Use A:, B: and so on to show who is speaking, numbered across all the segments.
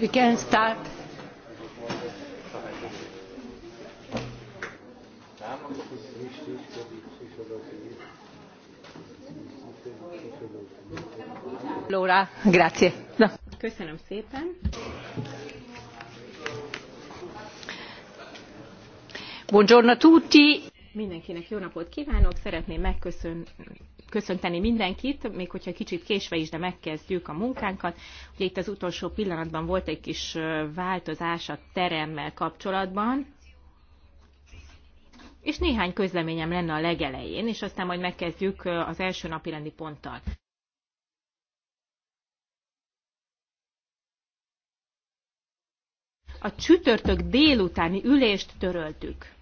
A: We can start.
B: Laura, grazie. No. Köszönöm szépen. Buongiorno a tutti. Mindenkinek jó napot kívánok, szeretném megköszönni köszönteni mindenkit, még hogyha kicsit késve is, de megkezdjük a munkánkat. Ugye itt az utolsó pillanatban volt egy kis változás a teremmel kapcsolatban, és néhány közleményem lenne a legelején, és aztán majd megkezdjük az első napi rendi ponttal. A csütörtök délutáni ülést töröltük.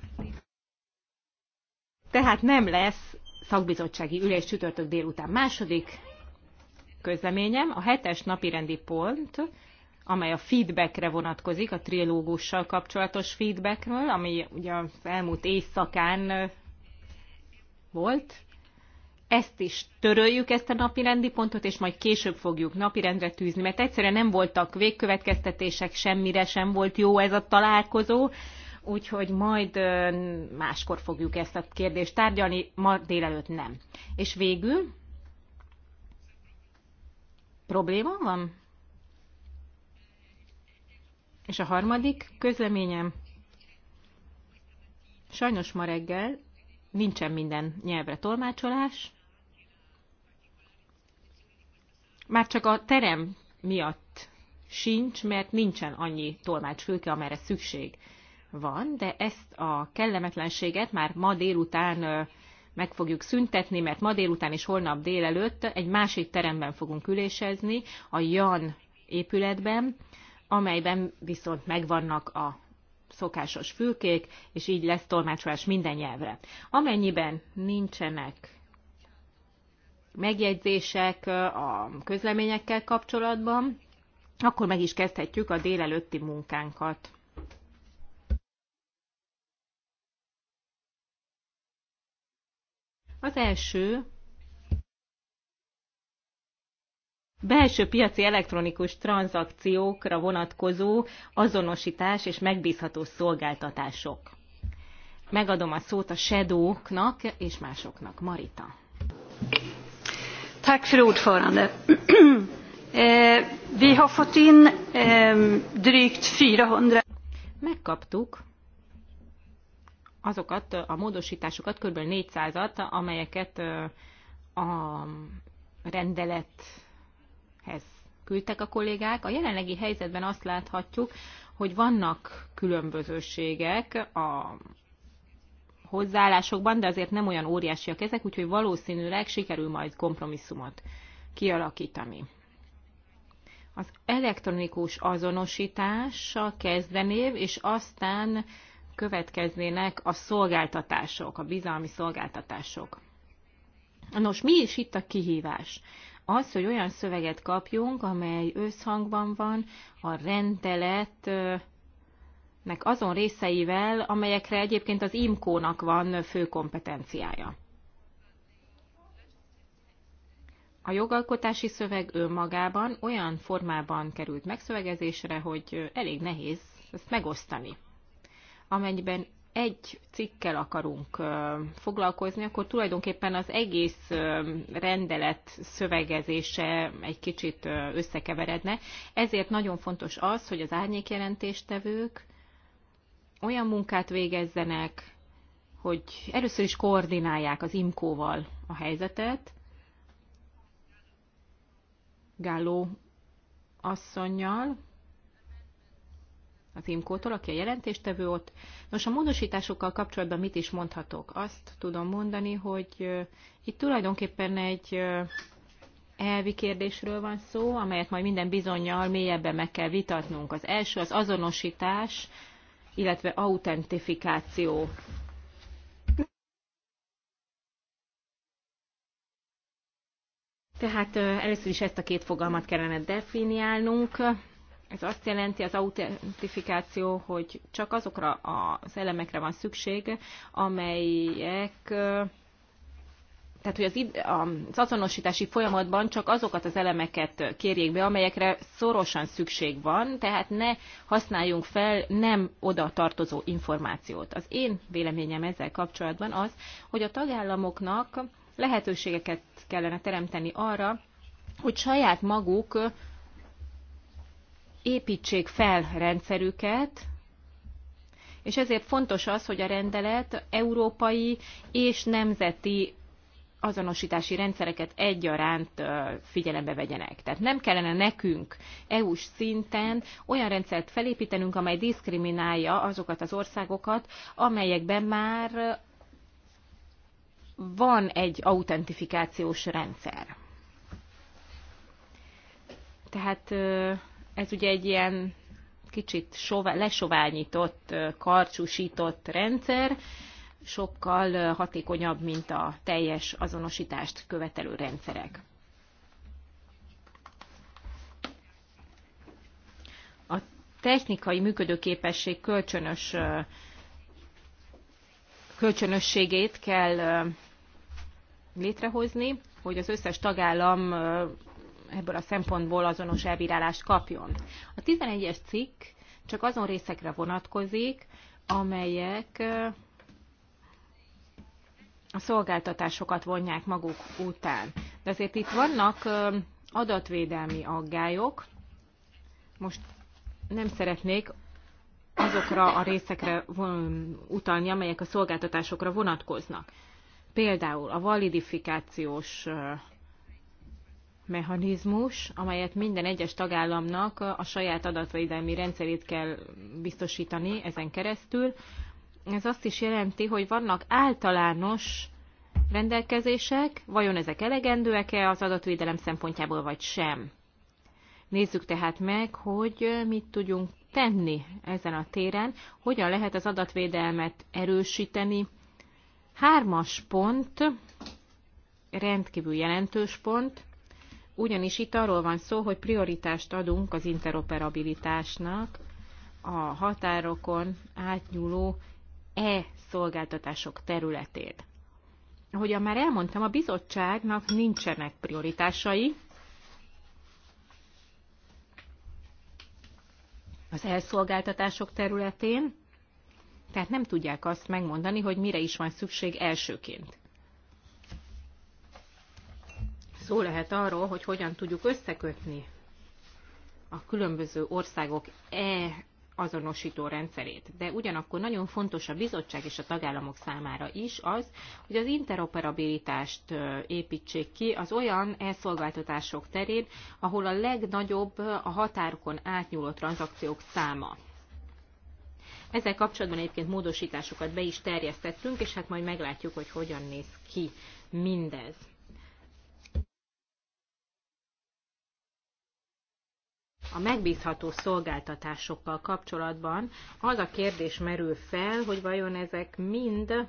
B: Tehát nem lesz tagbizottsági ülés csütörtök délután. Második közleményem a hetes napirendi pont, amely a feedbackre vonatkozik, a trilógussal kapcsolatos feedbackről, ami ugye az elmúlt éjszakán volt. Ezt is töröljük, ezt a napirendi pontot, és majd később fogjuk napirendre tűzni, mert egyszerűen nem voltak végkövetkeztetések, semmire sem volt jó ez a találkozó, úgyhogy majd máskor fogjuk ezt a kérdést tárgyalni, ma délelőtt nem. És végül probléma van? És a harmadik közleményem. Sajnos ma reggel nincsen minden nyelvre tolmácsolás. Már csak a terem miatt sincs, mert nincsen annyi tolmácsfülke, amerre szükség van, de ezt a kellemetlenséget már ma délután meg fogjuk szüntetni, mert ma délután és holnap délelőtt egy másik teremben fogunk ülésezni, a Jan épületben, amelyben viszont megvannak a szokásos fülkék, és így lesz tolmácsolás minden nyelvre. Amennyiben nincsenek megjegyzések a közleményekkel kapcsolatban, akkor meg is kezdhetjük a délelőtti munkánkat. Az első belső piaci elektronikus tranzakciókra vonatkozó azonosítás és megbízható szolgáltatások. Megadom a szót a shadow és másoknak. Marita. Tack för ordförande. Eh, vi har fått in ehm, drygt 400... Megkaptuk azokat a módosításokat, kb. 400-at, amelyeket a rendelethez küldtek a kollégák. A jelenlegi helyzetben azt láthatjuk, hogy vannak különbözőségek a hozzáállásokban, de azért nem olyan óriásiak ezek, úgyhogy valószínűleg sikerül majd kompromisszumot kialakítani. Az elektronikus a kezdenév, és aztán következnének a szolgáltatások, a bizalmi szolgáltatások. Nos, mi is itt a kihívás? Az, hogy olyan szöveget kapjunk, amely összhangban van a rendeletnek azon részeivel, amelyekre egyébként az IMCO-nak van fő kompetenciája. A jogalkotási szöveg önmagában olyan formában került megszövegezésre, hogy elég nehéz ezt megosztani amennyiben egy cikkel akarunk foglalkozni, akkor tulajdonképpen az egész rendelet szövegezése egy kicsit összekeveredne. Ezért nagyon fontos az, hogy az árnyékjelentéstevők olyan munkát végezzenek, hogy először is koordinálják az imkóval a helyzetet, Gálló asszonynal, az imko aki a jelentéstevő ott. Nos, a módosításokkal kapcsolatban mit is mondhatok? Azt tudom mondani, hogy itt tulajdonképpen egy elvi kérdésről van szó, amelyet majd minden bizonyal mélyebben meg kell vitatnunk. Az első az azonosítás, illetve autentifikáció. Tehát először is ezt a két fogalmat kellene definiálnunk ez azt jelenti az autentifikáció, hogy csak azokra az elemekre van szükség, amelyek tehát hogy az, id, az azonosítási folyamatban csak azokat az elemeket kérjék be, amelyekre szorosan szükség van, tehát ne használjunk fel nem oda tartozó információt. Az én véleményem ezzel kapcsolatban az, hogy a tagállamoknak lehetőségeket kellene teremteni arra, hogy saját maguk építsék fel rendszerüket, és ezért fontos az, hogy a rendelet európai és nemzeti azonosítási rendszereket egyaránt figyelembe vegyenek. Tehát nem kellene nekünk EU-s szinten olyan rendszert felépítenünk, amely diszkriminálja azokat az országokat, amelyekben már van egy autentifikációs rendszer. Tehát ez ugye egy ilyen kicsit sová, lesoványított, karcsúsított rendszer, sokkal hatékonyabb, mint a teljes azonosítást követelő rendszerek. A technikai működőképesség kölcsönös kölcsönösségét kell létrehozni, hogy az összes tagállam ebből a szempontból azonos elbírálást kapjon. A 11-es cikk csak azon részekre vonatkozik, amelyek a szolgáltatásokat vonják maguk után. De azért itt vannak adatvédelmi aggályok. Most nem szeretnék azokra a részekre utalni, amelyek a szolgáltatásokra vonatkoznak. Például a validifikációs mechanizmus, amelyet minden egyes tagállamnak a saját adatvédelmi rendszerét kell biztosítani ezen keresztül. Ez azt is jelenti, hogy vannak általános rendelkezések, vajon ezek elegendőek-e az adatvédelem szempontjából, vagy sem. Nézzük tehát meg, hogy mit tudjunk tenni ezen a téren, hogyan lehet az adatvédelmet erősíteni. Hármas pont, rendkívül jelentős pont, ugyanis itt arról van szó, hogy prioritást adunk az interoperabilitásnak a határokon átnyúló e-szolgáltatások területén. Ahogyan már elmondtam, a bizottságnak nincsenek prioritásai, az elszolgáltatások területén, tehát nem tudják azt megmondani, hogy mire is van szükség elsőként szó lehet arról, hogy hogyan tudjuk összekötni a különböző országok e azonosító rendszerét. De ugyanakkor nagyon fontos a bizottság és a tagállamok számára is az, hogy az interoperabilitást építsék ki az olyan elszolgáltatások terén, ahol a legnagyobb a határokon átnyúló tranzakciók száma. Ezzel kapcsolatban egyébként módosításokat be is terjesztettünk, és hát majd meglátjuk, hogy hogyan néz ki mindez. a megbízható szolgáltatásokkal kapcsolatban az a kérdés merül fel, hogy vajon ezek mind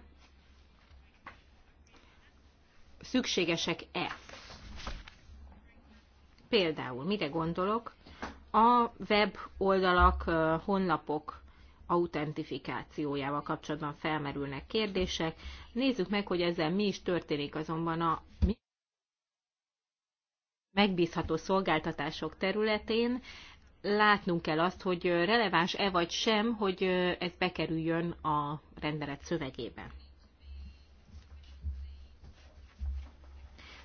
B: szükségesek-e. Például, mire gondolok? A web oldalak, honlapok autentifikációjával kapcsolatban felmerülnek kérdések. Nézzük meg, hogy ezzel mi is történik azonban a megbízható szolgáltatások területén látnunk kell azt, hogy releváns-e vagy sem, hogy ez bekerüljön a rendelet szövegébe.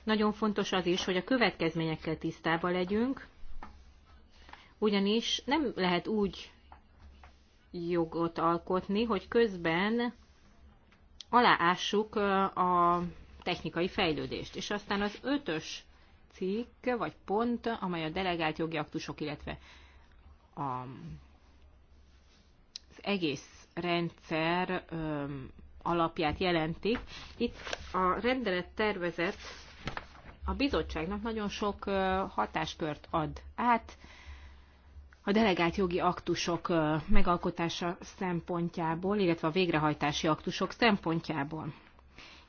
B: Nagyon fontos az is, hogy a következményekkel tisztában legyünk, ugyanis nem lehet úgy jogot alkotni, hogy közben aláássuk a technikai fejlődést. És aztán az ötös cikk vagy pont, amely a delegált jogi aktusok, illetve a, az egész rendszer ö, alapját jelentik. Itt a rendelet tervezet a bizottságnak nagyon sok hatáskört ad át a delegált jogi aktusok megalkotása szempontjából, illetve a végrehajtási aktusok szempontjából.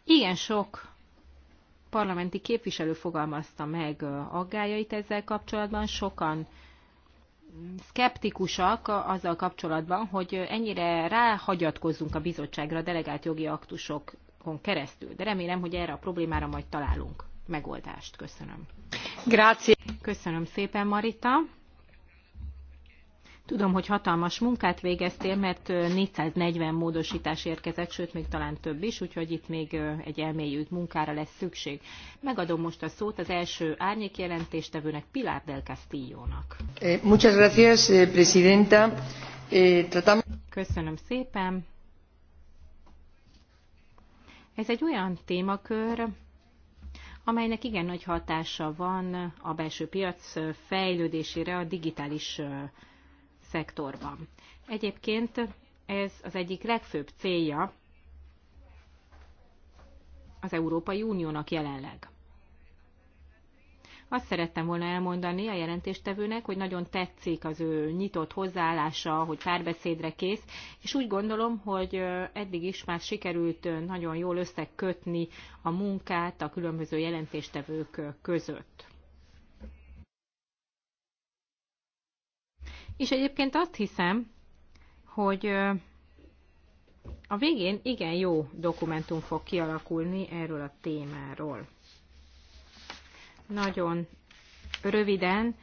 B: Igen sok parlamenti képviselő fogalmazta meg aggájait ezzel kapcsolatban. Sokan szkeptikusak azzal kapcsolatban, hogy ennyire ráhagyatkozzunk a bizottságra a delegált jogi aktusokon keresztül. De remélem, hogy erre a problémára majd találunk megoldást. Köszönöm. Grazie. Köszönöm szépen, Marita. Tudom, hogy hatalmas munkát végeztél, mert 440 módosítás érkezett, sőt, még talán több is, úgyhogy itt még egy elmélyült munkára lesz szükség. Megadom most a szót az első jelentéstevőnek, Pilar del Castillo-nak. Eh, muchas gracias, eh, presidenta. Eh, Köszönöm szépen. Ez egy olyan témakör, amelynek igen nagy hatása van a belső piac fejlődésére a digitális szektorban. Egyébként ez az egyik legfőbb célja az Európai Uniónak jelenleg. Azt szerettem volna elmondani a jelentéstevőnek, hogy nagyon tetszik az ő nyitott hozzáállása, hogy párbeszédre kész, és úgy gondolom, hogy eddig is már sikerült nagyon jól összekötni a munkát a különböző jelentéstevők között. És egyébként azt hiszem, hogy a végén igen jó dokumentum fog kialakulni erről a témáról. Nagyon röviden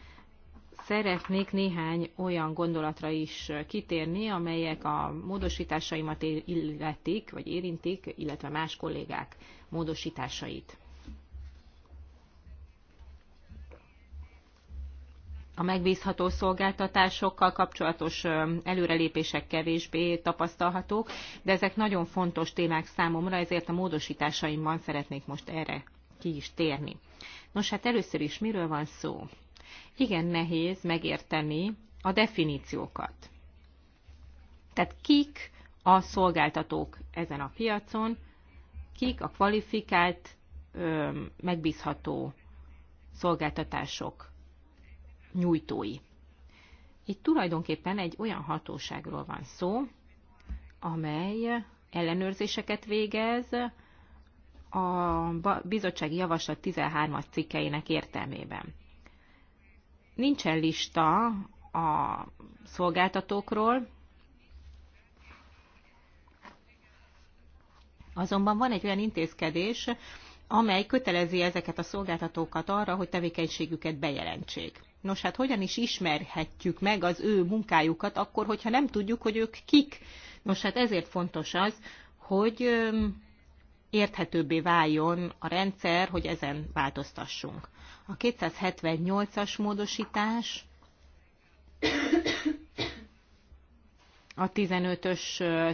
B: szeretnék néhány olyan gondolatra is kitérni, amelyek a módosításaimat illetik, vagy érintik, illetve más kollégák módosításait. a megbízható szolgáltatásokkal kapcsolatos előrelépések kevésbé tapasztalhatók, de ezek nagyon fontos témák számomra, ezért a módosításaimban szeretnék most erre ki is térni. Nos, hát először is miről van szó? Igen nehéz megérteni a definíciókat. Tehát kik a szolgáltatók ezen a piacon, kik a kvalifikált, megbízható szolgáltatások nyújtói. Itt tulajdonképpen egy olyan hatóságról van szó, amely ellenőrzéseket végez a bizottsági javaslat 13-as cikkeinek értelmében. Nincsen lista a szolgáltatókról, azonban van egy olyan intézkedés, amely kötelezi ezeket a szolgáltatókat arra, hogy tevékenységüket bejelentsék. Nos, hát hogyan is ismerhetjük meg az ő munkájukat akkor, hogyha nem tudjuk, hogy ők kik? Nos, hát ezért fontos az, hogy érthetőbbé váljon a rendszer, hogy ezen változtassunk. A 278-as módosítás a 15-ös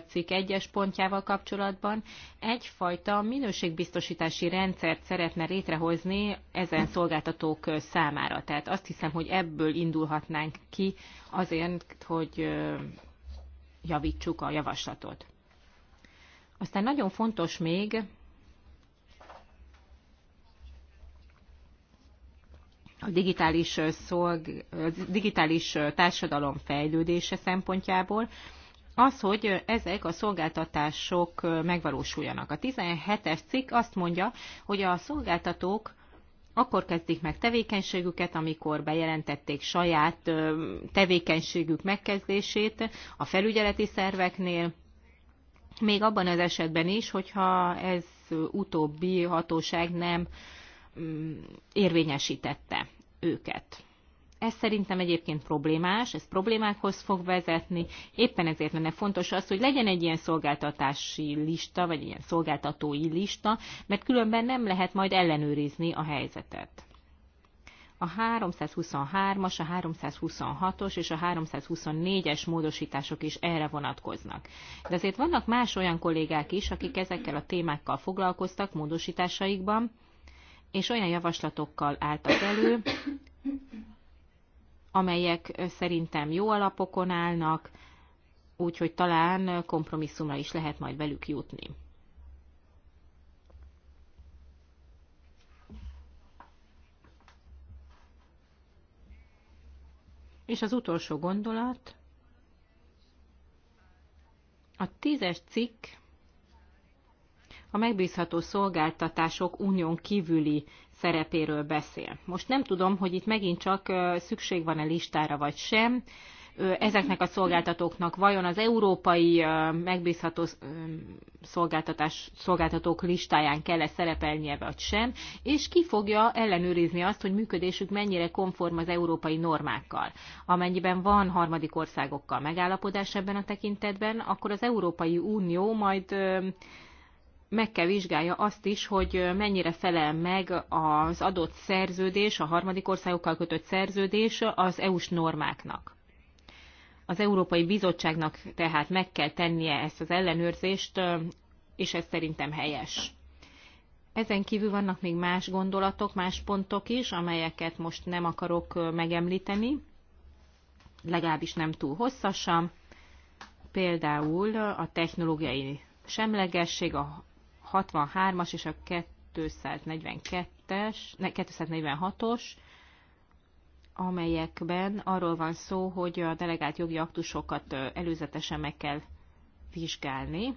B: cikk 1-es pontjával kapcsolatban egyfajta minőségbiztosítási rendszert szeretne létrehozni ezen szolgáltatók számára. Tehát azt hiszem, hogy ebből indulhatnánk ki azért, hogy javítsuk a javaslatot. Aztán nagyon fontos még a digitális, szolg, a digitális társadalom fejlődése szempontjából, az, hogy ezek a szolgáltatások megvalósuljanak. A 17-es cikk azt mondja, hogy a szolgáltatók akkor kezdik meg tevékenységüket, amikor bejelentették saját tevékenységük megkezdését a felügyeleti szerveknél, még abban az esetben is, hogyha ez utóbbi hatóság nem Mm, érvényesítette őket. Ez szerintem egyébként problémás, ez problémákhoz fog vezetni. Éppen ezért lenne fontos az, hogy legyen egy ilyen szolgáltatási lista, vagy ilyen szolgáltatói lista, mert különben nem lehet majd ellenőrizni a helyzetet. A 323-as, a 326-os és a 324-es módosítások is erre vonatkoznak. De azért vannak más olyan kollégák is, akik ezekkel a témákkal foglalkoztak módosításaikban, és olyan javaslatokkal álltak elő, amelyek szerintem jó alapokon állnak, úgyhogy talán kompromisszumra is lehet majd velük jutni. És az utolsó gondolat, a tízes cikk a megbízható szolgáltatások unión kívüli szerepéről beszél. Most nem tudom, hogy itt megint csak szükség van-e listára vagy sem. Ezeknek a szolgáltatóknak vajon az európai megbízható szolgáltatás, szolgáltatók listáján kell-e szerepelnie vagy sem, és ki fogja ellenőrizni azt, hogy működésük mennyire konform az európai normákkal. Amennyiben van harmadik országokkal megállapodás ebben a tekintetben, akkor az Európai Unió majd meg kell vizsgálja azt is, hogy mennyire felel meg az adott szerződés, a harmadik országokkal kötött szerződés az EU-s normáknak. Az Európai Bizottságnak tehát meg kell tennie ezt az ellenőrzést, és ez szerintem helyes. Ezen kívül vannak még más gondolatok, más pontok is, amelyeket most nem akarok megemlíteni, legalábbis nem túl hosszasan. Például a technológiai semlegesség, a 63-as és a 242-es, 246-os, amelyekben arról van szó, hogy a delegált jogi aktusokat előzetesen meg kell vizsgálni.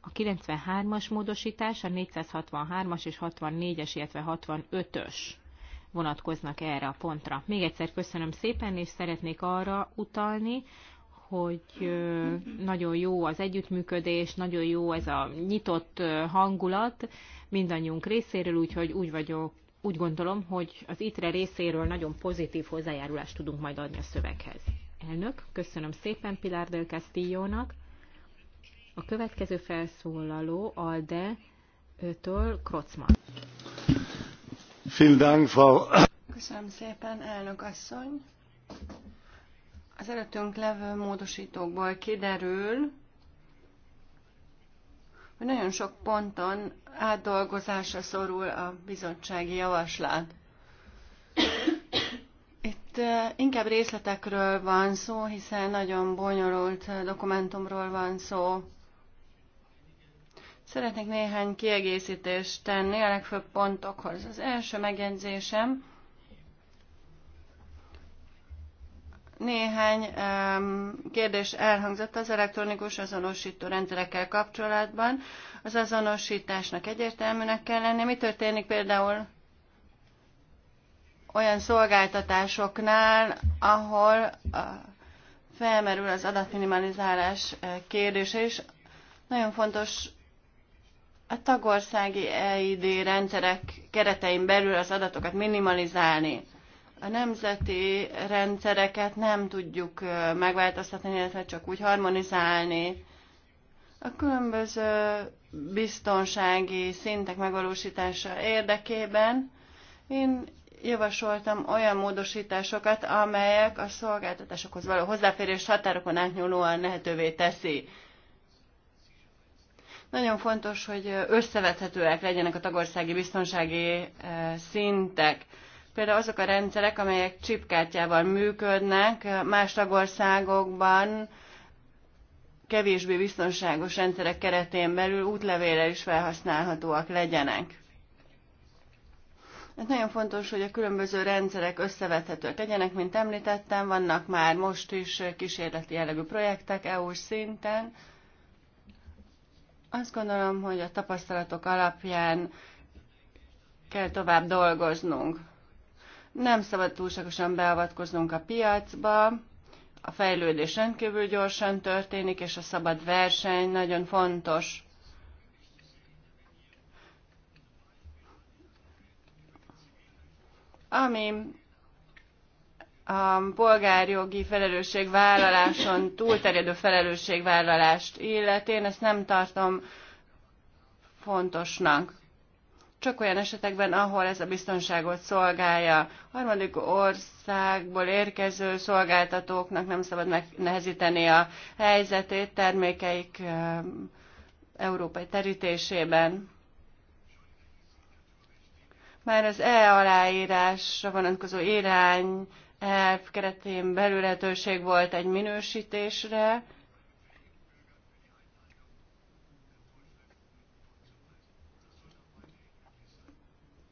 B: A 93-as módosítás, a 463-as és 64-es, illetve 65-ös vonatkoznak erre a pontra. Még egyszer köszönöm szépen, és szeretnék arra utalni, hogy nagyon jó az együttműködés, nagyon jó ez a nyitott hangulat mindannyiunk részéről, úgyhogy úgy vagyok, úgy gondolom, hogy az ITRE részéről nagyon pozitív hozzájárulást tudunk majd adni a szöveghez. Elnök, köszönöm szépen Pilar del Castillo-nak. A következő felszólaló Alde től Krocman.
A: Köszönöm szépen, elnök asszony. Az előttünk levő módosítókból kiderül, hogy nagyon sok ponton átdolgozásra szorul a bizottsági javaslat. Itt inkább részletekről van szó, hiszen nagyon bonyolult dokumentumról van szó. Szeretnék néhány kiegészítést tenni a legfőbb pontokhoz. Az első megjegyzésem, Néhány kérdés elhangzott az elektronikus azonosító rendszerekkel kapcsolatban. Az azonosításnak egyértelműnek kell lennie. Mi történik például olyan szolgáltatásoknál, ahol felmerül az adatminimalizálás e, kérdése is. Nagyon fontos a tagországi EID rendszerek keretein belül az adatokat minimalizálni a nemzeti rendszereket nem tudjuk megváltoztatni, illetve csak úgy harmonizálni. A különböző biztonsági szintek megvalósítása érdekében én javasoltam olyan módosításokat, amelyek a szolgáltatásokhoz való hozzáférés határokon átnyúlóan lehetővé teszi. Nagyon fontos, hogy összevethetőek legyenek a tagországi biztonsági szintek. Például azok a rendszerek, amelyek csipkártyával működnek, más tagországokban kevésbé biztonságos rendszerek keretén belül útlevélre is felhasználhatóak legyenek. Ez hát nagyon fontos, hogy a különböző rendszerek összevethetők legyenek, mint említettem, vannak már most is kísérleti jellegű projektek EU-s szinten. Azt gondolom, hogy a tapasztalatok alapján kell tovább dolgoznunk. Nem szabad túlságosan beavatkoznunk a piacba, a fejlődés rendkívül gyorsan történik, és a szabad verseny nagyon fontos. Ami a polgárjogi felelősségvállaláson túlterjedő felelősségvállalást illeti, én ezt nem tartom fontosnak csak olyan esetekben, ahol ez a biztonságot szolgálja. Harmadik országból érkező szolgáltatóknak nem szabad megnehezíteni a helyzetét termékeik európai terítésében. Már az E aláírásra vonatkozó irány elv keretén belül lehetőség volt egy minősítésre,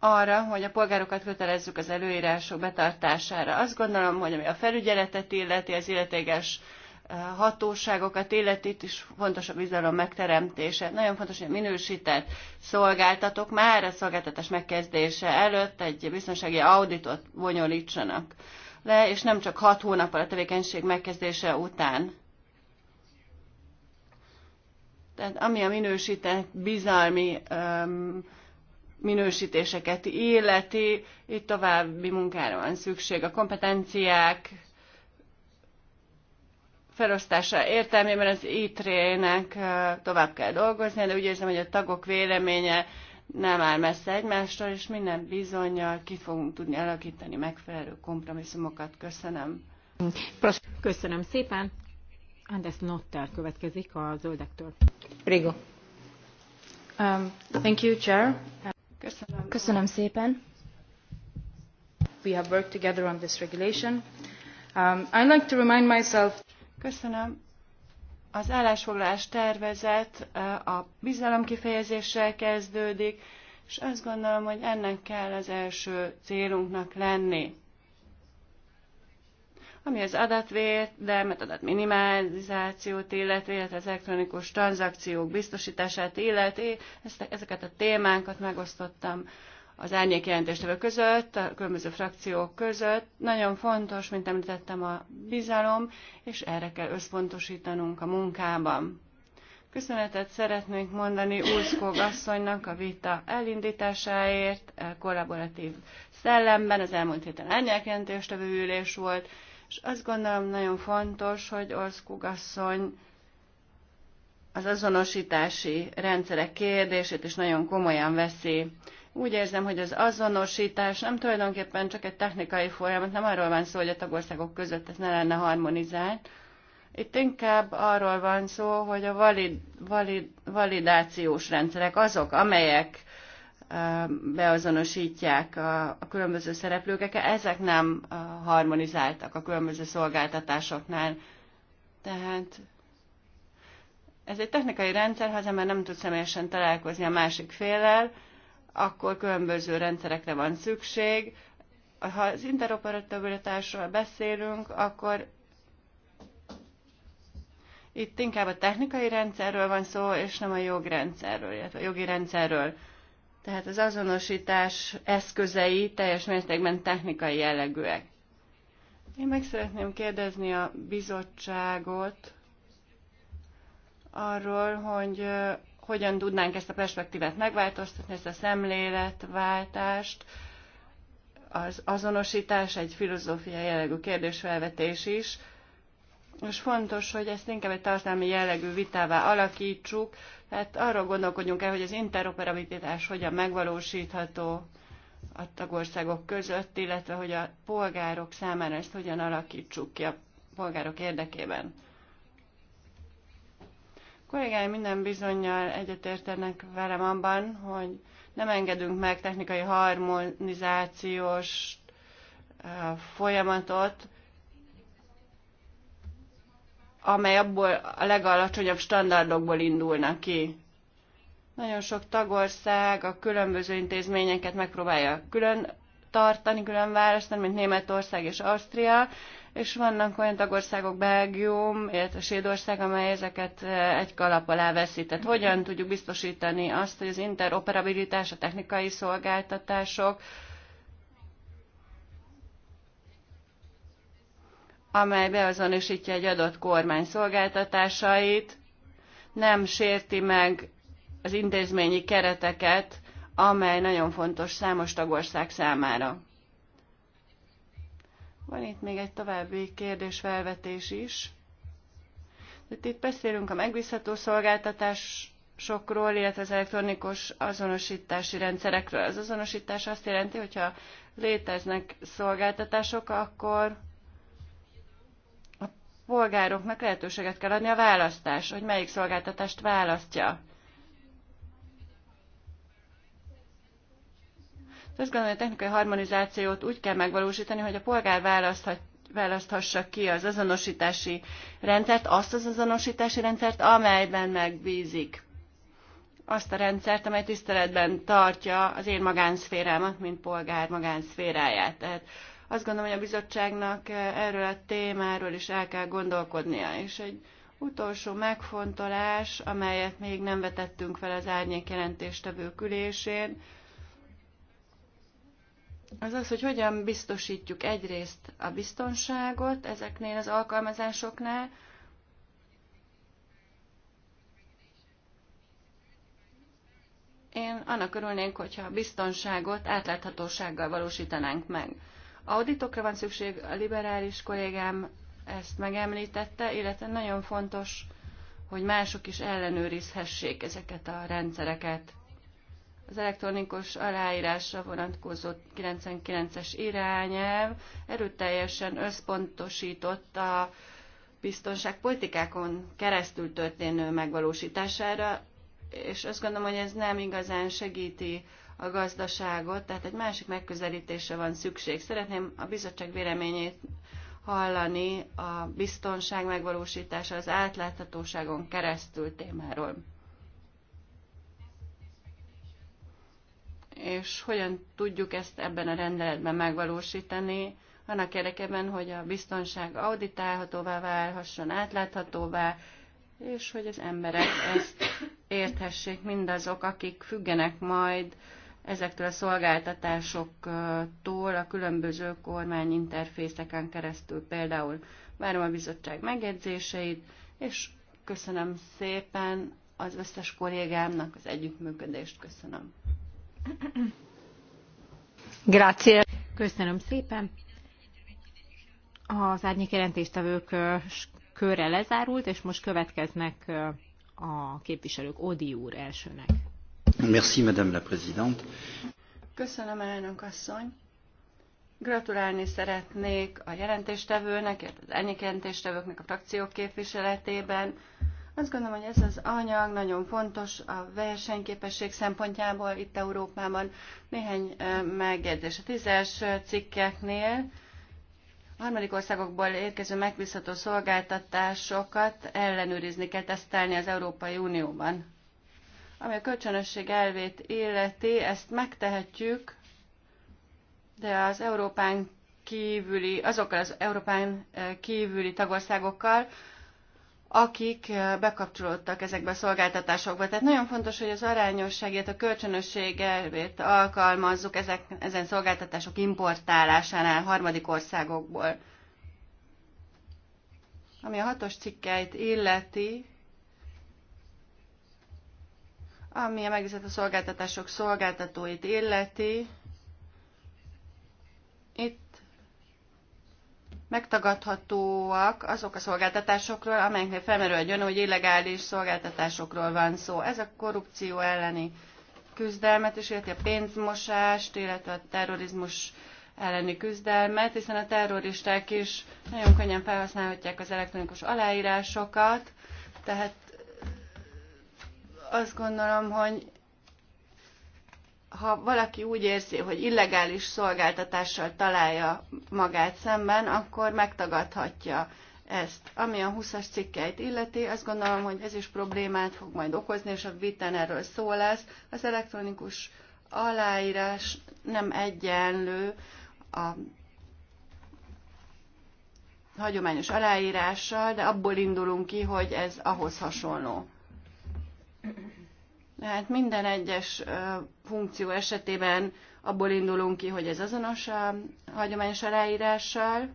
A: arra, hogy a polgárokat kötelezzük az előírások betartására. Azt gondolom, hogy ami a felügyeletet illeti, az illetéges eh, hatóságokat illeti, itt is fontos a bizalom megteremtése. Nagyon fontos, hogy a minősített szolgáltatók már a szolgáltatás megkezdése előtt egy biztonsági auditot bonyolítsanak le, és nem csak hat hónap a tevékenység megkezdése után. Tehát ami a minősített bizalmi um, minősítéseket illeti, itt további munkára van szükség. A kompetenciák felosztása értelmében az ITRE-nek tovább kell dolgozni, de úgy érzem, hogy a tagok véleménye nem áll messze egymástól, és minden bizonyal ki fogunk tudni alakítani megfelelő kompromisszumokat. Köszönöm.
B: Köszönöm szépen. Andesz Notter következik a zöldektől.
C: Rigo. Um, thank you, Chair. Köszönöm. Köszönöm szépen.
B: We have worked together on this regulation. Um, I'd like to remind
A: myself... Köszönöm. Az állásfoglalás tervezet uh, a bizalomkifejezéssel kezdődik, és azt gondolom, hogy ennek kell az első célunknak lenni ami az adatvédelmet, adatminimalizációt illeti, illetve az elektronikus tranzakciók biztosítását illeti. Ezt, ezeket a témánkat megosztottam az árnyék jelentéstevő között, a különböző frakciók között. Nagyon fontos, mint említettem, a bizalom, és erre kell összpontosítanunk a munkában. Köszönetet szeretnénk mondani Úszkóg asszonynak a vita elindításáért, kollaboratív szellemben, az elmúlt héten árnyékjelentéstevő ülés volt, és azt gondolom nagyon fontos, hogy Orszkug asszony az azonosítási rendszerek kérdését is nagyon komolyan veszi. Úgy érzem, hogy az azonosítás nem tulajdonképpen csak egy technikai folyamat, nem arról van szó, hogy a tagországok között ez ne lenne harmonizált. Itt inkább arról van szó, hogy a valid, valid, validációs rendszerek azok, amelyek beazonosítják a, a különböző szereplőket, ezek nem harmonizáltak a különböző szolgáltatásoknál. Tehát ez egy technikai rendszer, ha az ember nem tud személyesen találkozni a másik félel, akkor különböző rendszerekre van szükség. Ha az interoperabilitásról beszélünk, akkor itt inkább a technikai rendszerről van szó, és nem a jogrendszerről, illetve a jogi rendszerről. Tehát az azonosítás eszközei teljes mértékben technikai jellegűek. Én meg szeretném kérdezni a bizottságot arról, hogy hogyan tudnánk ezt a perspektívát megváltoztatni, ezt a szemléletváltást. Az azonosítás egy filozófiai jellegű kérdésfelvetés is, és fontos, hogy ezt inkább egy tartalmi jellegű vitává alakítsuk, tehát arról gondolkodjunk el, hogy az interoperabilitás hogyan megvalósítható a tagországok között, illetve hogy a polgárok számára ezt hogyan alakítsuk ki a polgárok érdekében. A kollégáim minden bizonyal egyetértenek velem abban, hogy nem engedünk meg technikai harmonizációs folyamatot, amely abból a legalacsonyabb standardokból indulnak ki. Nagyon sok tagország a különböző intézményeket megpróbálja külön tartani, külön választani, mint Németország és Ausztria, és vannak olyan tagországok, Belgium, illetve Svédország, amely ezeket eh, egy kalap alá veszi. Tehát hogyan tudjuk biztosítani azt, hogy az interoperabilitás, a technikai szolgáltatások, amely beazonosítja egy adott kormány szolgáltatásait, nem sérti meg az intézményi kereteket, amely nagyon fontos számos tagország számára. Van itt még egy további kérdésfelvetés is. Itt, itt beszélünk a megbízható szolgáltatásokról, illetve az elektronikus azonosítási rendszerekről. Az azonosítás azt jelenti, hogyha léteznek szolgáltatások, akkor polgároknak lehetőséget kell adni a választás, hogy melyik szolgáltatást választja. Azt gondolom, hogy a technikai harmonizációt úgy kell megvalósítani, hogy a polgár választhat, választhassa ki az azonosítási rendszert, azt az azonosítási rendszert, amelyben megbízik. Azt a rendszert, amely tiszteletben tartja az én magánszférámat, mint polgár magánszféráját. Tehát azt gondolom, hogy a bizottságnak eh, erről a témáról is el kell gondolkodnia. És egy utolsó megfontolás, amelyet még nem vetettünk fel az árnyék jelentéstevő külésén, az az, hogy hogyan biztosítjuk egyrészt a biztonságot ezeknél az alkalmazásoknál, Én annak örülnénk, hogyha a biztonságot átláthatósággal valósítanánk meg. Auditokra van szükség, a liberális kollégám ezt megemlítette, illetve nagyon fontos, hogy mások is ellenőrizhessék ezeket a rendszereket. Az elektronikus aláírásra vonatkozó 99-es irányelv erőteljesen összpontosított a biztonságpolitikákon keresztül történő megvalósítására, és azt gondolom, hogy ez nem igazán segíti a gazdaságot, tehát egy másik megközelítésre van szükség. Szeretném a bizottság véleményét hallani a biztonság megvalósítása az átláthatóságon keresztül témáról. És hogyan tudjuk ezt ebben a rendeletben megvalósítani, annak érdekében, hogy a biztonság auditálhatóvá válhasson, átláthatóvá, és hogy az emberek ezt érthessék mindazok, akik függenek majd ezektől a szolgáltatásoktól a különböző kormányinterfészeken keresztül például. Várom a bizottság megjegyzéseit, és köszönöm szépen az összes kollégámnak az együttműködést. Köszönöm.
B: Grazie. Köszönöm szépen. Az árnyék jelentéstevők körre lezárult, és most következnek a képviselők. Odi úr elsőnek.
A: Merci, Madame la Présidente. Köszönöm, elnök asszony. Gratulálni szeretnék a jelentéstevőnek, az ennyik jelentéstevőknek a frakciók képviseletében. Azt gondolom, hogy ez az anyag nagyon fontos a versenyképesség szempontjából itt Európában. Néhány eh, megjegyzés. A tízes cikkeknél a harmadik országokból érkező megbízható szolgáltatásokat ellenőrizni kell tesztelni az Európai Unióban. Ami a kölcsönösség elvét illeti, ezt megtehetjük, de az Európán kívüli, azokkal az Európán eh, kívüli tagországokkal, akik eh, bekapcsolódtak ezekbe a szolgáltatásokba. Tehát nagyon fontos, hogy az arányosságét, a kölcsönösség elvét alkalmazzuk ezek, ezen szolgáltatások importálásánál harmadik országokból. Ami a hatos cikkeit illeti, ami a megbízható szolgáltatások szolgáltatóit illeti, itt megtagadhatóak azok a szolgáltatásokról, amelyeknél felmerül a gyanú, hogy illegális szolgáltatásokról van szó. Ez a korrupció elleni küzdelmet is illeti a pénzmosást, illetve a terrorizmus elleni küzdelmet, hiszen a terroristák is nagyon könnyen felhasználhatják az elektronikus aláírásokat, tehát azt gondolom, hogy ha valaki úgy érzi, hogy illegális szolgáltatással találja magát szemben, akkor megtagadhatja ezt. Ami a 20-as cikkeit illeti, azt gondolom, hogy ez is problémát fog majd okozni, és a viten erről szó lesz. Az elektronikus aláírás nem egyenlő a hagyományos aláírással, de abból indulunk ki, hogy ez ahhoz hasonló. Hát minden egyes funkció esetében abból indulunk ki, hogy ez azonos a hagyományos aláírással.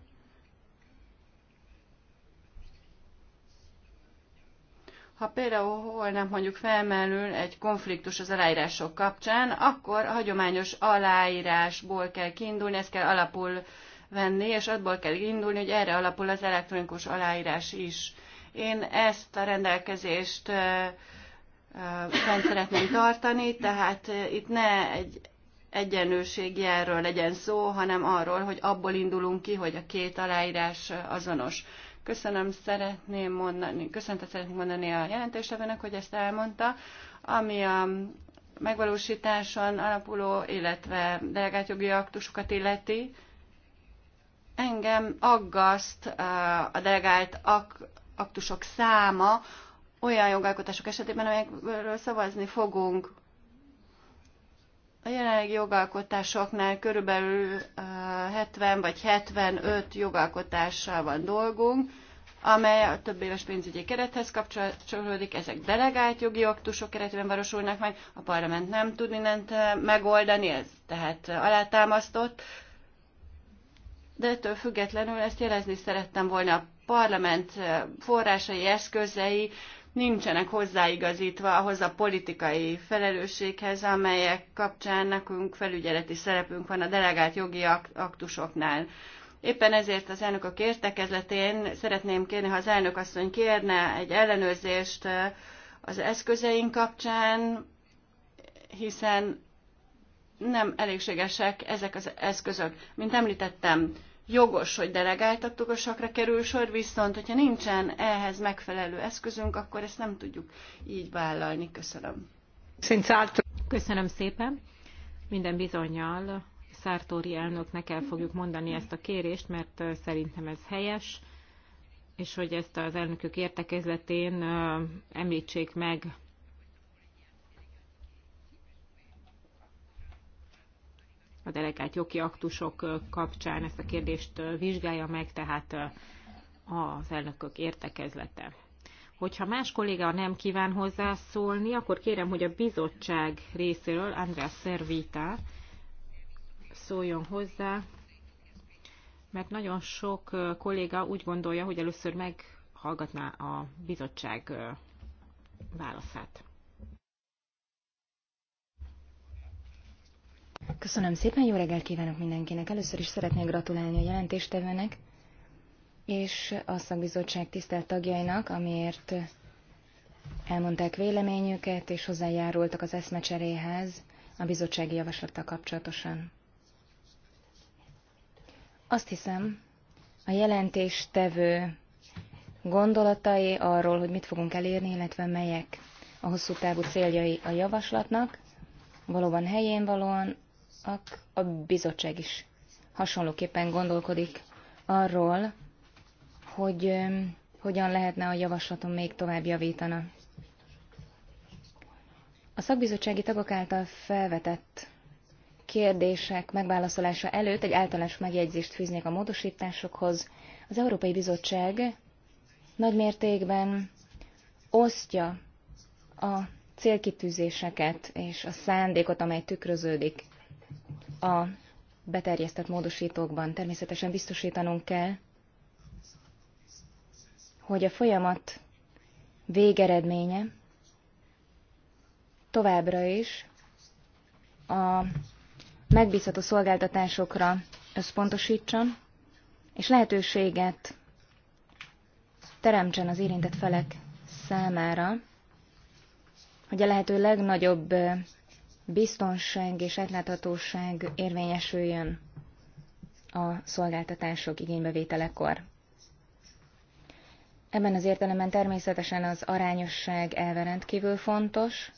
A: Ha például holnap mondjuk felmerül egy konfliktus az aláírások kapcsán, akkor a hagyományos aláírásból kell kiindulni, ezt kell alapul venni, és abból kell indulni, hogy erre alapul az elektronikus aláírás is. Én ezt a rendelkezést uh, fent szeretnénk tartani, tehát itt ne egy egyenlőségjelről legyen szó, hanem arról, hogy abból indulunk ki, hogy a két aláírás azonos. Köszönöm, szeretném mondani, köszöntet szeretném mondani a jelentéstevőnek, hogy ezt elmondta, ami a megvalósításon alapuló, illetve delegált jogi aktusokat illeti. Engem aggaszt a delegált aktusok száma, olyan jogalkotások esetében, amelyekről szavazni fogunk. A jelenlegi jogalkotásoknál körülbelül 70 vagy 75 jogalkotással van dolgunk, amely a több éves pénzügyi kerethez kapcsolódik, ezek delegált jogi aktusok keretében valósulnak meg, a parlament nem tud mindent megoldani, ez tehát alátámasztott, de ettől függetlenül ezt jelezni szerettem volna a parlament forrásai, eszközei nincsenek hozzáigazítva ahhoz a politikai felelősséghez, amelyek kapcsán nekünk felügyeleti szerepünk van a delegált jogi aktusoknál. Éppen ezért az elnökök értekezletén szeretném kérni, ha az elnök asszony kérne egy ellenőrzést eh, az eszközeink kapcsán, hiszen nem elégségesek ezek az eszközök. Mint említettem, jogos, hogy delegáltatogosakra kerül sor, viszont hogyha nincsen ehhez megfelelő eszközünk, akkor ezt nem tudjuk így vállalni. Köszönöm.
B: Köszönöm szépen. Minden bizonyal Szártóri elnöknek el fogjuk mondani ezt a kérést, mert szerintem ez helyes, és hogy ezt az elnökök értekezletén említsék meg a delegált jogi aktusok kapcsán ezt a kérdést vizsgálja meg, tehát az elnökök értekezlete. Hogyha más kolléga nem kíván hozzászólni, akkor kérem, hogy a bizottság részéről András Szervita szóljon hozzá, mert nagyon sok kolléga úgy gondolja, hogy először meghallgatná a bizottság válaszát.
C: Köszönöm szépen, jó reggelt kívánok mindenkinek. Először is szeretnék gratulálni a jelentéstevőnek és a szakbizottság tisztelt tagjainak, amiért elmondták véleményüket és hozzájárultak az eszmecseréhez a bizottsági javaslattal kapcsolatosan. Azt hiszem, a jelentéstevő gondolatai arról, hogy mit fogunk elérni, illetve melyek a hosszú távú céljai a javaslatnak, valóban helyén valóan a bizottság is hasonlóképpen gondolkodik arról, hogy hogyan lehetne a javaslaton még tovább javítana. A szakbizottsági tagok által felvetett kérdések megválaszolása előtt egy általános megjegyzést fűznék a módosításokhoz. Az Európai Bizottság nagymértékben osztja a célkitűzéseket és a szándékot, amely tükröződik a beterjesztett módosítókban természetesen biztosítanunk kell, hogy a folyamat végeredménye továbbra is a megbízható szolgáltatásokra összpontosítson, és lehetőséget teremtsen az érintett felek számára, hogy a lehető legnagyobb biztonság és átláthatóság érvényesüljön a szolgáltatások igénybevételekor. Ebben az értelemben természetesen az arányosság elve rendkívül fontos,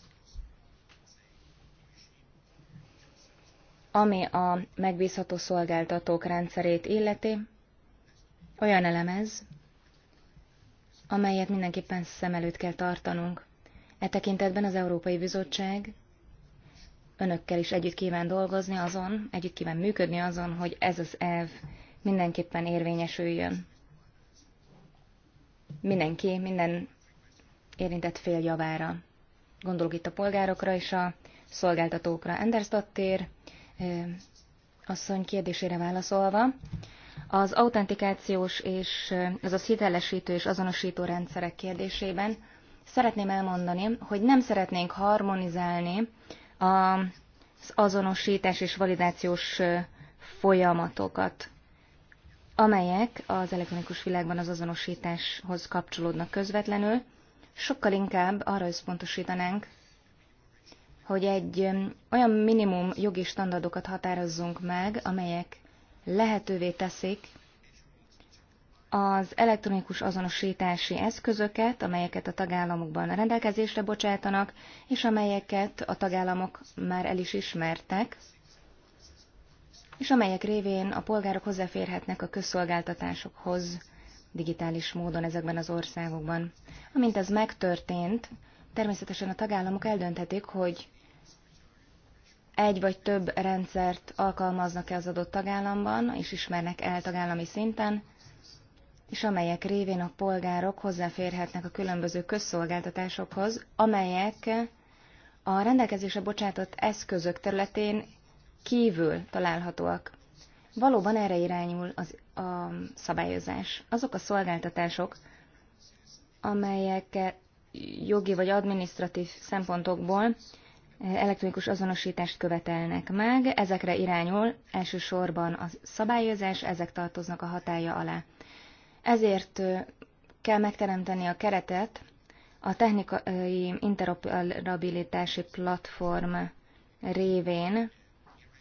C: ami a megbízható szolgáltatók rendszerét illeti, olyan elemez, amelyet mindenképpen szem előtt kell tartanunk. E tekintetben az Európai Bizottság önökkel is együtt kíván dolgozni azon, együtt kíván működni azon, hogy ez az elv mindenképpen érvényesüljön. Mindenki, minden érintett fél javára. Gondolok itt a polgárokra és a szolgáltatókra. Anders Dottir asszony kérdésére válaszolva, az autentikációs és az a hitelesítő és azonosító rendszerek kérdésében szeretném elmondani, hogy nem szeretnénk harmonizálni az azonosítás és validációs folyamatokat, amelyek az elektronikus világban az azonosításhoz kapcsolódnak közvetlenül, sokkal inkább arra összpontosítanánk, hogy egy olyan minimum jogi standardokat határozzunk meg, amelyek lehetővé teszik az elektronikus azonosítási eszközöket, amelyeket a tagállamokban a rendelkezésre bocsátanak, és amelyeket a tagállamok már el is ismertek, és amelyek révén a polgárok hozzáférhetnek a közszolgáltatásokhoz digitális módon ezekben az országokban. Amint ez megtörtént, természetesen a tagállamok eldönthetik, hogy egy vagy több rendszert alkalmaznak-e az adott tagállamban, és ismernek el tagállami szinten, és amelyek révén a polgárok hozzáférhetnek a különböző közszolgáltatásokhoz, amelyek a rendelkezésre bocsátott eszközök területén kívül találhatóak. Valóban erre irányul az, a szabályozás. Azok a szolgáltatások, amelyek jogi vagy adminisztratív szempontokból elektronikus azonosítást követelnek meg, ezekre irányul elsősorban a szabályozás, ezek tartoznak a hatája alá. Ezért kell megteremteni a keretet a technikai interoperabilitási platform révén,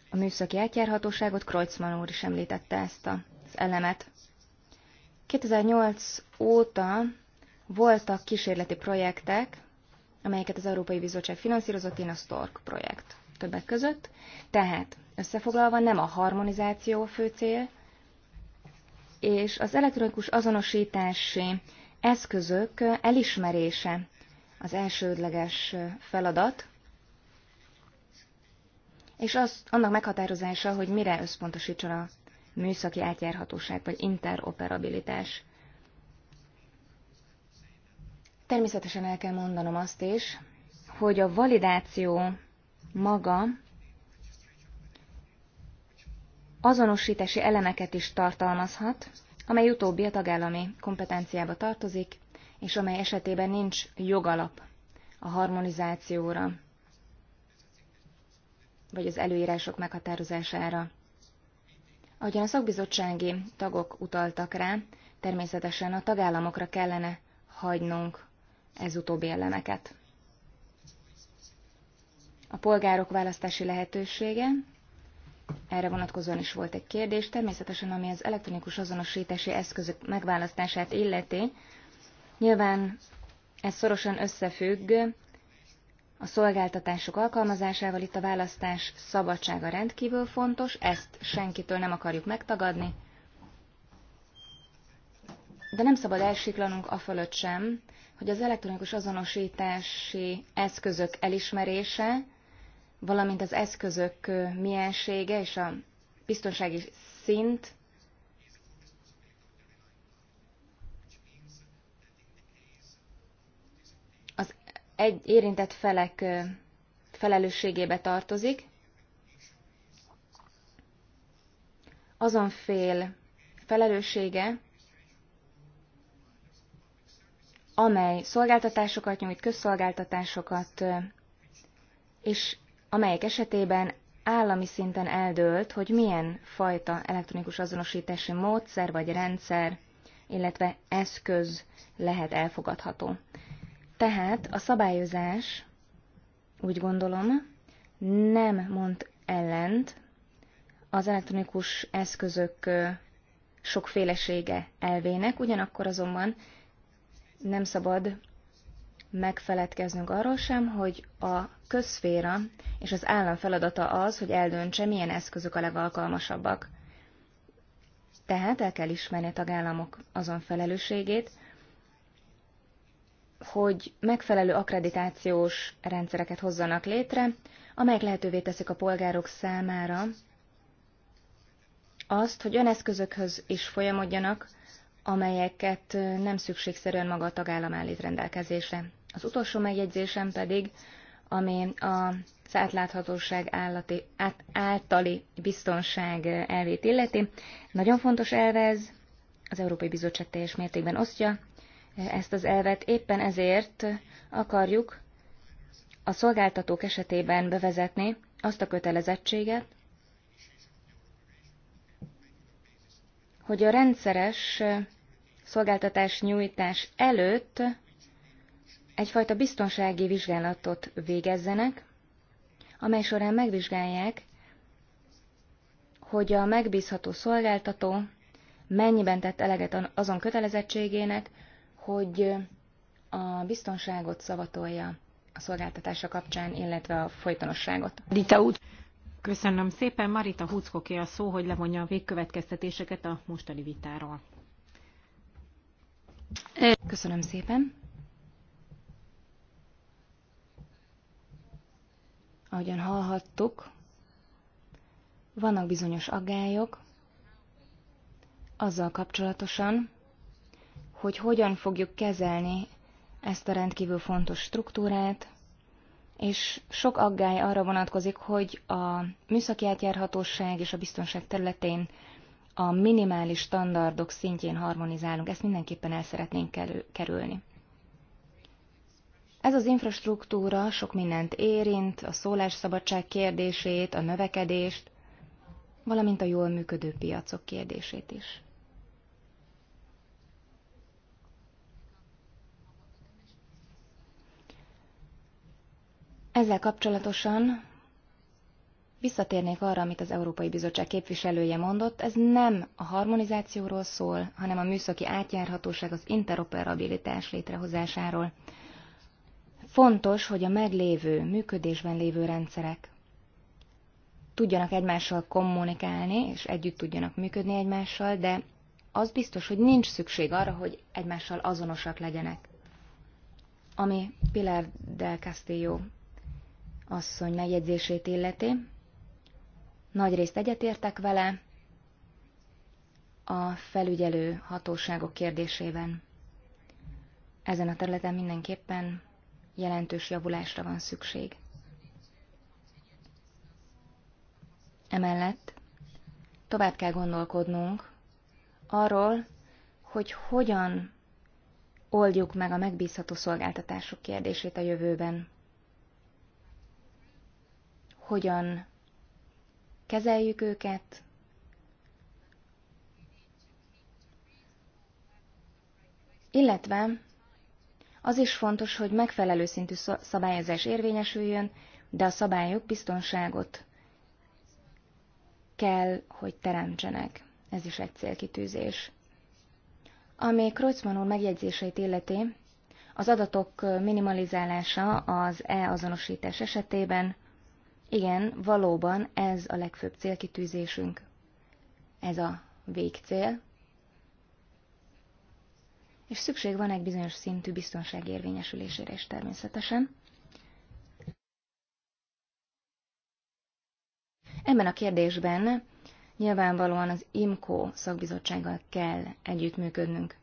C: a műszaki átjárhatóságot, Kreutzmann úr is említette ezt az elemet. 2008 óta voltak kísérleti projektek, amelyeket az Európai Bizottság finanszírozott, én a STORK projekt többek között. Tehát összefoglalva nem a harmonizáció a fő cél, és az elektronikus azonosítási eszközök elismerése az elsődleges feladat, és az, annak meghatározása, hogy mire összpontosítson a műszaki átjárhatóság vagy interoperabilitás. Természetesen el kell mondanom azt is, hogy a validáció maga azonosítási elemeket is tartalmazhat, amely utóbbi a tagállami kompetenciába tartozik, és amely esetében nincs jogalap a harmonizációra, vagy az előírások meghatározására. Ahogyan a szakbizottsági tagok utaltak rá, természetesen a tagállamokra kellene hagynunk ez utóbbi elemeket. A polgárok választási lehetősége, erre vonatkozóan is volt egy kérdés. Természetesen, ami az elektronikus azonosítási eszközök megválasztását illeti, nyilván ez szorosan összefügg a szolgáltatások alkalmazásával, itt a választás szabadsága rendkívül fontos, ezt senkitől nem akarjuk megtagadni, de nem szabad elsiklanunk a fölött sem, hogy az elektronikus azonosítási eszközök elismerése valamint az eszközök miensége és a biztonsági szint az egy érintett felek felelősségébe tartozik. Azon fél felelőssége, amely szolgáltatásokat nyújt, közszolgáltatásokat, és amelyek esetében állami szinten eldőlt, hogy milyen fajta elektronikus azonosítási módszer vagy rendszer, illetve eszköz lehet elfogadható. Tehát a szabályozás, úgy gondolom, nem mond ellent az elektronikus eszközök sokfélesége elvének, ugyanakkor azonban nem szabad megfeledkeznünk arról sem, hogy a közszféra és az állam feladata az, hogy eldöntse, milyen eszközök a legalkalmasabbak. Tehát el kell ismerni a tagállamok azon felelősségét, hogy megfelelő akkreditációs rendszereket hozzanak létre, amelyek lehetővé teszik a polgárok számára azt, hogy eszközökhöz is folyamodjanak, amelyeket nem szükségszerűen maga a tagállam állít rendelkezésre. Az utolsó megjegyzésem pedig, ami a átláthatóság állati, át, általi biztonság elvét illeti. Nagyon fontos ez az Európai Bizottság teljes mértékben osztja ezt az elvet. Éppen ezért akarjuk a szolgáltatók esetében bevezetni azt a kötelezettséget, hogy a rendszeres szolgáltatás nyújtás előtt egyfajta biztonsági vizsgálatot végezzenek, amely során megvizsgálják, hogy a megbízható szolgáltató mennyiben tett eleget azon kötelezettségének, hogy a biztonságot szavatolja a szolgáltatása kapcsán, illetve a folytonosságot.
B: Dita út. Köszönöm szépen. Marita Huckoké a szó, hogy levonja a végkövetkeztetéseket a mostani vitáról. Köszönöm
C: szépen. ahogyan hallhattuk, vannak bizonyos agályok azzal kapcsolatosan, hogy hogyan fogjuk kezelni ezt a rendkívül fontos struktúrát, és sok aggály arra vonatkozik, hogy a műszaki átjárhatóság és a biztonság területén a minimális standardok szintjén harmonizálunk, ezt mindenképpen el szeretnénk kerülni. Ez az infrastruktúra sok mindent érint, a szólásszabadság kérdését, a növekedést, valamint a jól működő piacok kérdését is. Ezzel kapcsolatosan visszatérnék arra, amit az Európai Bizottság képviselője mondott, ez nem a harmonizációról szól, hanem a műszaki átjárhatóság az interoperabilitás létrehozásáról. Fontos, hogy a meglévő, működésben lévő rendszerek tudjanak egymással kommunikálni, és együtt tudjanak működni egymással, de az biztos, hogy nincs szükség arra, hogy egymással azonosak legyenek. Ami Pilar del Castillo asszony megjegyzését illeti, részt egyetértek vele a felügyelő hatóságok kérdésében. Ezen a területen mindenképpen jelentős javulásra van szükség. Emellett tovább kell gondolkodnunk arról, hogy hogyan oldjuk meg a megbízható szolgáltatások kérdését a jövőben. Hogyan kezeljük őket, illetve az is fontos, hogy megfelelő szintű szabályozás érvényesüljön, de a szabályok biztonságot kell, hogy teremtsenek. Ez is egy célkitűzés. Ami Kreutzmann úr megjegyzéseit illeti, az adatok minimalizálása az e-azonosítás esetében, igen, valóban ez a legfőbb célkitűzésünk. Ez a végcél és szükség van egy bizonyos szintű biztonság érvényesülésére is természetesen. Ebben a kérdésben nyilvánvalóan az IMCO szakbizottsággal kell együttműködnünk.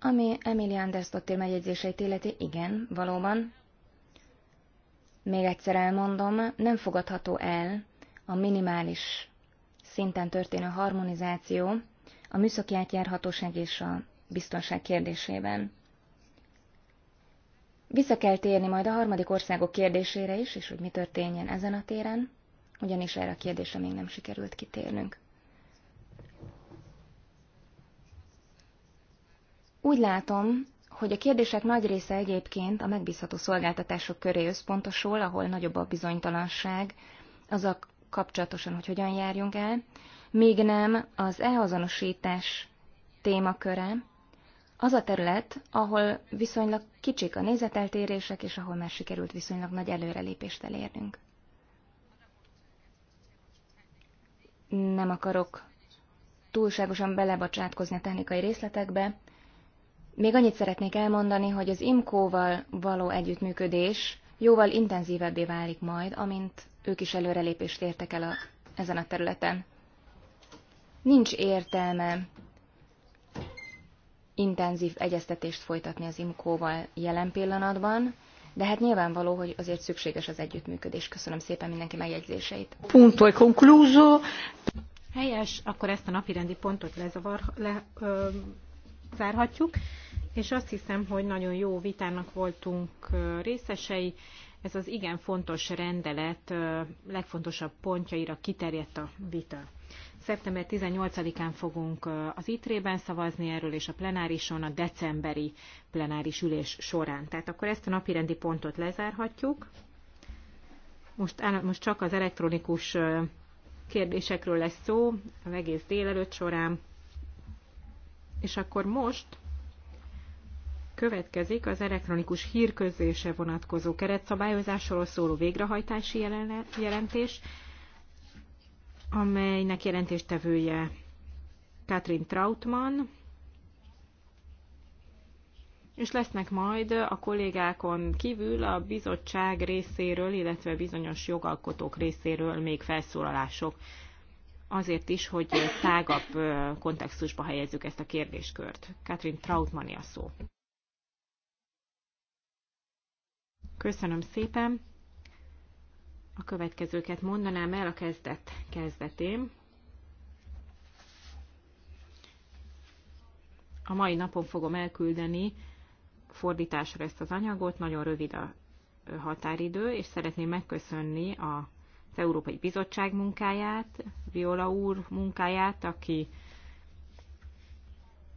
C: Ami Emily Anders Dottir megjegyzéseit illeti, igen, valóban. Még egyszer elmondom, nem fogadható el a minimális szinten történő harmonizáció, a műszaki átjárhatóság és a biztonság kérdésében. Vissza kell térni majd a harmadik országok kérdésére is, és hogy mi történjen ezen a téren, ugyanis erre a kérdésre még nem sikerült kitérnünk. Úgy látom, hogy a kérdések nagy része egyébként a megbízható szolgáltatások köré összpontosul, ahol nagyobb a bizonytalanság, az a kapcsolatosan, hogy hogyan járjunk el, míg nem az e-azonosítás témaköre, az a terület, ahol viszonylag kicsik a nézeteltérések, és ahol már sikerült viszonylag nagy előrelépést elérnünk. Nem akarok túlságosan belebocsátkozni a technikai részletekbe. Még annyit szeretnék elmondani, hogy az IMCO-val való együttműködés jóval intenzívebbé válik majd, amint ők is előrelépést értek el a, ezen a területen nincs értelme intenzív egyeztetést folytatni az imkóval val jelen pillanatban, de hát nyilvánvaló, hogy azért szükséges az együttműködés. Köszönöm szépen mindenki megjegyzéseit.
B: Punto e concluso. Helyes, akkor ezt a napirendi pontot lezavar,
C: le, ö,
B: zárhatjuk, és azt hiszem, hogy nagyon jó vitának voltunk részesei. Ez az igen fontos rendelet legfontosabb pontjaira kiterjedt a vita. Szeptember 18-án fogunk az ITRE-ben szavazni erről, és a plenárison a decemberi plenáris ülés során. Tehát akkor ezt a napirendi pontot lezárhatjuk. Most, most csak az elektronikus kérdésekről lesz szó az egész délelőtt során. És akkor most következik az elektronikus hírközlése vonatkozó keretszabályozásról szóló végrehajtási jelentés amelynek jelentéstevője Katrin Trautmann, és lesznek majd a kollégákon kívül a bizottság részéről, illetve bizonyos jogalkotók részéről még felszólalások. Azért is, hogy tágabb kontextusba helyezzük ezt a kérdéskört. Katrin Trautmann a szó. Köszönöm szépen! A következőket mondanám el a kezdet kezdetén. A mai napon fogom elküldeni fordításra ezt az anyagot, nagyon rövid a határidő, és szeretném megköszönni a az Európai Bizottság munkáját, Viola úr munkáját, aki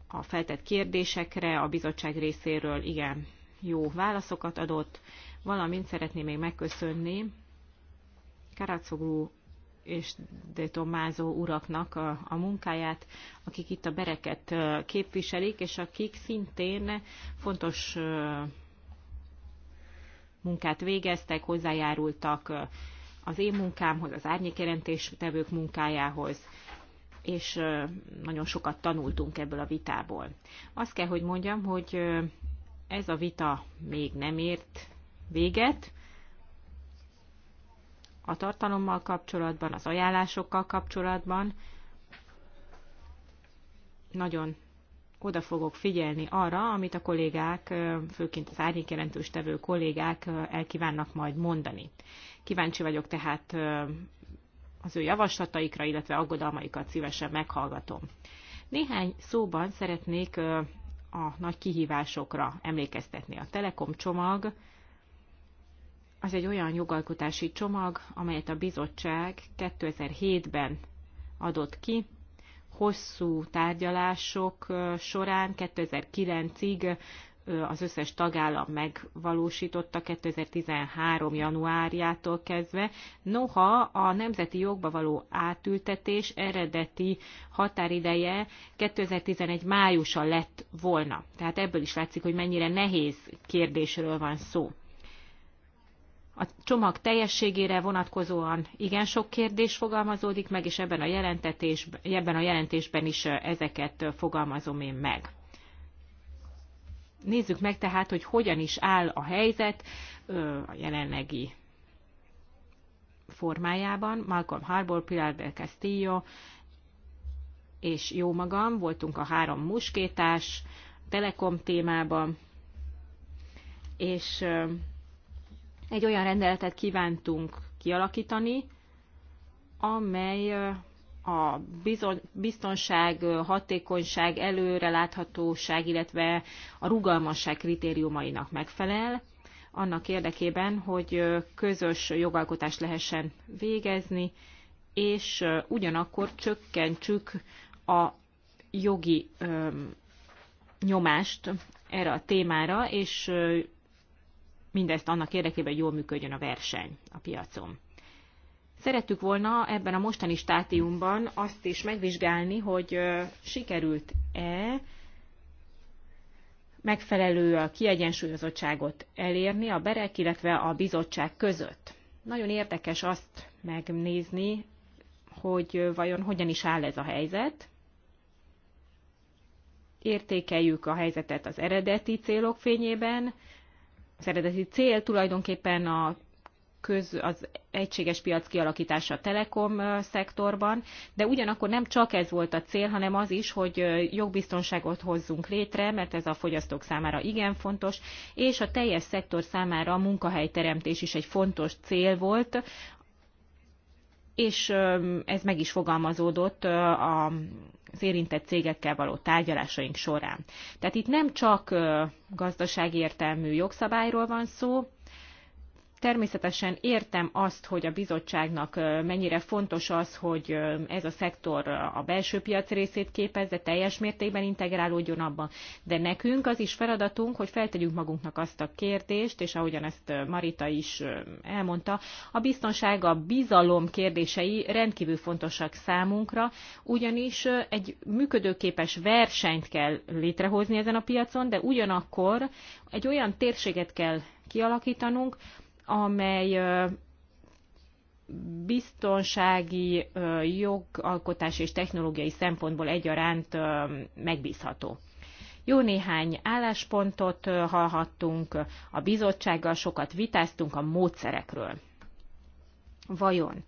B: a feltett kérdésekre a bizottság részéről igen jó válaszokat adott, valamint szeretném még megköszönni Karacoglu és de Tomázó uraknak a, a munkáját, akik itt a bereket képviselik, és akik szintén fontos munkát végeztek, hozzájárultak az én munkámhoz, az tevők munkájához, és nagyon sokat tanultunk ebből a vitából. Azt kell, hogy mondjam, hogy ez a vita még nem ért véget, a tartalommal kapcsolatban, az ajánlásokkal kapcsolatban. Nagyon oda fogok figyelni arra, amit a kollégák, főként az árnyékjelentős tevő kollégák elkívánnak majd mondani. Kíváncsi vagyok tehát az ő javaslataikra, illetve aggodalmaikat szívesen meghallgatom. Néhány szóban szeretnék a nagy kihívásokra emlékeztetni. A Telekom csomag az egy olyan jogalkotási csomag, amelyet a bizottság 2007-ben adott ki, hosszú tárgyalások során 2009-ig az összes tagállam megvalósította 2013. januárjától kezdve. Noha a nemzeti jogba való átültetés eredeti határideje 2011. májusa lett volna. Tehát ebből is látszik, hogy mennyire nehéz kérdésről van szó. A csomag teljességére vonatkozóan igen sok kérdés fogalmazódik meg, és ebben a, ebben a jelentésben is ezeket fogalmazom én meg. Nézzük meg tehát, hogy hogyan is áll a helyzet a jelenlegi formájában. Malcolm Harbour, Pilar del Castillo és jó magam voltunk a három muskétás Telekom témában, és egy olyan rendeletet kívántunk kialakítani, amely a biztonság, hatékonyság, előreláthatóság, illetve a rugalmasság kritériumainak megfelel, annak érdekében, hogy közös jogalkotást lehessen végezni, és ugyanakkor csökkentsük a jogi nyomást erre a témára, és mindezt annak érdekében, hogy jól működjön a verseny a piacon. Szerettük volna ebben a mostani státiumban azt is megvizsgálni, hogy sikerült-e megfelelő a kiegyensúlyozottságot elérni a berek, illetve a bizottság között. Nagyon érdekes azt megnézni, hogy vajon hogyan is áll ez a helyzet. Értékeljük a helyzetet az eredeti célok fényében, az eredeti cél tulajdonképpen a köz, az egységes piac kialakítása a telekom szektorban, de ugyanakkor nem csak ez volt a cél, hanem az is, hogy jogbiztonságot hozzunk létre, mert ez a fogyasztók számára igen fontos, és a teljes szektor számára a munkahelyteremtés is egy fontos cél volt, és ez meg is fogalmazódott a az érintett cégekkel való tárgyalásaink során. Tehát itt nem csak gazdasági értelmű jogszabályról van szó, Természetesen értem azt, hogy a bizottságnak mennyire fontos az, hogy ez a szektor a belső piac részét képezze, teljes mértékben integrálódjon abban. De nekünk az is feladatunk, hogy feltegyünk magunknak azt a kérdést, és ahogyan ezt Marita is elmondta, a biztonság, a bizalom kérdései rendkívül fontosak számunkra, ugyanis egy működőképes versenyt kell létrehozni ezen a piacon, de ugyanakkor egy olyan térséget kell kialakítanunk, amely biztonsági, jogalkotás és technológiai szempontból egyaránt megbízható. Jó néhány álláspontot hallhattunk, a bizottsággal sokat vitáztunk a módszerekről. Vajon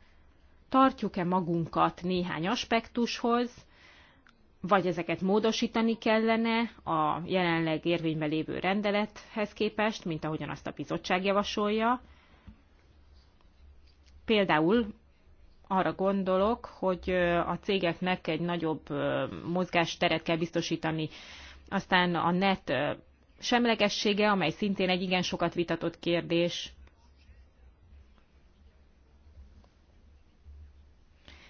B: tartjuk-e magunkat néhány aspektushoz, vagy ezeket módosítani kellene a jelenleg érvényben lévő rendelethez képest, mint ahogyan azt a bizottság javasolja. Például arra gondolok, hogy a cégeknek egy nagyobb mozgásteret kell biztosítani, aztán a net semlegessége, amely szintén egy igen sokat vitatott kérdés,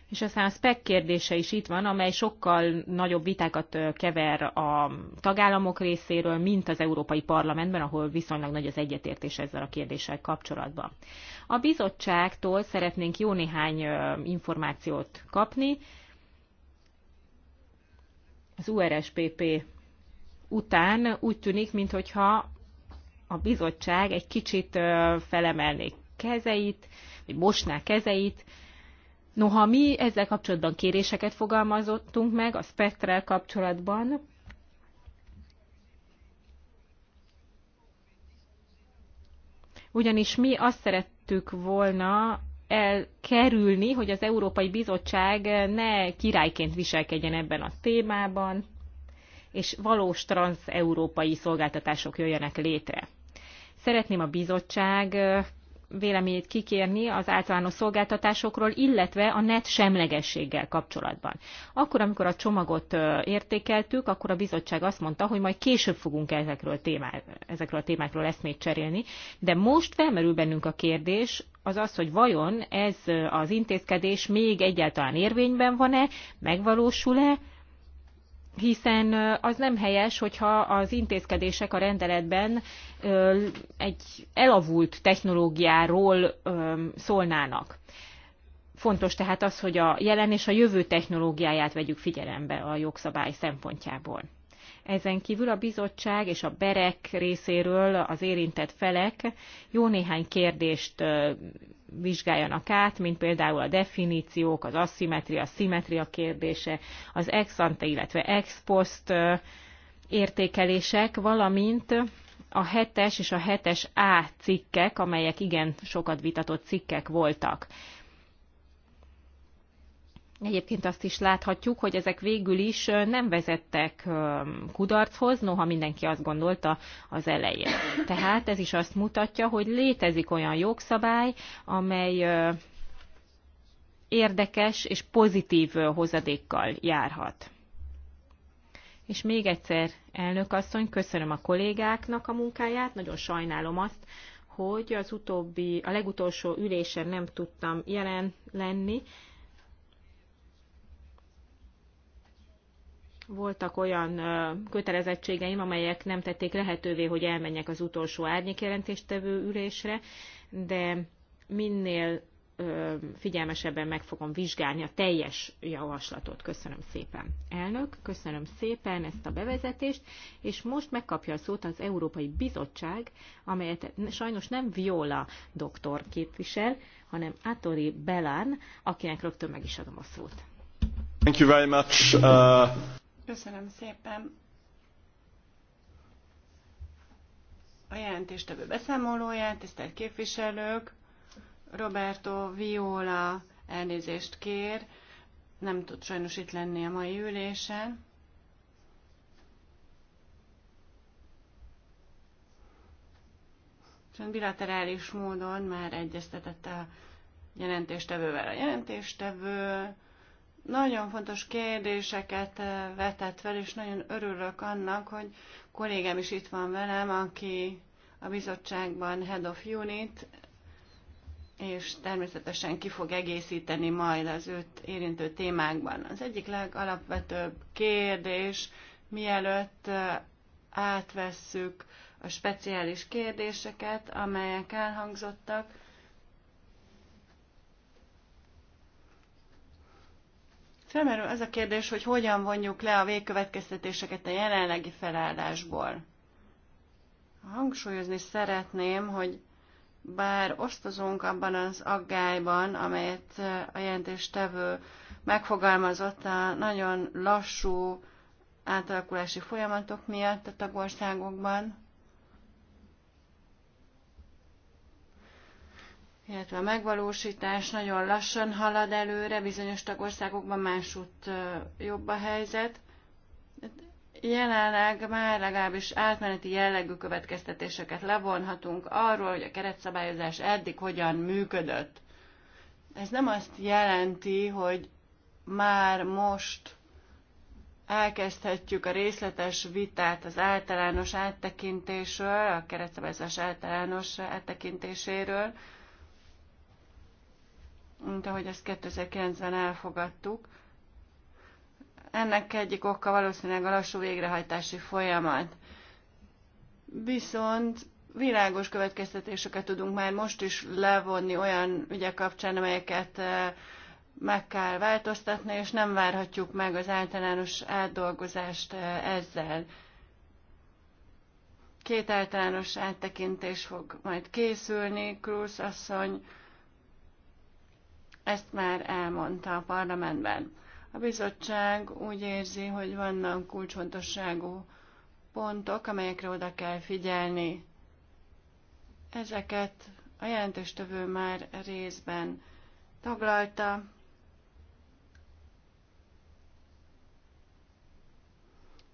B: És aztán a SPEC kérdése is itt van, amely sokkal nagyobb vitákat kever a tagállamok részéről, mint az Európai Parlamentben, ahol viszonylag nagy az egyetértés ezzel a kérdéssel kapcsolatban. A bizottságtól szeretnénk jó néhány információt kapni. Az URSPP után úgy tűnik, mintha a bizottság egy kicsit felemelné kezeit, vagy mosná kezeit, Noha mi ezzel kapcsolatban kéréseket fogalmazottunk meg a spektrel kapcsolatban, ugyanis mi azt szerettük volna elkerülni, hogy az Európai Bizottság ne királyként viselkedjen ebben a témában, és valós trans-európai szolgáltatások jöjjenek létre. Szeretném a bizottság véleményét kikérni az általános szolgáltatásokról, illetve a net semlegességgel kapcsolatban. Akkor, amikor a csomagot értékeltük, akkor a bizottság azt mondta, hogy majd később fogunk ezekről, témá, ezekről a témákról eszmét cserélni, de most felmerül bennünk a kérdés, az az, hogy vajon ez az intézkedés még egyáltalán érvényben van-e, megvalósul-e, hiszen az nem helyes, hogyha az intézkedések a rendeletben egy elavult technológiáról szólnának. Fontos tehát az, hogy a jelen és a jövő technológiáját vegyük figyelembe a jogszabály szempontjából. Ezen kívül a bizottság és a berek részéről az érintett felek jó néhány kérdést vizsgáljanak át, mint például a definíciók, az aszimetria, a szimetria kérdése, az ex ante, illetve ex post értékelések, valamint a 7-es és a 7-es A cikkek, amelyek igen sokat vitatott cikkek voltak. Egyébként azt is láthatjuk, hogy ezek végül is nem vezettek kudarchoz, noha mindenki azt gondolta az elején. Tehát ez is azt mutatja, hogy létezik olyan jogszabály, amely érdekes és pozitív hozadékkal járhat. És még egyszer, elnök asszony, köszönöm a kollégáknak a munkáját, nagyon sajnálom azt, hogy az utóbbi, a legutolsó ülésen nem tudtam jelen lenni, voltak olyan kötelezettségeim, amelyek nem tették lehetővé, hogy elmenjek az utolsó árnyékjelentéstevő ülésre, de minél figyelmesebben meg fogom vizsgálni a teljes javaslatot. Köszönöm szépen, elnök, köszönöm szépen ezt a bevezetést, és most megkapja a szót az Európai Bizottság, amelyet sajnos nem Viola doktor képvisel, hanem Atori Belán, akinek rögtön meg is adom a szót.
A: Thank you very much. Uh... Köszönöm szépen a jelentéstevő beszámolóját, tisztelt képviselők. Roberto Viola elnézést kér, nem tud sajnos itt lenni a mai ülésen. bilaterális módon már egyeztetett a jelentéstevővel. A jelentéstevő nagyon fontos kérdéseket eh, vetett fel, és nagyon örülök annak, hogy kollégám is itt van velem, aki a bizottságban Head of Unit, és természetesen ki fog egészíteni majd az őt érintő témákban. Az egyik legalapvetőbb kérdés, mielőtt eh, átvesszük a speciális kérdéseket, amelyek elhangzottak, Felmerül az a kérdés, hogy hogyan vonjuk le a végkövetkeztetéseket a jelenlegi felállásból. Hangsúlyozni szeretném, hogy bár osztozunk abban az aggályban, amelyet a jelentéstevő megfogalmazott a nagyon lassú átalakulási folyamatok miatt a tagországokban, illetve a megvalósítás nagyon lassan halad előre, bizonyos tagországokban másút jobb a helyzet. Jelenleg már legalábbis átmeneti jellegű következtetéseket levonhatunk arról, hogy a keretszabályozás eddig hogyan működött. Ez nem azt jelenti, hogy már most elkezdhetjük a részletes vitát az általános áttekintésről, a keretszabályozás általános áttekintéséről, mint ahogy ezt 2009-ben elfogadtuk. Ennek egyik oka valószínűleg a lassú végrehajtási folyamat. Viszont világos következtetéseket tudunk már most is levonni olyan ügyek kapcsán, amelyeket eh, meg kell változtatni, és nem várhatjuk meg az általános átdolgozást eh, ezzel. Két általános áttekintés fog majd készülni, Krusz asszony, ezt már elmondta a parlamentben. A bizottság úgy érzi, hogy vannak kulcsfontosságú pontok, amelyekre oda kell figyelni. Ezeket a jelentéstövő már részben taglalta.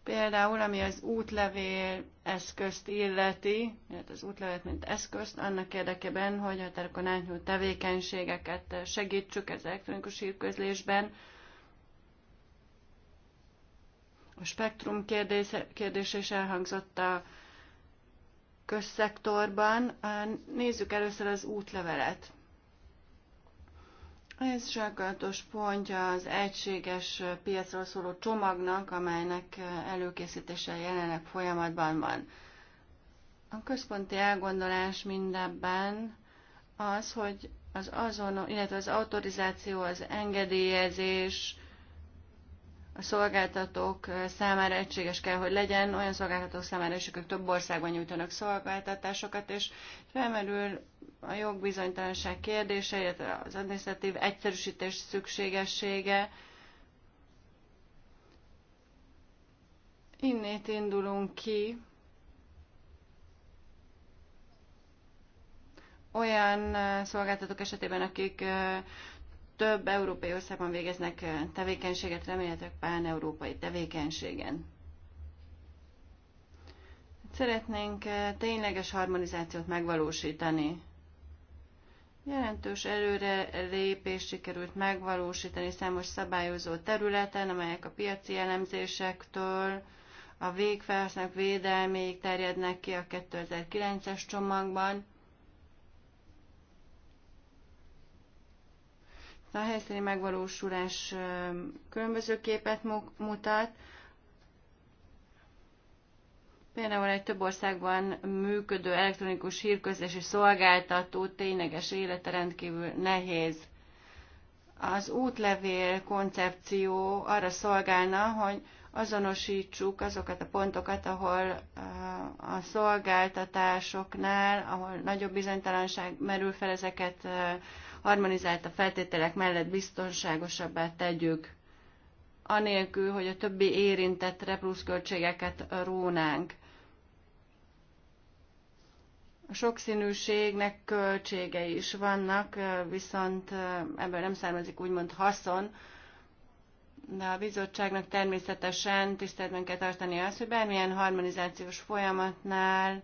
A: Például, ami az útlevél eszközt illeti, illetve az útlevet, mint eszközt, annak érdekében, hogy a telekon átnyújt tevékenységeket segítsük az elektronikus hírközlésben. A spektrum kérdése, kérdése is elhangzott a közszektorban. Nézzük először az útlevelet. Ez sarkalatos pontja az egységes piacról szóló csomagnak, amelynek előkészítése jelenleg folyamatban van. A központi elgondolás mindebben az, hogy az azon, illetve az autorizáció, az engedélyezés a szolgáltatók számára egységes kell, hogy legyen, olyan szolgáltatók számára is, akik több országban nyújtanak szolgáltatásokat, és felmerül a jogbizonytalanság kérdése, illetve az administratív egyszerűsítés szükségessége. Innét indulunk ki olyan szolgáltatók esetében, akik több európai országban végeznek tevékenységet, remélhetőleg pán-európai tevékenységen. Szeretnénk tényleges harmonizációt megvalósítani Jelentős előre lépést sikerült megvalósítani számos szabályozó területen, amelyek a piaci elemzésektől a végfelhasználók védelméig terjednek ki a 2009-es csomagban. A helyszíni megvalósulás különböző képet mutat. Például egy több országban működő elektronikus hírközlési szolgáltató tényleges élete rendkívül nehéz. Az útlevél koncepció arra szolgálna, hogy azonosítsuk azokat a pontokat, ahol eh, a szolgáltatásoknál, ahol nagyobb bizonytalanság merül fel, ezeket eh, harmonizált a feltételek mellett biztonságosabbá tegyük, anélkül, hogy a többi érintettre pluszköltségeket rónánk. A sokszínűségnek költségei is vannak, viszont ebből nem származik úgymond haszon, de a bizottságnak természetesen tiszteletben kell tartani azt, hogy bármilyen harmonizációs folyamatnál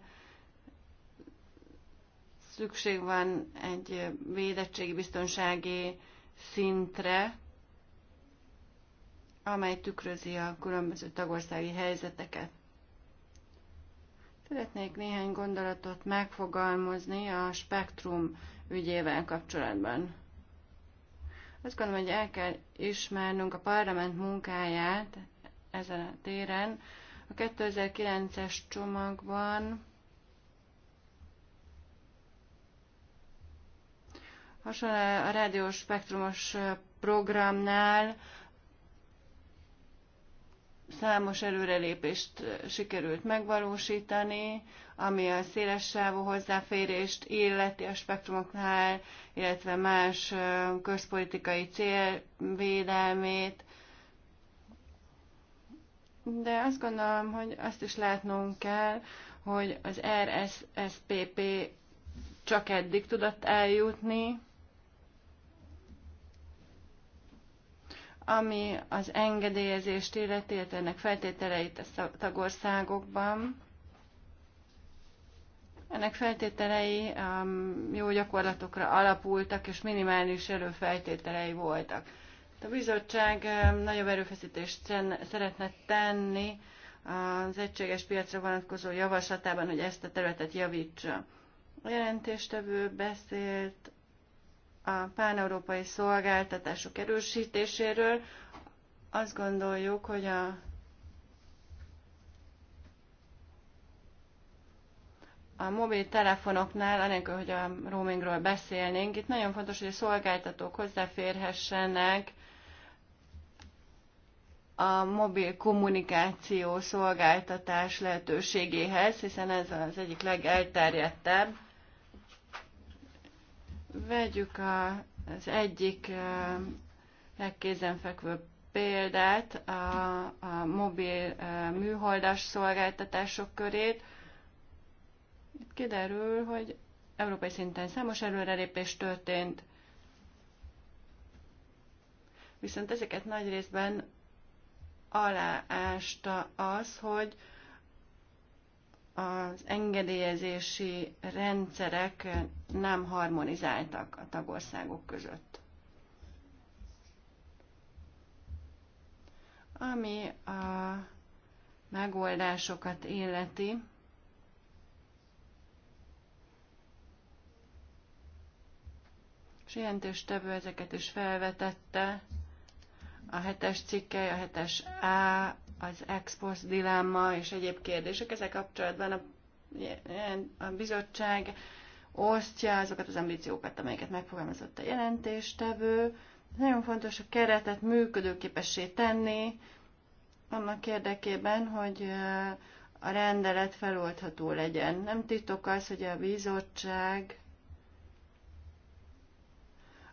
A: szükség van egy védettségi, biztonsági szintre, amely tükrözi a különböző tagországi helyzeteket. Szeretnék néhány gondolatot megfogalmazni a spektrum ügyével kapcsolatban. Azt gondolom, hogy el kell ismernünk a parlament munkáját ezen a téren. A 2009-es csomagban hasonló a rádiós spektrumos programnál Számos előrelépést eh, sikerült megvalósítani, ami a széles sávú hozzáférést illeti a spektrumoknál, illetve más eh, közpolitikai célvédelmét. De azt gondolom, hogy azt is látnunk kell, hogy az RSSPP csak eddig tudott eljutni, Ami az engedélyezést illeti, ennek feltételeit a tagországokban, ennek feltételei um, jó gyakorlatokra alapultak, és minimális előfeltételei voltak. A bizottság um, nagyobb erőfeszítést szeretne tenni az egységes piacra vonatkozó javaslatában, hogy ezt a területet javítsa. A jelentéstevő beszélt a páneurópai szolgáltatások erősítéséről. Azt gondoljuk, hogy a a mobiltelefonoknál, anélkül, hogy a roamingról beszélnénk, itt nagyon fontos, hogy a szolgáltatók hozzáférhessenek a mobil kommunikáció szolgáltatás lehetőségéhez, hiszen ez az egyik legelterjedtebb Vegyük a, az egyik legkézenfekvő példát, a, a mobil a műholdas szolgáltatások körét. Itt kiderül, hogy európai szinten számos előrelépés történt, viszont ezeket nagy részben aláásta az, hogy az engedélyezési rendszerek nem harmonizáltak a tagországok között. Ami a megoldásokat illeti, és tevő ezeket is felvetette, a hetes cikkely, a hetes A az export dilemma és egyéb kérdések. Ezek kapcsolatban a, a bizottság osztja azokat az ambíciókat, amelyeket megfogalmazott a jelentéstevő. Nagyon fontos a keretet működőképessé tenni, annak érdekében, hogy a rendelet feloldható legyen. Nem titok az, hogy a bizottság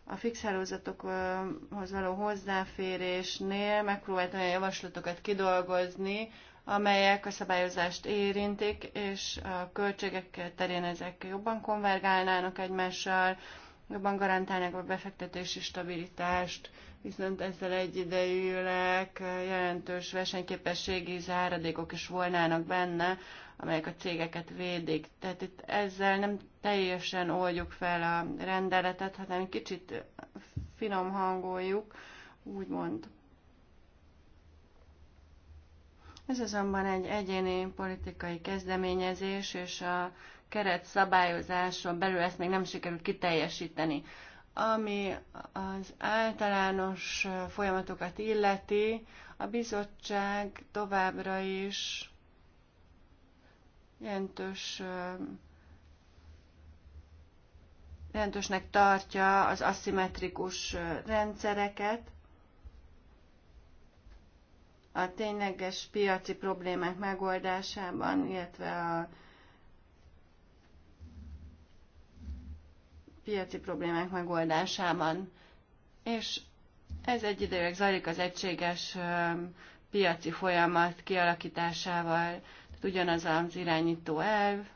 A: a fix hálózatokhoz való hozzáférésnél megpróbáltam olyan javaslatokat kidolgozni, amelyek a szabályozást érintik, és a költségek terén ezek jobban konvergálnának egymással, jobban garantálnák a befektetési stabilitást, viszont ezzel egyidejűleg jelentős versenyképességi záradékok is volnának benne, amelyek a cégeket védik. Tehát itt ezzel nem teljesen oldjuk fel a rendeletet, hanem kicsit finom hangoljuk, úgymond. Ez azonban egy egyéni politikai kezdeményezés, és a keret szabályozáson belül ezt még nem sikerült kiteljesíteni. Ami az általános folyamatokat illeti, a bizottság továbbra is jelentős jelentősnek tartja az aszimmetrikus rendszereket, a tényleges piaci problémák megoldásában, illetve a piaci problémák megoldásában. És ez egyidejűleg zajlik az egységes piaci folyamat kialakításával, tehát ugyanaz az irányító elv,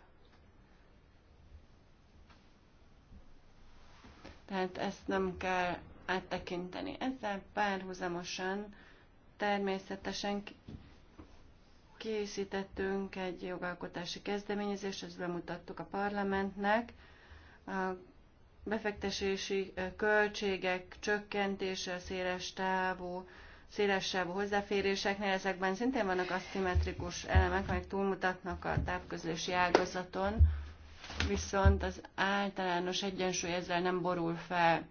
A: tehát ezt nem kell áttekinteni. Ezzel párhuzamosan természetesen készítettünk egy jogalkotási kezdeményezést, ezt bemutattuk a parlamentnek, a befektetési költségek csökkentése, széles távú, széles távú hozzáféréseknél, ezekben szintén vannak aszimmetrikus elemek, amelyek túlmutatnak a távközlési ágazaton, viszont az általános egyensúly ezzel nem borul fel.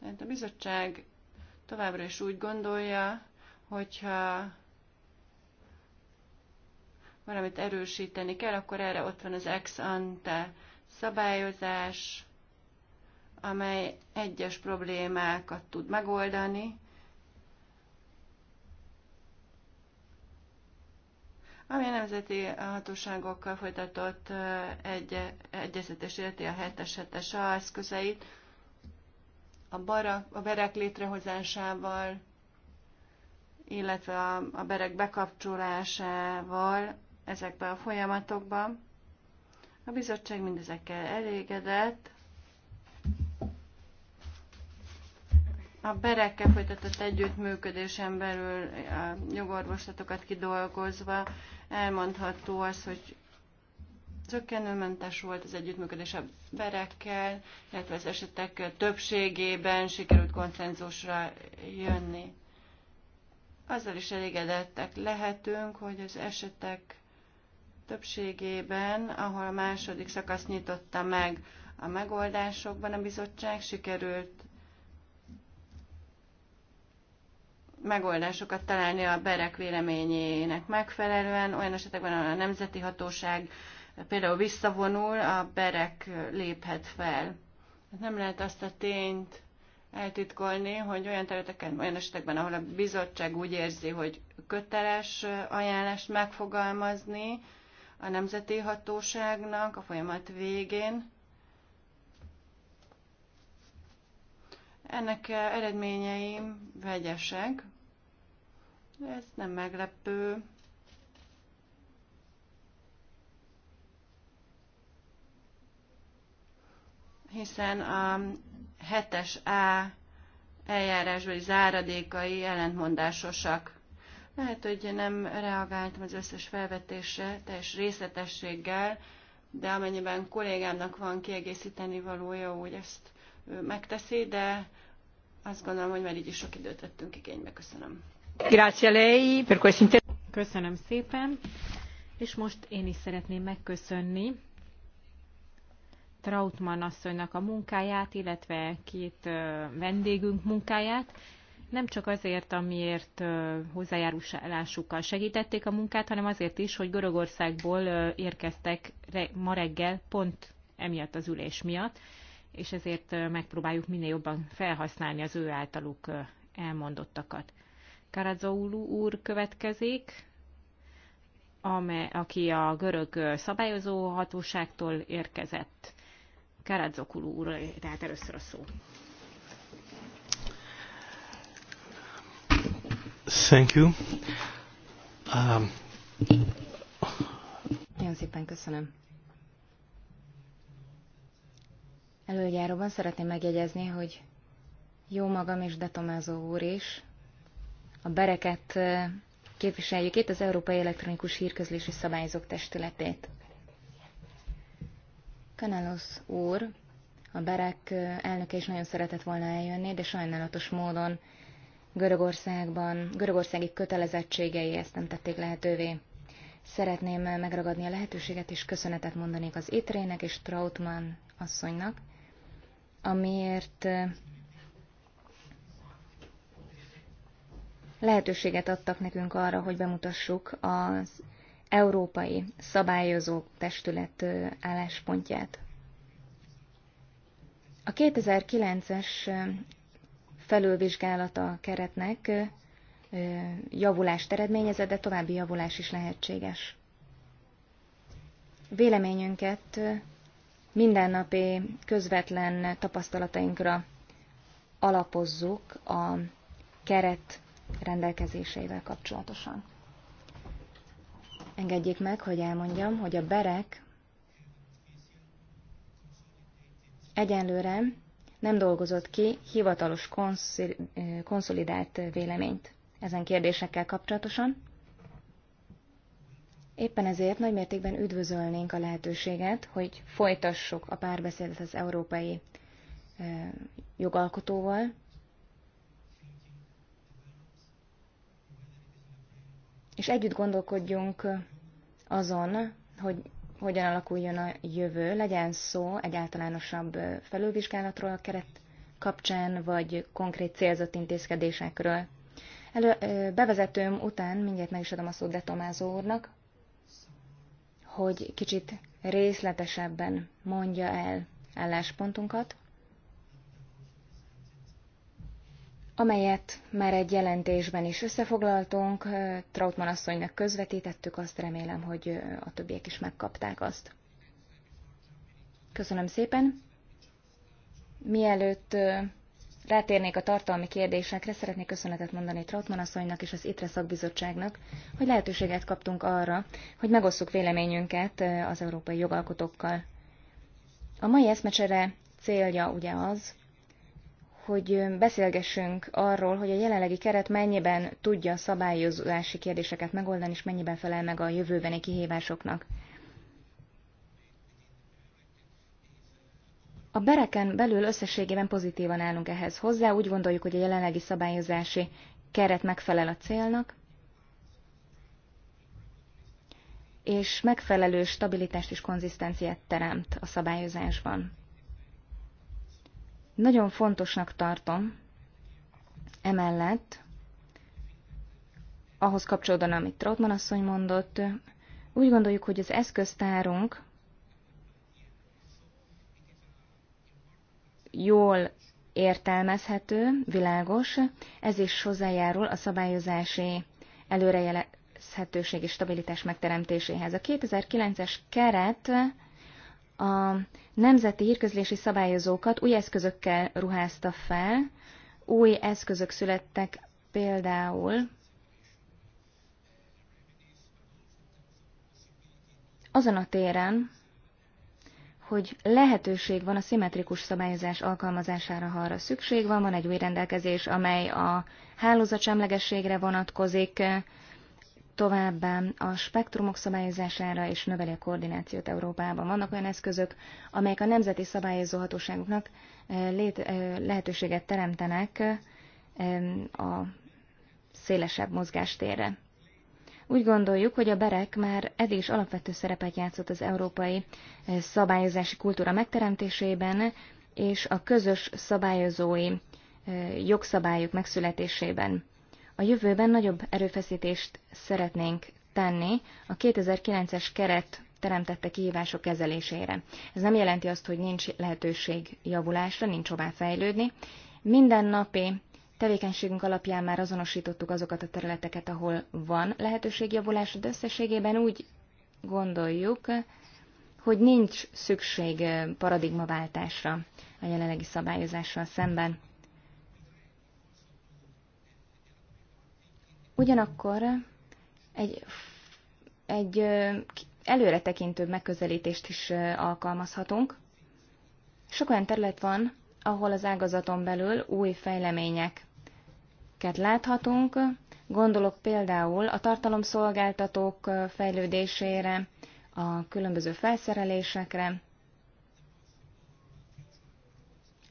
A: Tehát a bizottság továbbra is úgy gondolja, hogyha valamit erősíteni kell, akkor erre ott van az ex ante szabályozás, amely egyes problémákat tud megoldani, ami a nemzeti hatóságokkal folytatott egy, egyezetes illeti a 7-es a eszközeit, a, barak, a berek létrehozásával, illetve a, a berek bekapcsolásával ezekbe a folyamatokban. A bizottság mindezekkel elégedett. A berekkel folytatott együttműködésen belül a jogorvoslatokat kidolgozva elmondható az, hogy Csökkenőmentes volt az együttműködés a berekkel, illetve az esetek többségében sikerült konszenzusra jönni. Azzal is elégedettek lehetünk, hogy az esetek Többségében, ahol a második szakasz nyitotta meg a megoldásokban a bizottság, sikerült megoldásokat találni a berek véleményének megfelelően, olyan esetekben, ahol a nemzeti hatóság például visszavonul, a berek léphet fel. Hát nem lehet azt a tényt eltitkolni, hogy olyan területeken, olyan esetekben, ahol a bizottság úgy érzi, hogy köteles ajánlást megfogalmazni, a nemzeti hatóságnak a folyamat végén. Ennek eredményei vegyesek, ez nem meglepő. hiszen a 7-es A eljárásbeli záradékai ellentmondásosak. Lehet, hogy nem reagáltam az összes felvetésre teljes részletességgel, de amennyiben kollégámnak van kiegészíteni valója, úgy ezt ő megteszi, de azt gondolom, hogy már így is sok időt vettünk igénybe. Köszönöm.
B: Köszönöm szépen, és most én is szeretném megköszönni Trautmann asszonynak a munkáját, illetve két vendégünk munkáját, nem csak azért, amiért hozzájárulásukkal segítették a munkát, hanem azért is, hogy Görögországból érkeztek ma reggel pont emiatt az ülés miatt, és ezért megpróbáljuk minél jobban felhasználni az ő általuk elmondottakat. Karadzoulu úr következik, amely, aki a görög szabályozó hatóságtól érkezett. Karadzokulu úr, tehát először a szó.
A: Thank you. Um,
C: Nagyon szépen köszönöm. Előjáróban szeretném megjegyezni, hogy jó magam és Detomázó úr is a bereket képviseljük itt az Európai Elektronikus Hírközlési Szabályzók Testületét. Kanalos úr, a berek elnöke is nagyon szeretett volna eljönni, de sajnálatos módon Görögországban, görögországi kötelezettségei ezt nem tették lehetővé. Szeretném megragadni a lehetőséget, és köszönetet mondanék az Itrének és Trautmann asszonynak, amiért eh, lehetőséget adtak nekünk arra, hogy bemutassuk az Európai Szabályozó Testület eh, álláspontját. A 2009-es felülvizsgálata a keretnek javulást eredményezett, de további javulás is lehetséges. Véleményünket mindennapi közvetlen tapasztalatainkra alapozzuk a keret rendelkezéseivel kapcsolatosan. Engedjék meg, hogy elmondjam, hogy a berek egyenlőre nem dolgozott ki hivatalos konszol, konszolidált véleményt ezen kérdésekkel kapcsolatosan. Éppen ezért nagymértékben üdvözölnénk a lehetőséget, hogy folytassuk a párbeszédet az európai jogalkotóval, és együtt gondolkodjunk azon, hogy hogyan alakuljon a jövő, legyen szó egy általánosabb felülvizsgálatról a keret kapcsán, vagy konkrét célzott intézkedésekről. Elő, bevezetőm után mindjárt meg is adom a szót Detomázó úrnak, hogy kicsit részletesebben mondja el álláspontunkat. amelyet már egy jelentésben is összefoglaltunk, Trautmann asszonynak közvetítettük, azt remélem, hogy a többiek is megkapták azt. Köszönöm szépen! Mielőtt rátérnék a tartalmi kérdésekre, szeretnék köszönetet mondani Trautmann asszonynak és az ITRE szakbizottságnak, hogy lehetőséget kaptunk arra, hogy megosszuk véleményünket az európai jogalkotókkal. A mai eszmecsere célja ugye az, hogy beszélgessünk arról, hogy a jelenlegi keret mennyiben tudja a szabályozási kérdéseket megoldani, és mennyiben felel meg a jövőbeni kihívásoknak. A bereken belül összességében pozitívan állunk ehhez hozzá, úgy gondoljuk, hogy a jelenlegi szabályozási keret megfelel a célnak, és megfelelő stabilitást és konzisztenciát teremt a szabályozásban. Nagyon fontosnak tartom, emellett, ahhoz kapcsolódóan, amit Trautmann asszony mondott, úgy gondoljuk, hogy az eszköztárunk jól értelmezhető, világos, ez is hozzájárul a szabályozási előrejelezhetőség és stabilitás megteremtéséhez. A 2009-es keret a nemzeti hírközlési szabályozókat új eszközökkel ruházta fel, új eszközök születtek például azon a téren, hogy lehetőség van a szimmetrikus szabályozás alkalmazására, ha arra szükség van. Van egy új rendelkezés, amely a hálózatsemlegességre vonatkozik, Továbbá a spektrumok szabályozására és növeli a koordinációt Európában. Vannak olyan eszközök, amelyek a nemzeti szabályozó hatóságoknak eh, eh, lehetőséget teremtenek eh, a szélesebb mozgástérre. Úgy gondoljuk, hogy a berek már eddig is alapvető szerepet játszott az európai szabályozási kultúra megteremtésében és a közös szabályozói jogszabályok megszületésében. A jövőben nagyobb erőfeszítést szeretnénk tenni a 2009-es keret teremtette kihívások kezelésére. Ez nem jelenti azt, hogy nincs lehetőség javulásra, nincs hová fejlődni. Minden napi tevékenységünk alapján már azonosítottuk azokat a területeket, ahol van lehetőség javulásra, de összességében úgy gondoljuk, hogy nincs szükség eh, paradigmaváltásra a jelenlegi szabályozással szemben. Ugyanakkor egy, egy előretekintőbb megközelítést is alkalmazhatunk. Sok olyan terület van, ahol az ágazaton belül új fejleményeket láthatunk. Gondolok például a tartalomszolgáltatók fejlődésére, a különböző felszerelésekre,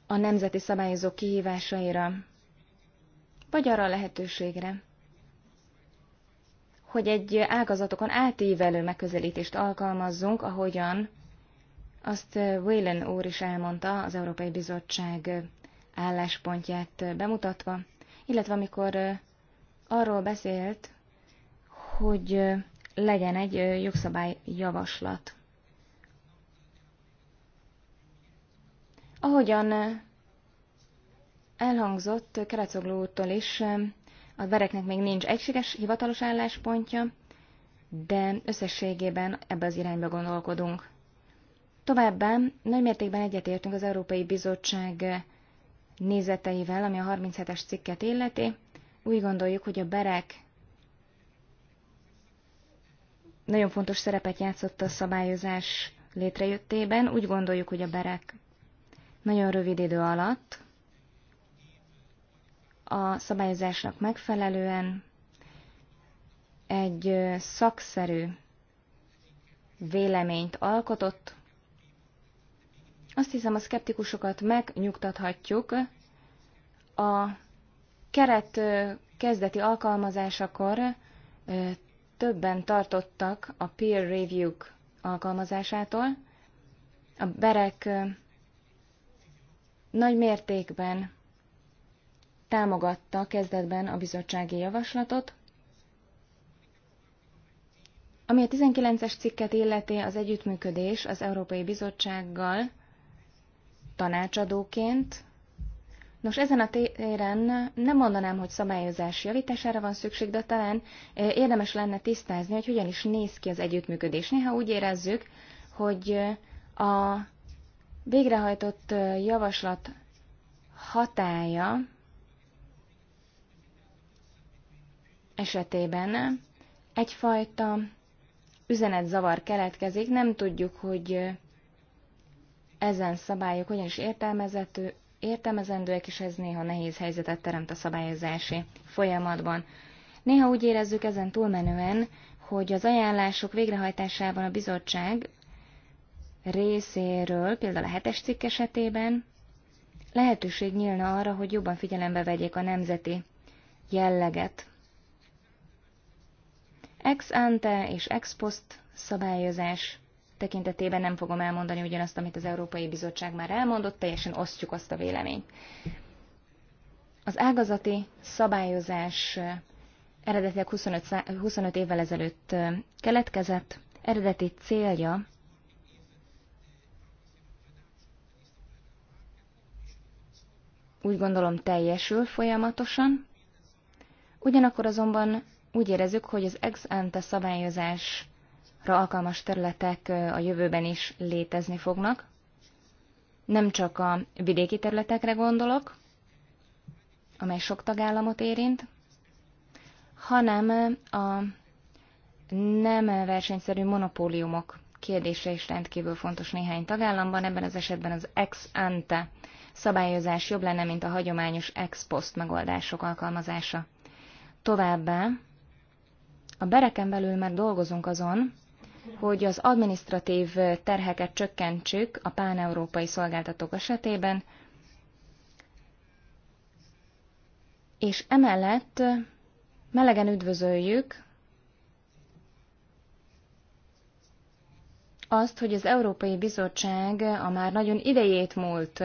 C: a nemzeti szabályozó kihívásaira, vagy arra a lehetőségre, hogy egy ágazatokon átívelő megközelítést alkalmazzunk, ahogyan azt Waylon úr is elmondta az Európai Bizottság álláspontját bemutatva, illetve amikor arról beszélt, hogy legyen egy jogszabályjavaslat. Ahogyan elhangzott Kerecogló úrtól is, a vereknek még nincs egységes hivatalos álláspontja, de összességében ebbe az irányba gondolkodunk. Továbbá nagymértékben egyetértünk az Európai Bizottság nézeteivel, ami a 37-es cikket illeti. Úgy gondoljuk, hogy a berek nagyon fontos szerepet játszott a szabályozás létrejöttében. Úgy gondoljuk, hogy a berek nagyon rövid idő alatt a szabályozásnak megfelelően egy szakszerű véleményt alkotott. Azt hiszem, a szkeptikusokat megnyugtathatjuk. A keret kezdeti alkalmazásakor többen tartottak a peer review alkalmazásától. A berek nagy mértékben támogatta kezdetben a bizottsági javaslatot, ami a 19-es cikket illeti az együttműködés az Európai Bizottsággal tanácsadóként. Nos, ezen a téren nem mondanám, hogy szabályozás javítására van szükség, de talán e, érdemes lenne tisztázni, hogy hogyan is néz ki az együttműködés. Néha úgy érezzük, hogy e, a végrehajtott e, javaslat hatája esetében egyfajta üzenetzavar keletkezik, nem tudjuk, hogy ezen szabályok hogyan is értelmezető, értelmezendőek, és ez néha nehéz helyzetet teremt a szabályozási folyamatban. Néha úgy érezzük ezen túlmenően, hogy az ajánlások végrehajtásában a bizottság részéről, például a hetes cikk esetében, lehetőség nyílna arra, hogy jobban figyelembe vegyék a nemzeti jelleget Ex ante és ex post szabályozás tekintetében nem fogom elmondani ugyanazt, amit az Európai Bizottság már elmondott, teljesen osztjuk azt a véleményt. Az ágazati szabályozás eredetileg 25, 25 évvel ezelőtt keletkezett, eredeti célja úgy gondolom teljesül folyamatosan, ugyanakkor azonban úgy érezzük, hogy az ex ante szabályozásra alkalmas területek a jövőben is létezni fognak. Nem csak a vidéki területekre gondolok, amely sok tagállamot érint, hanem a nem versenyszerű monopóliumok kérdése is rendkívül fontos néhány tagállamban, ebben az esetben az ex ante szabályozás jobb lenne, mint a hagyományos ex post megoldások alkalmazása. Továbbá a bereken belül már dolgozunk azon, hogy az administratív terheket csökkentsük a páneurópai szolgáltatók esetében, és emellett melegen üdvözöljük azt, hogy az Európai Bizottság a már nagyon idejét múlt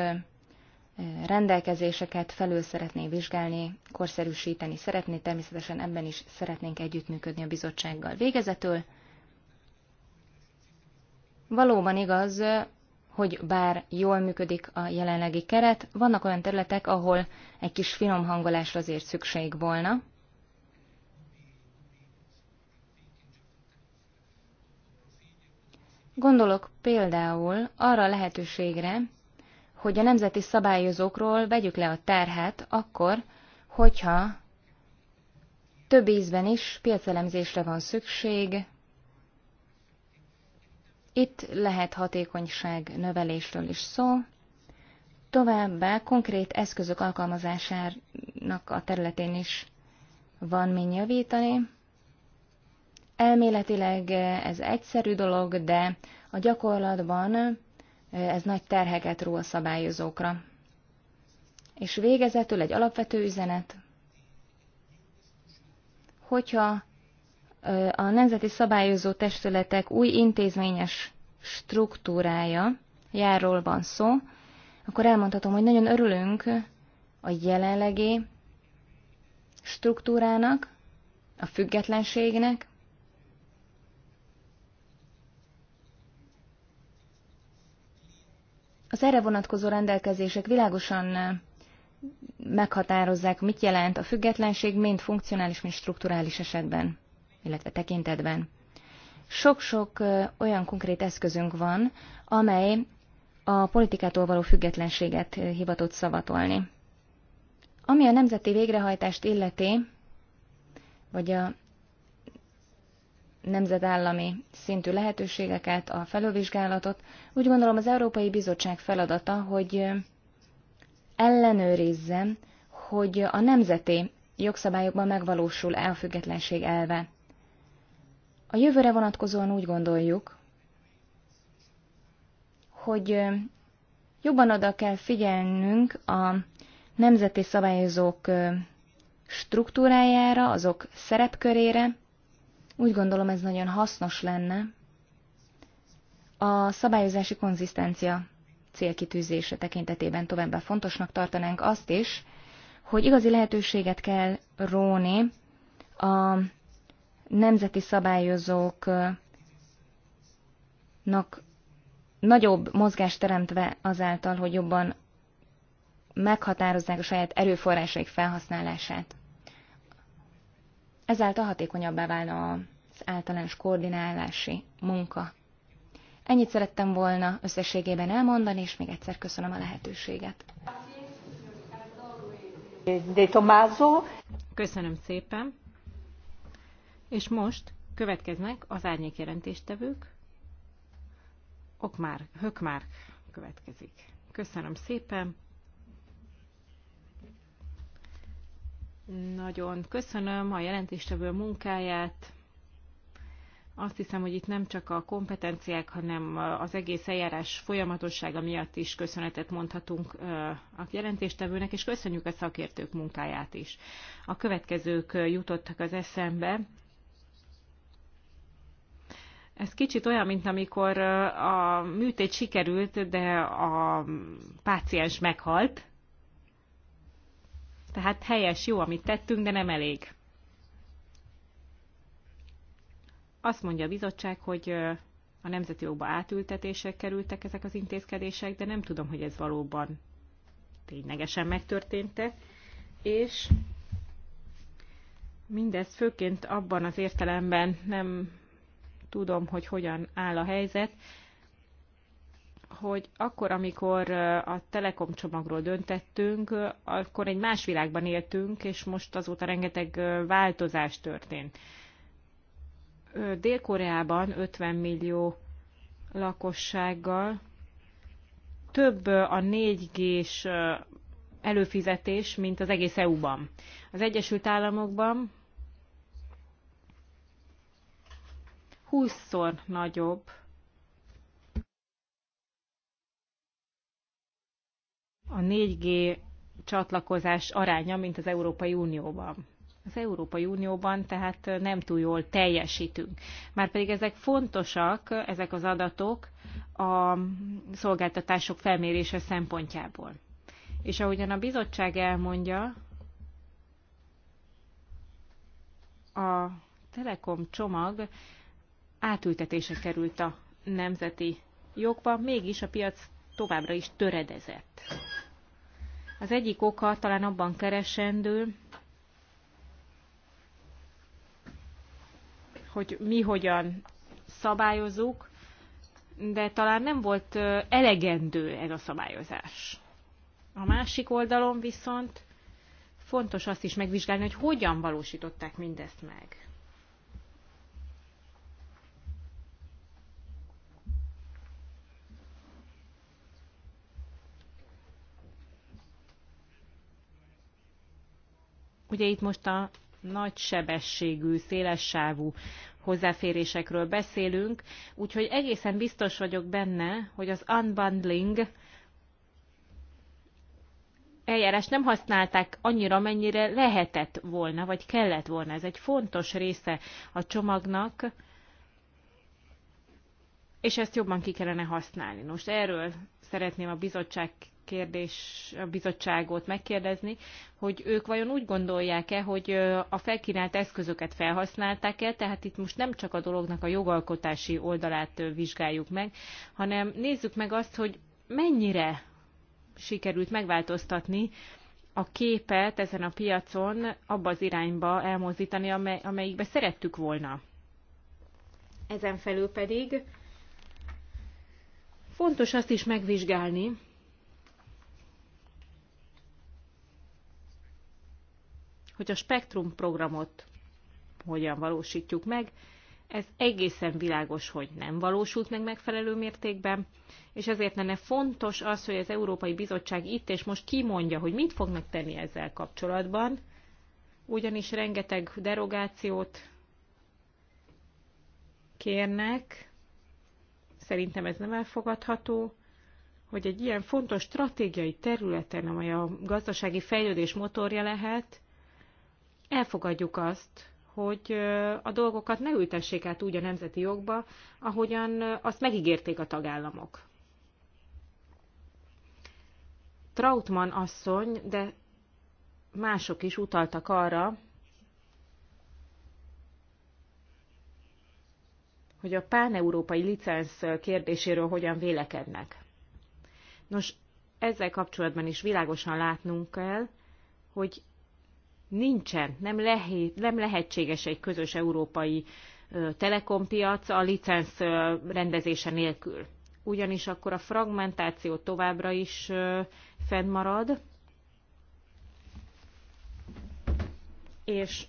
C: rendelkezéseket felül szeretné vizsgálni, korszerűsíteni szeretné, természetesen ebben is szeretnénk együttműködni a bizottsággal. Végezetül valóban igaz, hogy bár jól működik a jelenlegi keret, vannak olyan területek, ahol egy kis finom hangolásra azért szükség volna. Gondolok például arra a lehetőségre, hogy a nemzeti szabályozókról vegyük le a terhet akkor, hogyha több ízben is piacelemzésre van szükség, itt lehet hatékonyság növelésről is szó, továbbá konkrét eszközök alkalmazásának a területén is van min javítani. Elméletileg ez egyszerű dolog, de a gyakorlatban ez nagy terheket ró a szabályozókra. És végezetül egy alapvető üzenet, hogyha a nemzeti szabályozó testületek új intézményes struktúrája, járról van szó, akkor elmondhatom, hogy nagyon örülünk a jelenlegi struktúrának, a függetlenségnek, Az erre vonatkozó rendelkezések világosan eh, meghatározzák, mit jelent a függetlenség mind funkcionális, mind strukturális esetben, illetve tekintetben. Sok-sok eh, olyan konkrét eszközünk van, amely a politikától való függetlenséget eh, hivatott szavatolni. Ami a nemzeti végrehajtást illeti, vagy a nemzetállami szintű lehetőségeket, a felővizsgálatot. Úgy gondolom az Európai Bizottság feladata, hogy ellenőrizze, hogy a nemzeti jogszabályokban megvalósul-e a függetlenség elve. A jövőre vonatkozóan úgy gondoljuk, hogy jobban oda kell figyelnünk a nemzeti szabályozók struktúrájára, azok szerepkörére, úgy gondolom ez nagyon hasznos lenne a szabályozási konzisztencia célkitűzése tekintetében továbbá fontosnak tartanánk azt is, hogy igazi lehetőséget kell róni a nemzeti szabályozóknak nagyobb mozgást teremtve azáltal, hogy jobban meghatározzák a saját erőforrásaik felhasználását. Ezáltal hatékonyabbá válna az általános koordinálási munka. Ennyit szerettem volna összességében elmondani, és még egyszer köszönöm a lehetőséget. De Tomázó.
B: Köszönöm szépen. És most következnek az árnyék jelentéstevők. Okmár, Hökmár következik. Köszönöm szépen. Nagyon köszönöm a jelentéstevő munkáját. Azt hiszem, hogy itt nem csak a kompetenciák, hanem az egész eljárás folyamatossága miatt is köszönetet mondhatunk a jelentéstevőnek, és köszönjük a szakértők munkáját is. A következők jutottak az eszembe. Ez kicsit olyan, mint amikor a műtét sikerült, de a páciens meghalt. Tehát helyes, jó, amit tettünk, de nem elég. Azt mondja a bizottság, hogy a nemzeti jogba átültetések kerültek ezek az intézkedések, de nem tudom, hogy ez valóban ténylegesen megtörtént-e. és mindez főként abban az értelemben nem tudom, hogy hogyan áll a helyzet, hogy akkor, amikor a Telekom csomagról döntettünk, akkor egy más világban éltünk, és most azóta rengeteg változás történt. Dél-Koreában 50 millió lakossággal több a 4G-s előfizetés, mint az egész EU-ban. Az Egyesült Államokban 20-szor nagyobb a 4G csatlakozás aránya, mint az Európai Unióban. Az Európai Unióban tehát nem túl jól teljesítünk. Márpedig ezek fontosak, ezek az adatok a szolgáltatások felmérése szempontjából. És ahogyan a bizottság elmondja, a Telekom csomag átültetése került a nemzeti jogba, mégis a piac továbbra is töredezett. Az egyik oka talán abban keresendő, hogy mi hogyan szabályozzuk, de talán nem volt elegendő ez a szabályozás. A másik oldalon viszont fontos azt is megvizsgálni, hogy hogyan valósították mindezt meg. Ugye itt most a nagy sebességű, szélessávú hozzáférésekről beszélünk, úgyhogy egészen biztos vagyok benne, hogy az unbundling eljárás nem használták annyira, mennyire lehetett volna, vagy kellett volna. Ez egy fontos része a csomagnak, és ezt jobban ki kellene használni. Most erről szeretném a bizottság kérdés, a bizottságot megkérdezni, hogy ők vajon úgy gondolják-e, hogy a felkínált eszközöket felhasználták-e, tehát itt most nem csak a dolognak a jogalkotási oldalát vizsgáljuk meg, hanem nézzük meg azt, hogy mennyire sikerült megváltoztatni a képet ezen a piacon abba az irányba elmozdítani, amely, amelyikbe szerettük volna. Ezen felül pedig fontos azt is megvizsgálni, hogy a Spektrum programot hogyan valósítjuk meg. Ez egészen világos, hogy nem valósult meg megfelelő mértékben, és ezért lenne fontos az, hogy az Európai Bizottság itt és most kimondja, hogy mit fognak tenni ezzel kapcsolatban, ugyanis rengeteg derogációt kérnek, szerintem ez nem elfogadható, hogy egy ilyen fontos stratégiai területen, amely a gazdasági fejlődés motorja lehet, elfogadjuk azt, hogy a dolgokat ne ültessék át úgy a nemzeti jogba, ahogyan azt megígérték a tagállamok. Trautmann asszony, de mások is utaltak arra, hogy a páneurópai licensz kérdéséről hogyan vélekednek. Nos, ezzel kapcsolatban is világosan látnunk kell, hogy nincsen, nem, lehet, nem lehetséges egy közös európai telekompiac a licensz rendezése nélkül. Ugyanis akkor a fragmentáció továbbra is fennmarad, és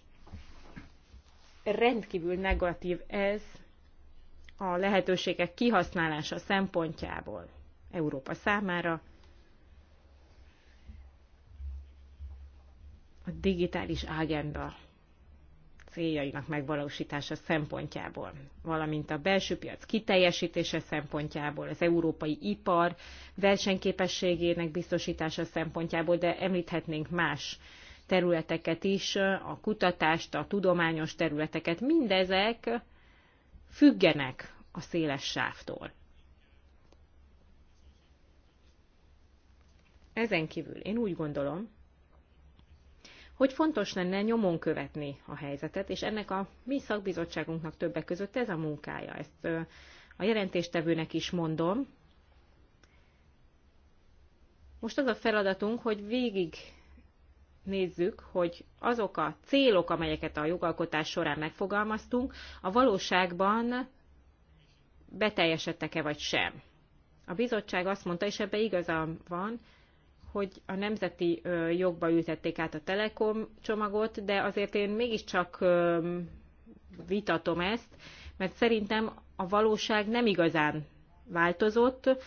B: rendkívül negatív ez a lehetőségek kihasználása szempontjából Európa számára, a digitális ágenda céljainak megvalósítása szempontjából, valamint a belső piac kiteljesítése szempontjából, az európai ipar versenyképességének biztosítása szempontjából, de említhetnénk más területeket is, a kutatást, a tudományos területeket, mindezek függenek a széles sávtól. Ezen kívül én úgy gondolom, hogy fontos lenne nyomon követni a helyzetet, és ennek a mi szakbizottságunknak többek között ez a munkája. Ezt a jelentéstevőnek is mondom. Most az a feladatunk, hogy végig nézzük, hogy azok a célok, amelyeket a jogalkotás során megfogalmaztunk, a valóságban beteljesedtek-e vagy sem. A bizottság azt mondta, és ebbe igaza van, hogy a nemzeti jogba ültették át a Telekom csomagot, de azért én mégiscsak vitatom ezt, mert szerintem a valóság nem igazán változott,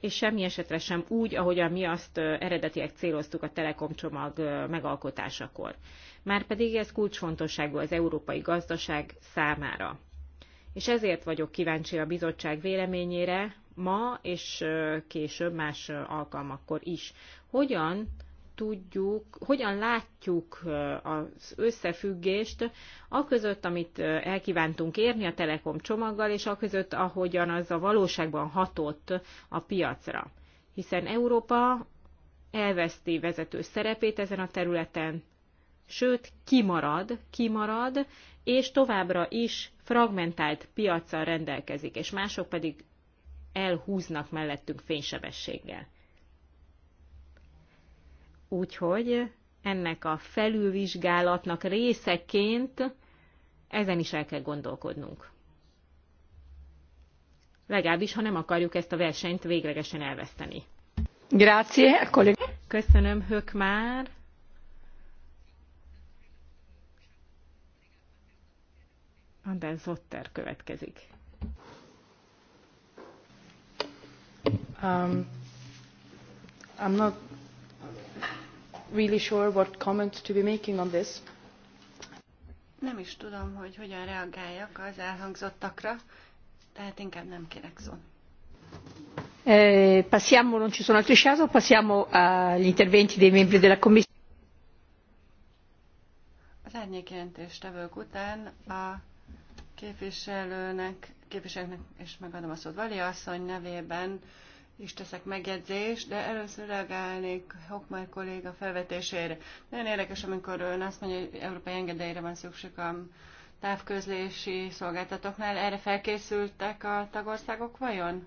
B: és semmi esetre sem úgy, ahogyan mi azt eredetileg céloztuk a Telekom csomag megalkotásakor. Márpedig ez kulcsfontosságú az európai gazdaság számára. És ezért vagyok kíváncsi a bizottság véleményére, ma és később más alkalmakkor is. Hogyan tudjuk, hogyan látjuk az összefüggést a között, amit elkívántunk érni a Telekom csomaggal, és a között, ahogyan az a valóságban hatott a piacra. Hiszen Európa elveszti vezető szerepét ezen a területen, sőt, kimarad, kimarad, és továbbra is fragmentált piaccal rendelkezik, és mások pedig elhúznak mellettünk fénysebességgel. Úgyhogy ennek a felülvizsgálatnak részeként ezen is el kell gondolkodnunk. Legalábbis, ha nem akarjuk ezt a versenyt véglegesen elveszteni. Grazie, kollég. Köszönöm, Hök már. Anders Zotter következik. Um,
A: I'm not really sure what comment to be making on this. Nem is tudom, hogy hogyan reagáljak az elhangzottakra, tehát inkább nem kérek szót.
B: Eh, passiamo, non ci sono altri shadow, passiamo agli interventi dei membri della Commissione.
A: Az tevők után a képviselőnek, képviselőnek és megadom a szót Vali asszony nevében is teszek megjegyzést, de először reagálnék Hokmár kolléga felvetésére. Nagyon érdekes, amikor ön azt mondja, hogy európai engedélyre van szükség a távközlési szolgáltatóknál. Erre felkészültek a tagországok vajon?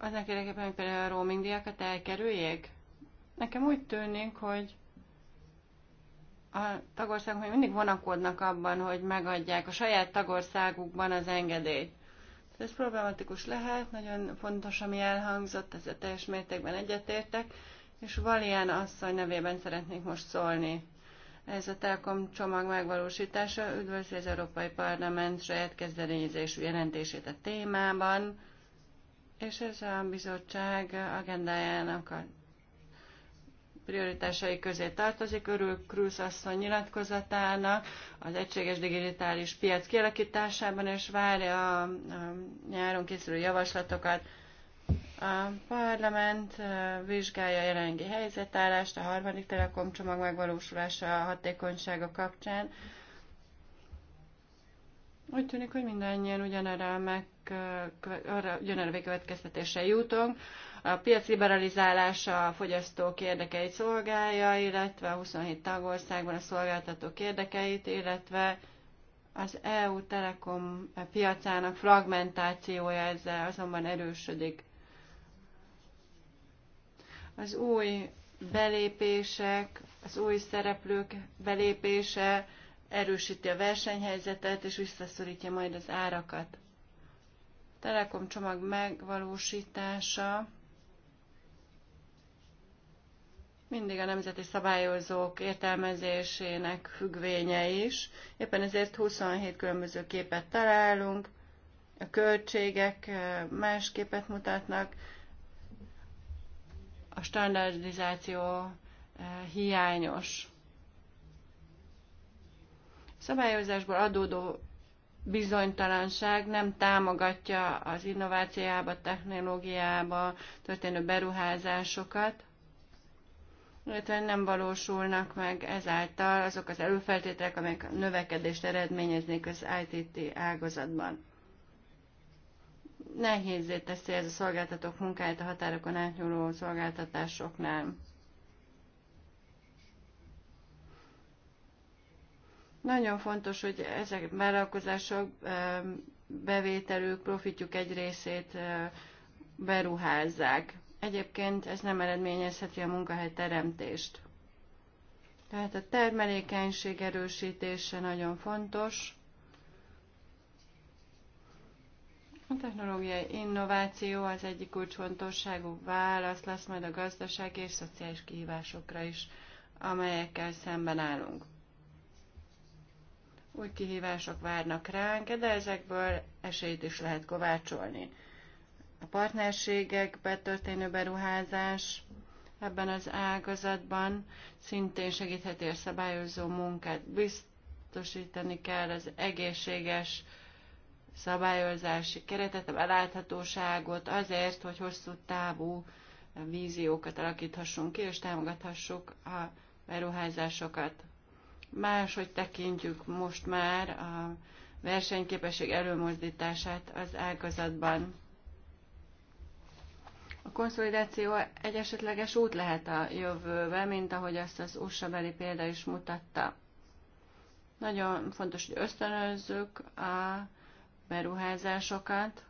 A: Aznak érdekében, hogy például a roaming diákat elkerüljék? Nekem úgy tűnik, hogy a tagországok még mindig vonakodnak abban, hogy megadják a saját tagországukban az engedélyt. Ez problematikus lehet, nagyon fontos, ami elhangzott, ezzel teljes mértékben egyetértek, és Valián asszony nevében szeretnék most szólni. Ez a Telkom csomag megvalósítása üdvözli az Európai Parlament saját kezdeményezésű jelentését a témában, és ez a bizottság agendájának a prioritásai közé tartozik. Örül Krúz asszony nyilatkozatának az egységes digitális piac kialakításában, és várja a nyáron készülő javaslatokat. A parlament vizsgálja a jelenlegi helyzetállást, a harmadik telekom csomag megvalósulása a hatékonysága kapcsán. Úgy tűnik, hogy mindannyian ugyanerre, meg, ugyanerre következtetésre jutunk a piac liberalizálása a fogyasztók érdekeit szolgálja, illetve a 27 tagországban a szolgáltatók érdekeit, illetve az EU Telekom piacának fragmentációja ezzel azonban erősödik. Az új belépések, az új szereplők belépése erősíti a versenyhelyzetet és visszaszorítja majd az árakat. Telekom csomag megvalósítása mindig a nemzeti szabályozók értelmezésének függvénye is. Éppen ezért 27 különböző képet találunk, a költségek eh, más képet mutatnak, a standardizáció eh, hiányos. A szabályozásból adódó bizonytalanság nem támogatja az innovációába, technológiába történő beruházásokat, illetve nem valósulnak meg ezáltal azok az előfeltételek, amelyek növekedést eredményeznék az ITT ágazatban. Nehézé teszi ez a szolgáltatók munkáját a határokon átnyúló szolgáltatásoknál. Nagyon fontos, hogy ezek a vállalkozások bevételük, profitjuk egy részét beruházzák. Egyébként ez nem eredményezheti a munkahely teremtést. Tehát a termelékenység erősítése nagyon fontos. A technológiai innováció az egyik kulcsfontosságú válasz lesz majd a gazdasági és szociális kihívásokra is, amelyekkel szemben állunk. Új kihívások várnak ránk, de ezekből esélyt is lehet kovácsolni a partnerségekbe történő beruházás ebben az ágazatban szintén segítheti a szabályozó munkát. Biztosítani kell az egészséges szabályozási keretet, a beláthatóságot azért, hogy hosszú távú víziókat alakíthassunk ki, és támogathassuk a beruházásokat. Máshogy tekintjük most már a versenyképesség előmozdítását az ágazatban. A konszolidáció egy esetleges út lehet a jövőbe, mint ahogy azt az USA beli példa is mutatta. Nagyon fontos, hogy ösztönözzük a beruházásokat,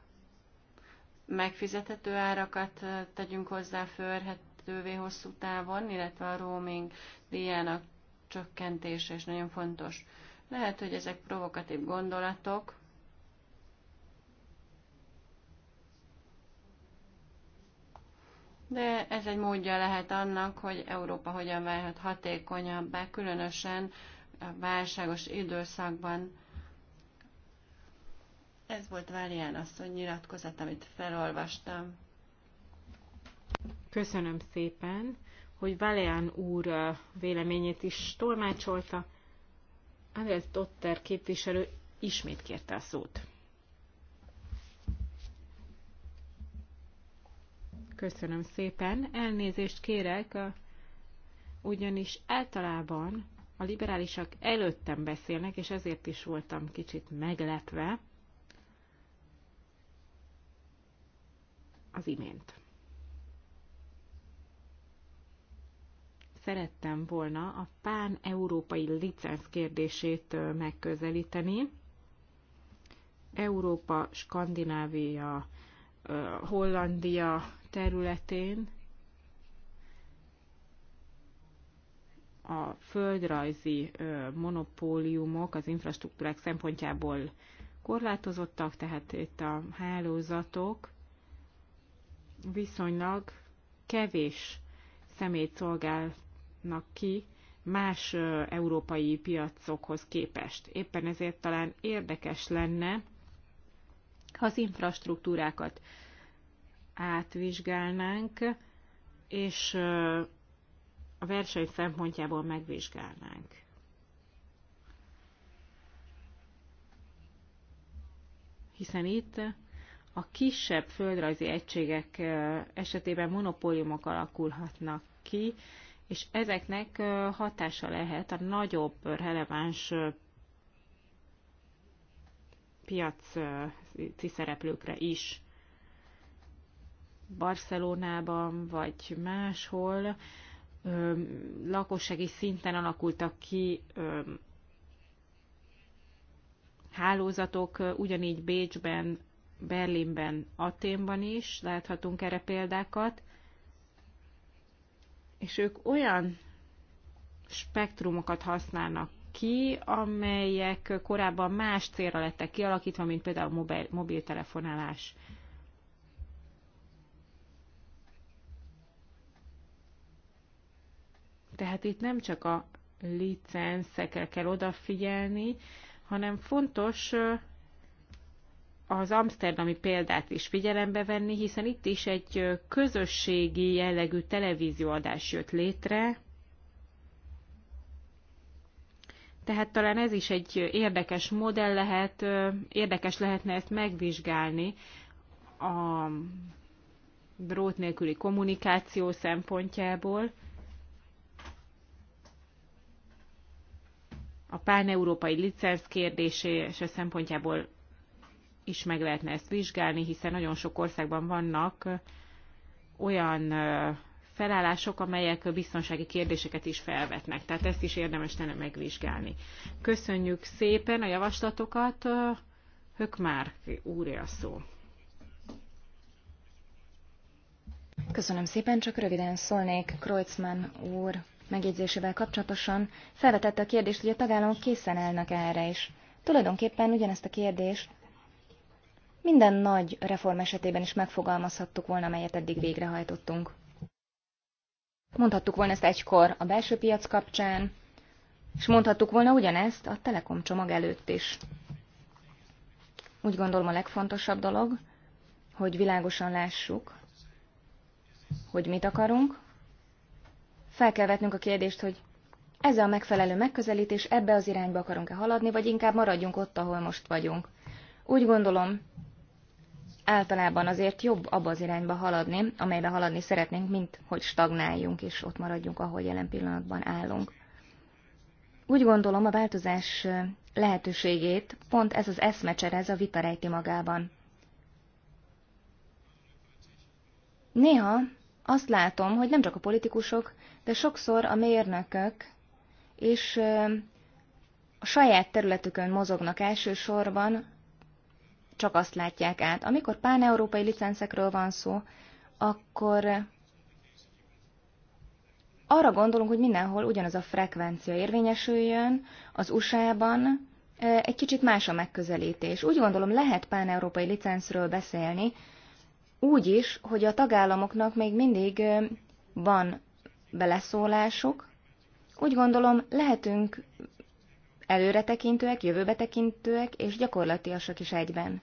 A: megfizethető árakat tegyünk hozzá fölhetővé hosszú távon, illetve a roaming díjának csökkentése is nagyon fontos. Lehet, hogy ezek provokatív gondolatok, de ez egy módja lehet annak, hogy Európa hogyan válhat hatékonyabbá, különösen a válságos időszakban. Ez volt Várián asszony nyilatkozat,
B: amit felolvastam. Köszönöm szépen, hogy Valéán úr véleményét is tolmácsolta. András Dotter képviselő ismét kérte a szót. Köszönöm szépen. Elnézést kérek, ugyanis általában a liberálisak előttem beszélnek, és ezért is voltam kicsit meglepve az imént. Szerettem volna a pán-európai licenc kérdését megközelíteni. Európa, Skandinávia, Hollandia, területén a földrajzi monopóliumok az infrastruktúrák szempontjából korlátozottak, tehát itt a hálózatok viszonylag kevés szemét szolgálnak ki más európai piacokhoz képest. Éppen ezért talán érdekes lenne, ha az infrastruktúrákat átvizsgálnánk, és a verseny szempontjából megvizsgálnánk. Hiszen itt a kisebb földrajzi egységek esetében monopóliumok alakulhatnak ki, és ezeknek hatása lehet a nagyobb releváns piaci szereplőkre is. Barcelonában vagy máshol ö, lakossági szinten alakultak ki ö, hálózatok, ugyanígy Bécsben, Berlinben, Aténban is láthatunk erre példákat, és ők olyan spektrumokat használnak ki, amelyek korábban más célra lettek kialakítva, mint például mobil, mobiltelefonálás. Tehát itt nem csak a licenszekre kell odafigyelni, hanem fontos az amsterdami példát is figyelembe venni, hiszen itt is egy közösségi jellegű televízióadás jött létre, tehát talán ez is egy érdekes modell lehet, érdekes lehetne ezt megvizsgálni a drót nélküli kommunikáció szempontjából, a páneurópai licenc kérdése szempontjából is meg lehetne ezt vizsgálni, hiszen nagyon sok országban vannak olyan felállások, amelyek biztonsági kérdéseket is felvetnek. Tehát ezt is érdemes lenne megvizsgálni. Köszönjük szépen a javaslatokat. Hök már a szó.
C: Köszönöm szépen, csak röviden szólnék Kreuzmann úr megjegyzésével kapcsolatosan felvetette a kérdést, hogy a tagállamok készen állnak erre is. Tulajdonképpen ugyanezt a kérdést minden nagy reform esetében is megfogalmazhattuk volna, melyet eddig végrehajtottunk. Mondhattuk volna ezt egykor a belső piac kapcsán, és mondhattuk volna ugyanezt a Telekom csomag előtt is. Úgy gondolom a legfontosabb dolog, hogy világosan lássuk, hogy mit akarunk, fel kell vetnünk a kérdést, hogy ez a megfelelő megközelítés, ebbe az irányba akarunk-e haladni, vagy inkább maradjunk ott, ahol most vagyunk. Úgy gondolom, általában azért jobb abba az irányba haladni, amelybe haladni szeretnénk, mint hogy stagnáljunk és ott maradjunk, ahol jelen pillanatban állunk. Úgy gondolom, a változás lehetőségét pont ez az eszmecsere, ez a vita rejti magában. Néha azt látom, hogy nem csak a politikusok, de sokszor a mérnökök és a saját területükön mozognak elsősorban, csak azt látják át. Amikor páneurópai licenszekről van szó, akkor arra gondolunk, hogy mindenhol ugyanaz a frekvencia érvényesüljön, az USA-ban egy kicsit más a megközelítés. Úgy gondolom, lehet páneurópai licenszről beszélni, úgy is, hogy a tagállamoknak még mindig van beleszólásuk. Úgy gondolom, lehetünk előretekintőek, jövőbetekintőek és gyakorlatiasak is egyben.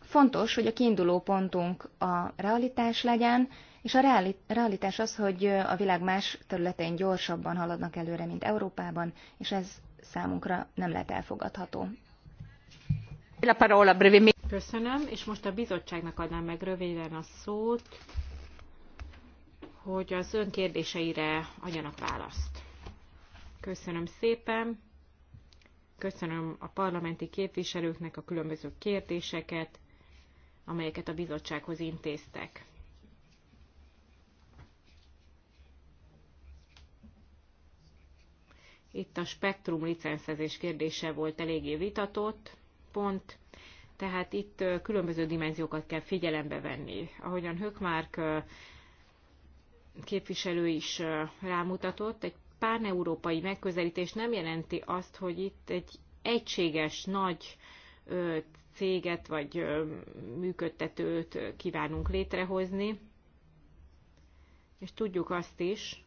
C: Fontos, hogy a kiinduló pontunk a realitás legyen, és a realitás az, hogy a világ más területein gyorsabban haladnak előre, mint Európában, és ez számunkra nem lehet elfogadható.
B: Köszönöm, és most a bizottságnak adnám meg röviden a szót hogy az ön kérdéseire adjanak választ. Köszönöm szépen, köszönöm a parlamenti képviselőknek a különböző kérdéseket, amelyeket a bizottsághoz intéztek. Itt a spektrum licenszezés kérdése volt eléggé vitatott pont, tehát itt különböző dimenziókat kell figyelembe venni. Ahogyan Hökmárk képviselő is rámutatott, egy páneurópai megközelítés nem jelenti azt, hogy itt egy egységes, nagy céget vagy működtetőt kívánunk létrehozni, és tudjuk azt is,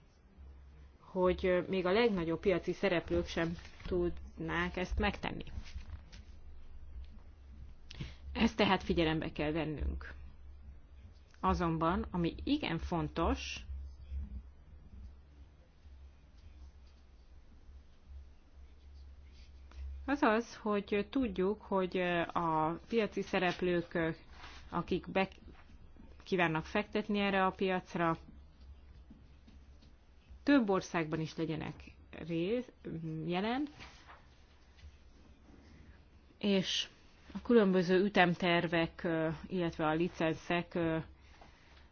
B: hogy még a legnagyobb piaci szereplők sem tudnák ezt megtenni. Ezt tehát figyelembe kell vennünk. Azonban, ami igen fontos, az az, hogy tudjuk, hogy a piaci szereplők, akik be kívánnak fektetni erre a piacra, több országban is legyenek rész, jelen, és a különböző ütemtervek, illetve a licenszek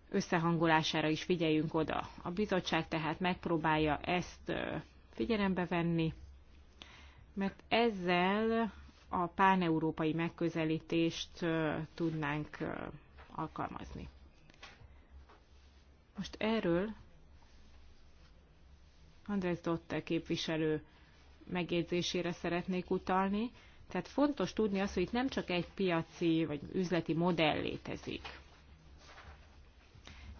B: összehangolására is figyeljünk oda. A bizottság tehát megpróbálja ezt figyelembe venni, mert ezzel a páneurópai megközelítést tudnánk alkalmazni. Most erről András Dotte képviselő megjegyzésére szeretnék utalni. Tehát fontos tudni azt, hogy itt nem csak egy piaci vagy üzleti modell létezik.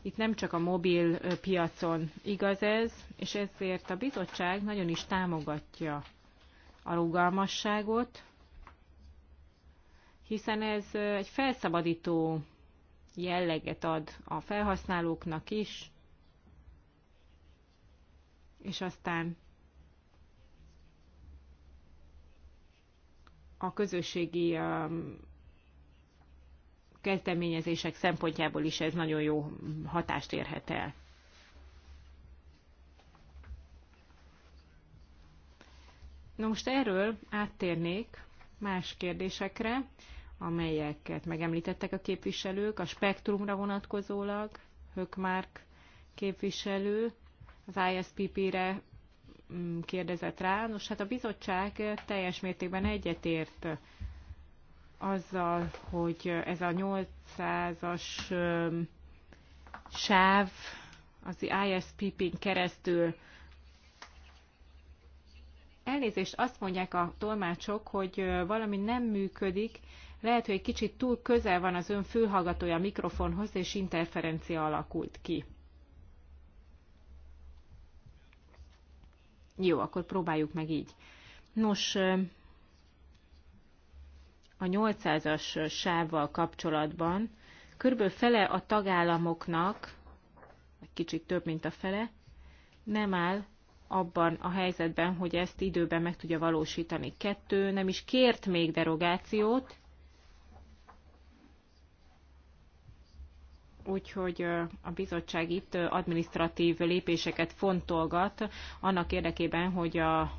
B: Itt nem csak a mobil piacon igaz ez, és ezért a bizottság nagyon is támogatja a rugalmasságot, hiszen ez egy felszabadító jelleget ad a felhasználóknak is, és aztán a közösségi kezdeményezések szempontjából is ez nagyon jó hatást érhet el. Na most erről áttérnék más kérdésekre, amelyeket megemlítettek a képviselők, a spektrumra vonatkozólag, Hökmárk képviselő az ISPP-re mm, kérdezett rá. Nos, hát a bizottság teljes mértékben egyetért azzal, hogy ez a 800-as mm, sáv az ISPP-n keresztül Elnézést, azt mondják a tolmácsok, hogy valami nem működik, lehet, hogy egy kicsit túl közel van az ön fülhallgatója a mikrofonhoz, és interferencia alakult ki. Jó, akkor próbáljuk meg így. Nos, a 800-as sávval kapcsolatban körülbelül fele a tagállamoknak, egy kicsit több, mint a fele, nem áll abban a helyzetben, hogy ezt időben meg tudja valósítani. Kettő, nem is kért még derogációt, úgyhogy a bizottság itt administratív lépéseket fontolgat annak érdekében, hogy a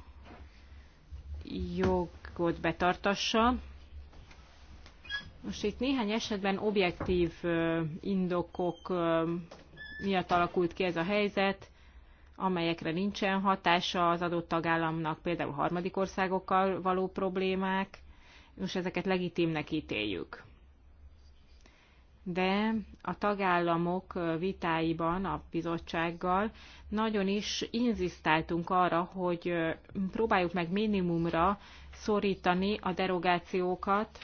B: jogot betartassa. Most itt néhány esetben objektív indokok miatt alakult ki ez a helyzet, amelyekre nincsen hatása az adott tagállamnak, például harmadik országokkal való problémák, és ezeket legitimnek ítéljük. De a tagállamok vitáiban a bizottsággal nagyon is inzisztáltunk arra, hogy próbáljuk meg minimumra szorítani a derogációkat,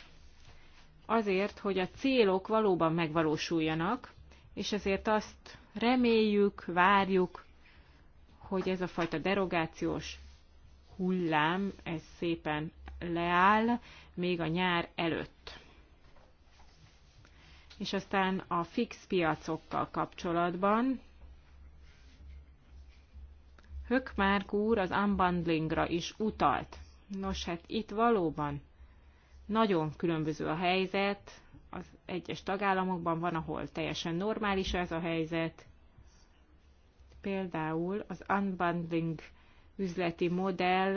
B: azért, hogy a célok valóban megvalósuljanak, és ezért azt reméljük, várjuk, hogy ez a fajta derogációs hullám, ez szépen leáll még a nyár előtt. És aztán a fix piacokkal kapcsolatban Hökmárk úr az unbundlingra is utalt. Nos, hát itt valóban nagyon különböző a helyzet, az egyes tagállamokban van, ahol teljesen normális ez a helyzet, például az unbundling üzleti modell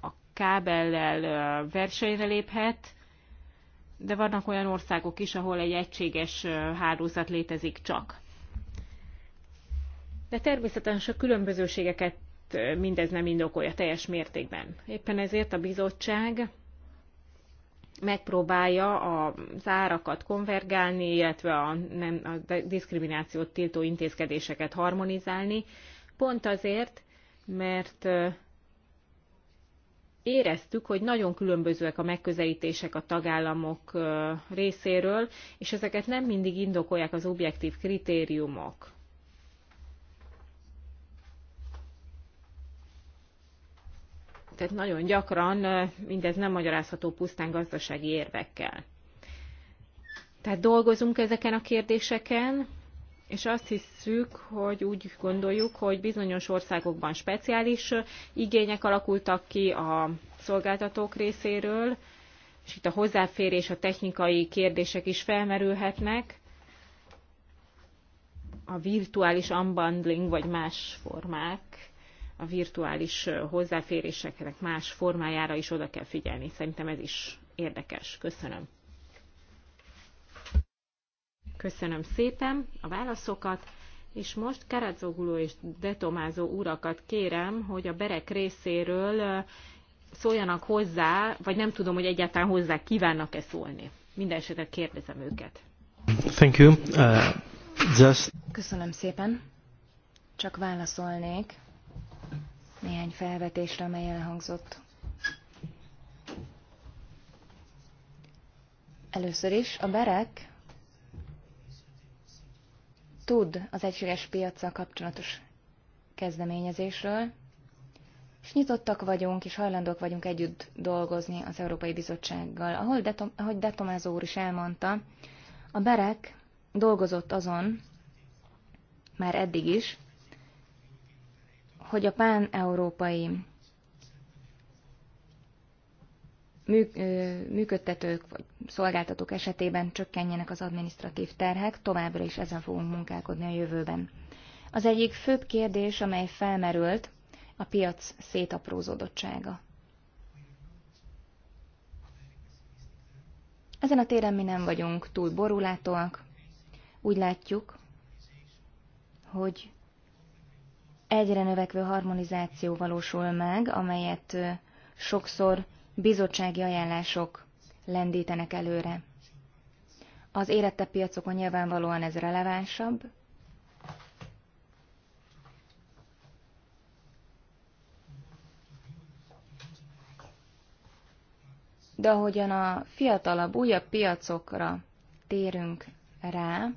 B: a kábellel versenyre léphet, de vannak olyan országok is, ahol egy egységes hálózat létezik csak. De természetesen a különbözőségeket mindez nem indokolja teljes mértékben. Éppen ezért a bizottság megpróbálja az árakat konvergálni, illetve a, nem, a diszkriminációt tiltó intézkedéseket harmonizálni, pont azért, mert éreztük, hogy nagyon különbözőek a megközelítések a tagállamok részéről, és ezeket nem mindig indokolják az objektív kritériumok. Tehát nagyon gyakran mindez nem magyarázható pusztán gazdasági érvekkel. Tehát dolgozunk ezeken a kérdéseken, és azt hiszük, hogy úgy gondoljuk, hogy bizonyos országokban speciális igények alakultak ki a szolgáltatók részéről, és itt a hozzáférés, a technikai kérdések is felmerülhetnek, a virtuális unbundling vagy más formák a virtuális hozzáféréseknek más formájára is oda kell figyelni. Szerintem ez is érdekes. Köszönöm. Köszönöm szépen a válaszokat, és most Karadzoguló és Detomázó urakat kérem, hogy a berek részéről szóljanak hozzá, vagy nem tudom, hogy egyáltalán hozzá kívánnak-e szólni. Minden esetre kérdezem őket.
C: Thank you. Uh, just... Köszönöm szépen. Csak válaszolnék néhány felvetésre, amely elhangzott. Először is a berek tud az egységes piaccal kapcsolatos kezdeményezésről, és nyitottak vagyunk, és hajlandók vagyunk együtt dolgozni az Európai Bizottsággal. Ahol Detom, ahogy Detomázó úr is elmondta, a berek dolgozott azon, már eddig is, hogy a pán-európai működtetők vagy szolgáltatók esetében csökkenjenek az adminisztratív terhek, továbbra is ezen fogunk munkálkodni a jövőben. Az egyik főbb kérdés, amely felmerült, a piac szétaprózódottsága. Ezen a téren mi nem vagyunk túl borulátóak. Úgy látjuk, hogy egyre növekvő harmonizáció valósul meg, amelyet sokszor bizottsági ajánlások lendítenek előre. Az érettebb piacokon nyilvánvalóan ez relevánsabb, de ahogyan a fiatalabb, újabb piacokra térünk rá,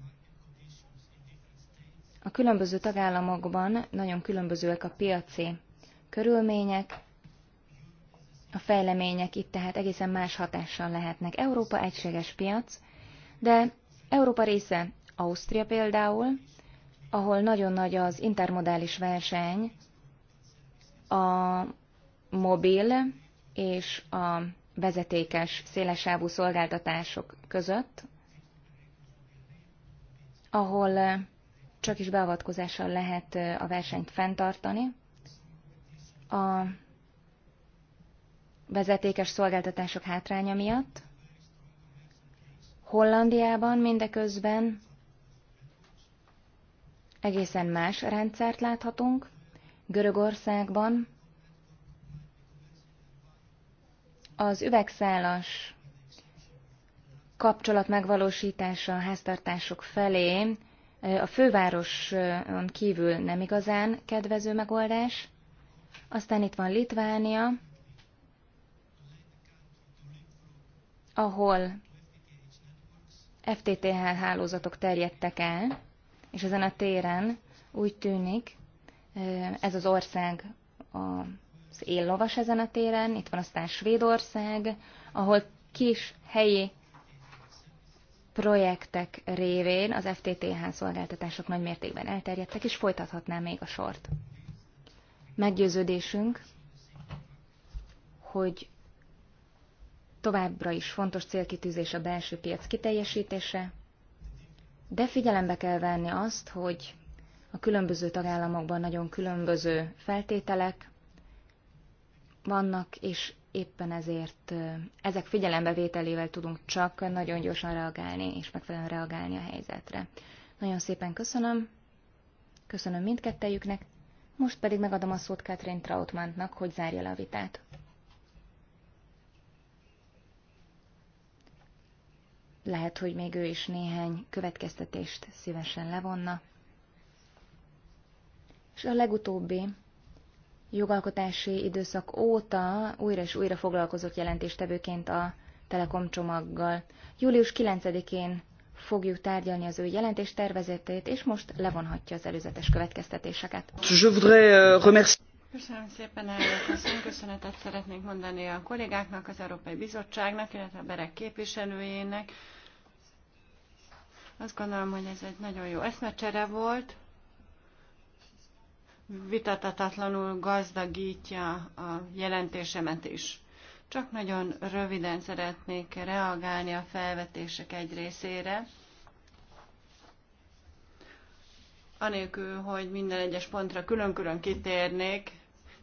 C: a különböző tagállamokban nagyon különbözőek a piaci körülmények, a fejlemények itt tehát egészen más hatással lehetnek. Európa egységes piac, de Európa része Ausztria például, ahol nagyon nagy az intermodális verseny, a mobil és a vezetékes szélesávú szolgáltatások között, ahol csak is beavatkozással lehet a versenyt fenntartani. A vezetékes szolgáltatások hátránya miatt. Hollandiában mindeközben egészen más rendszert láthatunk. Görögországban az üvegszálas kapcsolat megvalósítása a háztartások felé a fővároson kívül nem igazán kedvező megoldás. Aztán itt van Litvánia, ahol FTTH hálózatok terjedtek el, és ezen a téren úgy tűnik, ez az ország az éllovas ezen a téren, itt van aztán Svédország, ahol kis helyi projektek révén az FTTH szolgáltatások nagy mértékben elterjedtek, és folytathatná még a sort. Meggyőződésünk, hogy továbbra is fontos célkitűzés a belső piac kiteljesítése, de figyelembe kell venni azt, hogy a különböző tagállamokban nagyon különböző feltételek vannak, és éppen ezért ezek figyelembevételével tudunk csak nagyon gyorsan reagálni, és megfelelően reagálni a helyzetre. Nagyon szépen köszönöm, köszönöm mindkettejüknek, most pedig megadom a szót Katrin Trautmannnak, hogy zárja le a vitát. Lehet, hogy még ő is néhány következtetést szívesen levonna. És a legutóbbi jogalkotási időszak óta újra és újra foglalkozott jelentéstevőként a Telekom csomaggal. Július 9-én fogjuk tárgyalni az ő jelentés tervezetét, és most levonhatja az előzetes következtetéseket. Euh,
A: Köszönöm szépen, elnök asszony. Köszönetet szeretnék mondani a kollégáknak, az Európai Bizottságnak, illetve a berek képviselőjének. Azt gondolom, hogy ez egy nagyon jó eszmecsere volt vitatatlanul gazdagítja a jelentésemet is. Csak nagyon röviden szeretnék reagálni a felvetések egy részére, anélkül, hogy minden egyes pontra külön-külön kitérnék,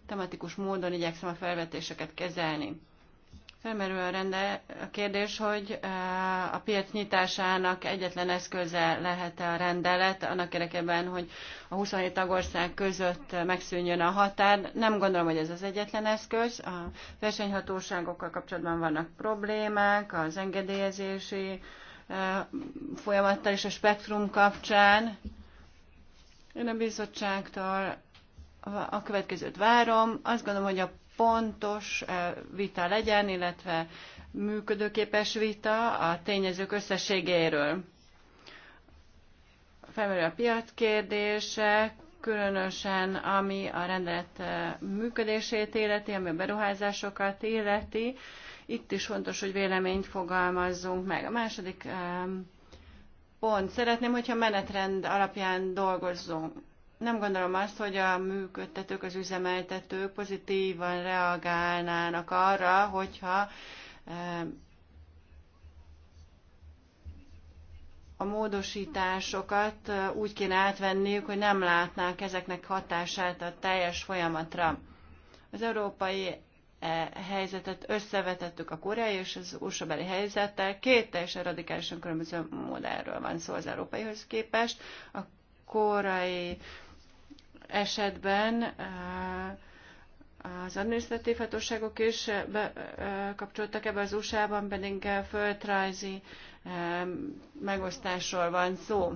A: tematikus módon igyekszem a felvetéseket kezelni. Felmerül a, rende, a kérdés, hogy eh, a piac nyitásának egyetlen eszköze lehet-e a rendelet, annak érdekében, hogy a 27 tagország között megszűnjön a határ. Nem gondolom, hogy ez az egyetlen eszköz. A versenyhatóságokkal kapcsolatban vannak problémák, az engedélyezési eh, folyamattal és a spektrum kapcsán. Én a bizottságtól a következőt várom. Azt gondolom, hogy a pontos vita legyen, illetve működőképes vita a tényezők összességéről. Felmerül a piac kérdése, különösen ami a rendelet működését illeti, ami a beruházásokat illeti. Itt is fontos, hogy véleményt fogalmazzunk meg. A második pont. Szeretném, hogyha menetrend alapján dolgozzunk nem gondolom azt, hogy a működtetők, az üzemeltetők pozitívan reagálnának arra, hogyha eh, a módosításokat eh, úgy kéne átvenniük, hogy nem látnák ezeknek hatását a teljes folyamatra. Az európai eh, helyzetet összevetettük a koreai és az usa helyzettel. Két teljesen radikálisan különböző modellről van szó az európaihoz képest. A korai esetben eh, az adminisztratív hatóságok is eh, eh, kapcsoltak ebbe az USA-ban, pedig földrajzi megosztásról van szó.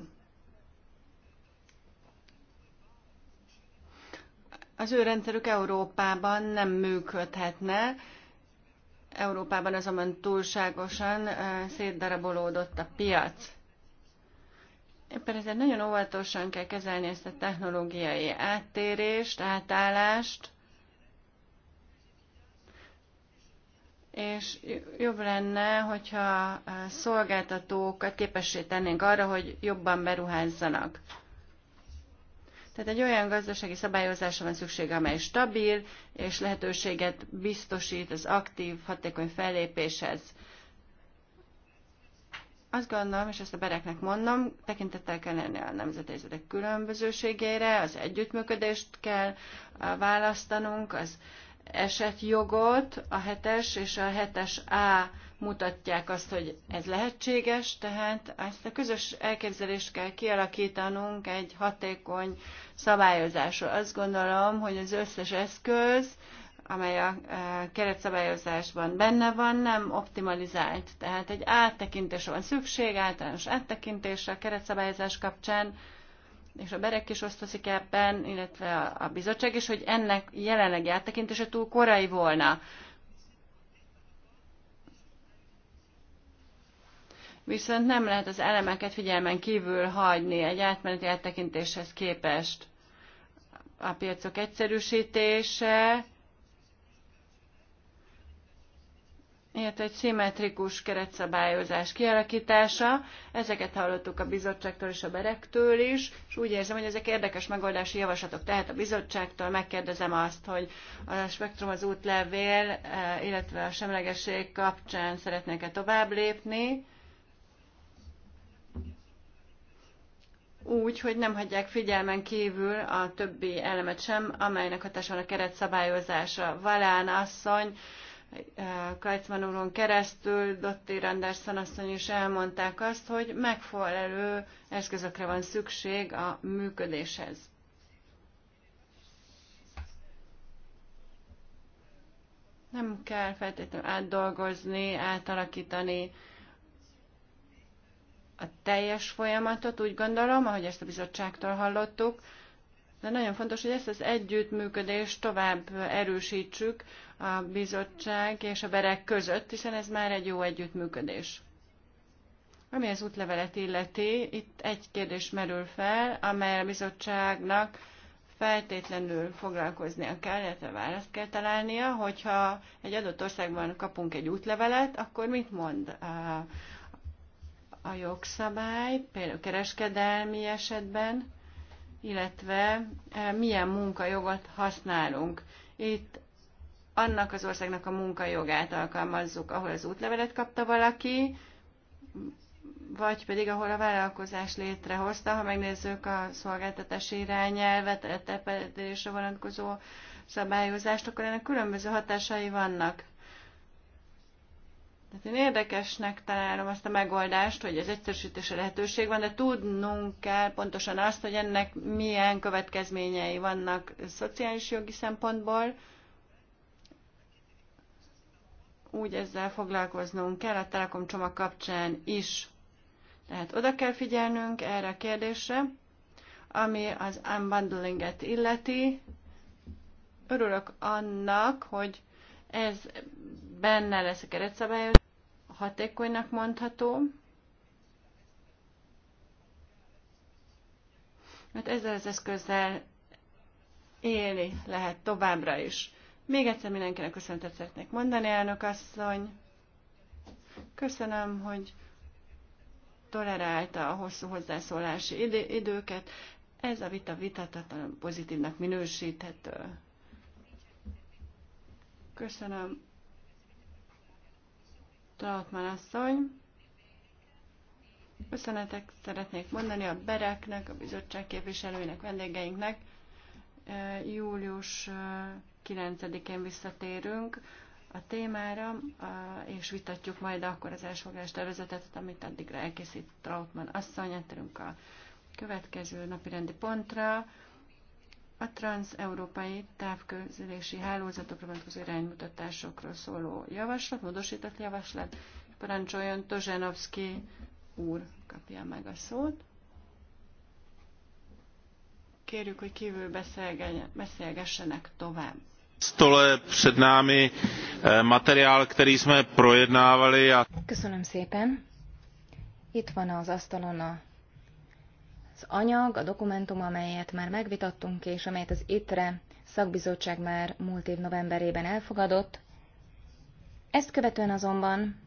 A: Az ő rendszerük Európában nem működhetne, Európában azonban túlságosan szétdarabolódott a piac. Éppen ezért nagyon óvatosan kell kezelni ezt a technológiai áttérést, átállást, és jobb lenne, hogyha szolgáltatókat képessé tennénk arra, hogy jobban beruházzanak. Tehát egy olyan gazdasági szabályozásra van szüksége, amely stabil, és lehetőséget biztosít az aktív, hatékony fellépéshez. Azt gondolom, és ezt a bereknek mondom, tekintettel kell lenni a nemzetézetek különbözőségére, az együttműködést kell választanunk, az esetjogot, a hetes és a hetes A mutatják azt, hogy ez lehetséges, tehát ezt a közös elképzelést kell kialakítanunk egy hatékony szabályozásról. Azt gondolom, hogy az összes eszköz, amely a e, keretszabályozásban benne van, nem optimalizált. Tehát egy áttekintésre van szükség, általános áttekintésre a keretszabályozás kapcsán, és a berek is osztozik ebben, illetve a bizottság is, hogy ennek jelenlegi áttekintése túl korai volna. Viszont nem lehet az elemeket figyelmen kívül hagyni egy átmeneti áttekintéshez képest. A piacok egyszerűsítése, Ilyet egy szimmetrikus keretszabályozás kialakítása. Ezeket hallottuk a bizottságtól és a berektől is, és úgy érzem, hogy ezek érdekes megoldási javaslatok. Tehát a bizottságtól megkérdezem azt, hogy a spektrum az útlevél, eh, illetve a semlegesség kapcsán szeretnék-e tovább lépni, úgy, hogy nem hagyják figyelmen kívül a többi elemet sem, amelynek hatása van a keretszabályozása. Valán asszony, Kajcman úron keresztül, Dotti Renderson asszony is elmondták azt, hogy megfelelő eszközökre van szükség a működéshez. Nem kell feltétlenül átdolgozni, átalakítani a teljes folyamatot, úgy gondolom, ahogy ezt a bizottságtól hallottuk, de nagyon fontos, hogy ezt az együttműködést tovább erősítsük a bizottság és a berek között, hiszen ez már egy jó együttműködés. Ami az útlevelet illeti, itt egy kérdés merül fel, amely a bizottságnak feltétlenül foglalkoznia kell, illetve választ kell találnia, hogyha egy adott országban kapunk egy útlevelet, akkor mit mond a, a jogszabály, például kereskedelmi esetben, illetve eh, milyen munkajogot használunk. Itt annak az országnak a munkajogát alkalmazzuk, ahol az útlevelet kapta valaki, vagy pedig ahol a vállalkozás létrehozta, ha megnézzük a szolgáltatási irányelvet, a tepedésre vonatkozó szabályozást, akkor ennek különböző hatásai vannak. Tehát én érdekesnek találom azt a megoldást, hogy az egyszerűsítése lehetőség van, de tudnunk kell pontosan azt, hogy ennek milyen következményei vannak szociális jogi szempontból, úgy ezzel foglalkoznunk kell a Telekom csomag kapcsán is. Tehát oda kell figyelnünk erre a kérdésre, ami az unbundlinget illeti. Örülök annak, hogy ez benne lesz a keretszabályozás, hatékonynak mondható, mert ezzel az eszközzel élni lehet továbbra is. Még egyszer mindenkinek köszöntet szeretnék mondani, elnök asszony. Köszönöm, hogy tolerálta a hosszú hozzászólási időket. Ez a vita vitatatlan pozitívnak minősíthető. Köszönöm. Trautmann asszony. Köszönetek szeretnék mondani a bereknek, a bizottság képviselőinek, vendégeinknek. Július 9-én visszatérünk a témára, és vitatjuk majd akkor az elsfoglalás tervezetet, amit addigra elkészít Trautmann asszony. Átterünk a következő napirendi pontra. A transz-európai távközlési hálózatokra vonatkozó iránymutatásokról szóló javaslat, módosított javaslat. Parancsoljon Tozsenovszki úr, kapja meg a szót. Kérjük, hogy kívül beszélgessenek tovább stole před námi eh, materiál, který jsme projednávali. A...
C: Köszönöm szépen. Itt van az asztalon a az anyag, a dokumentum, amelyet már megvitattunk, és amelyet az ITRE szakbizottság már múlt év novemberében elfogadott. Ezt követően azonban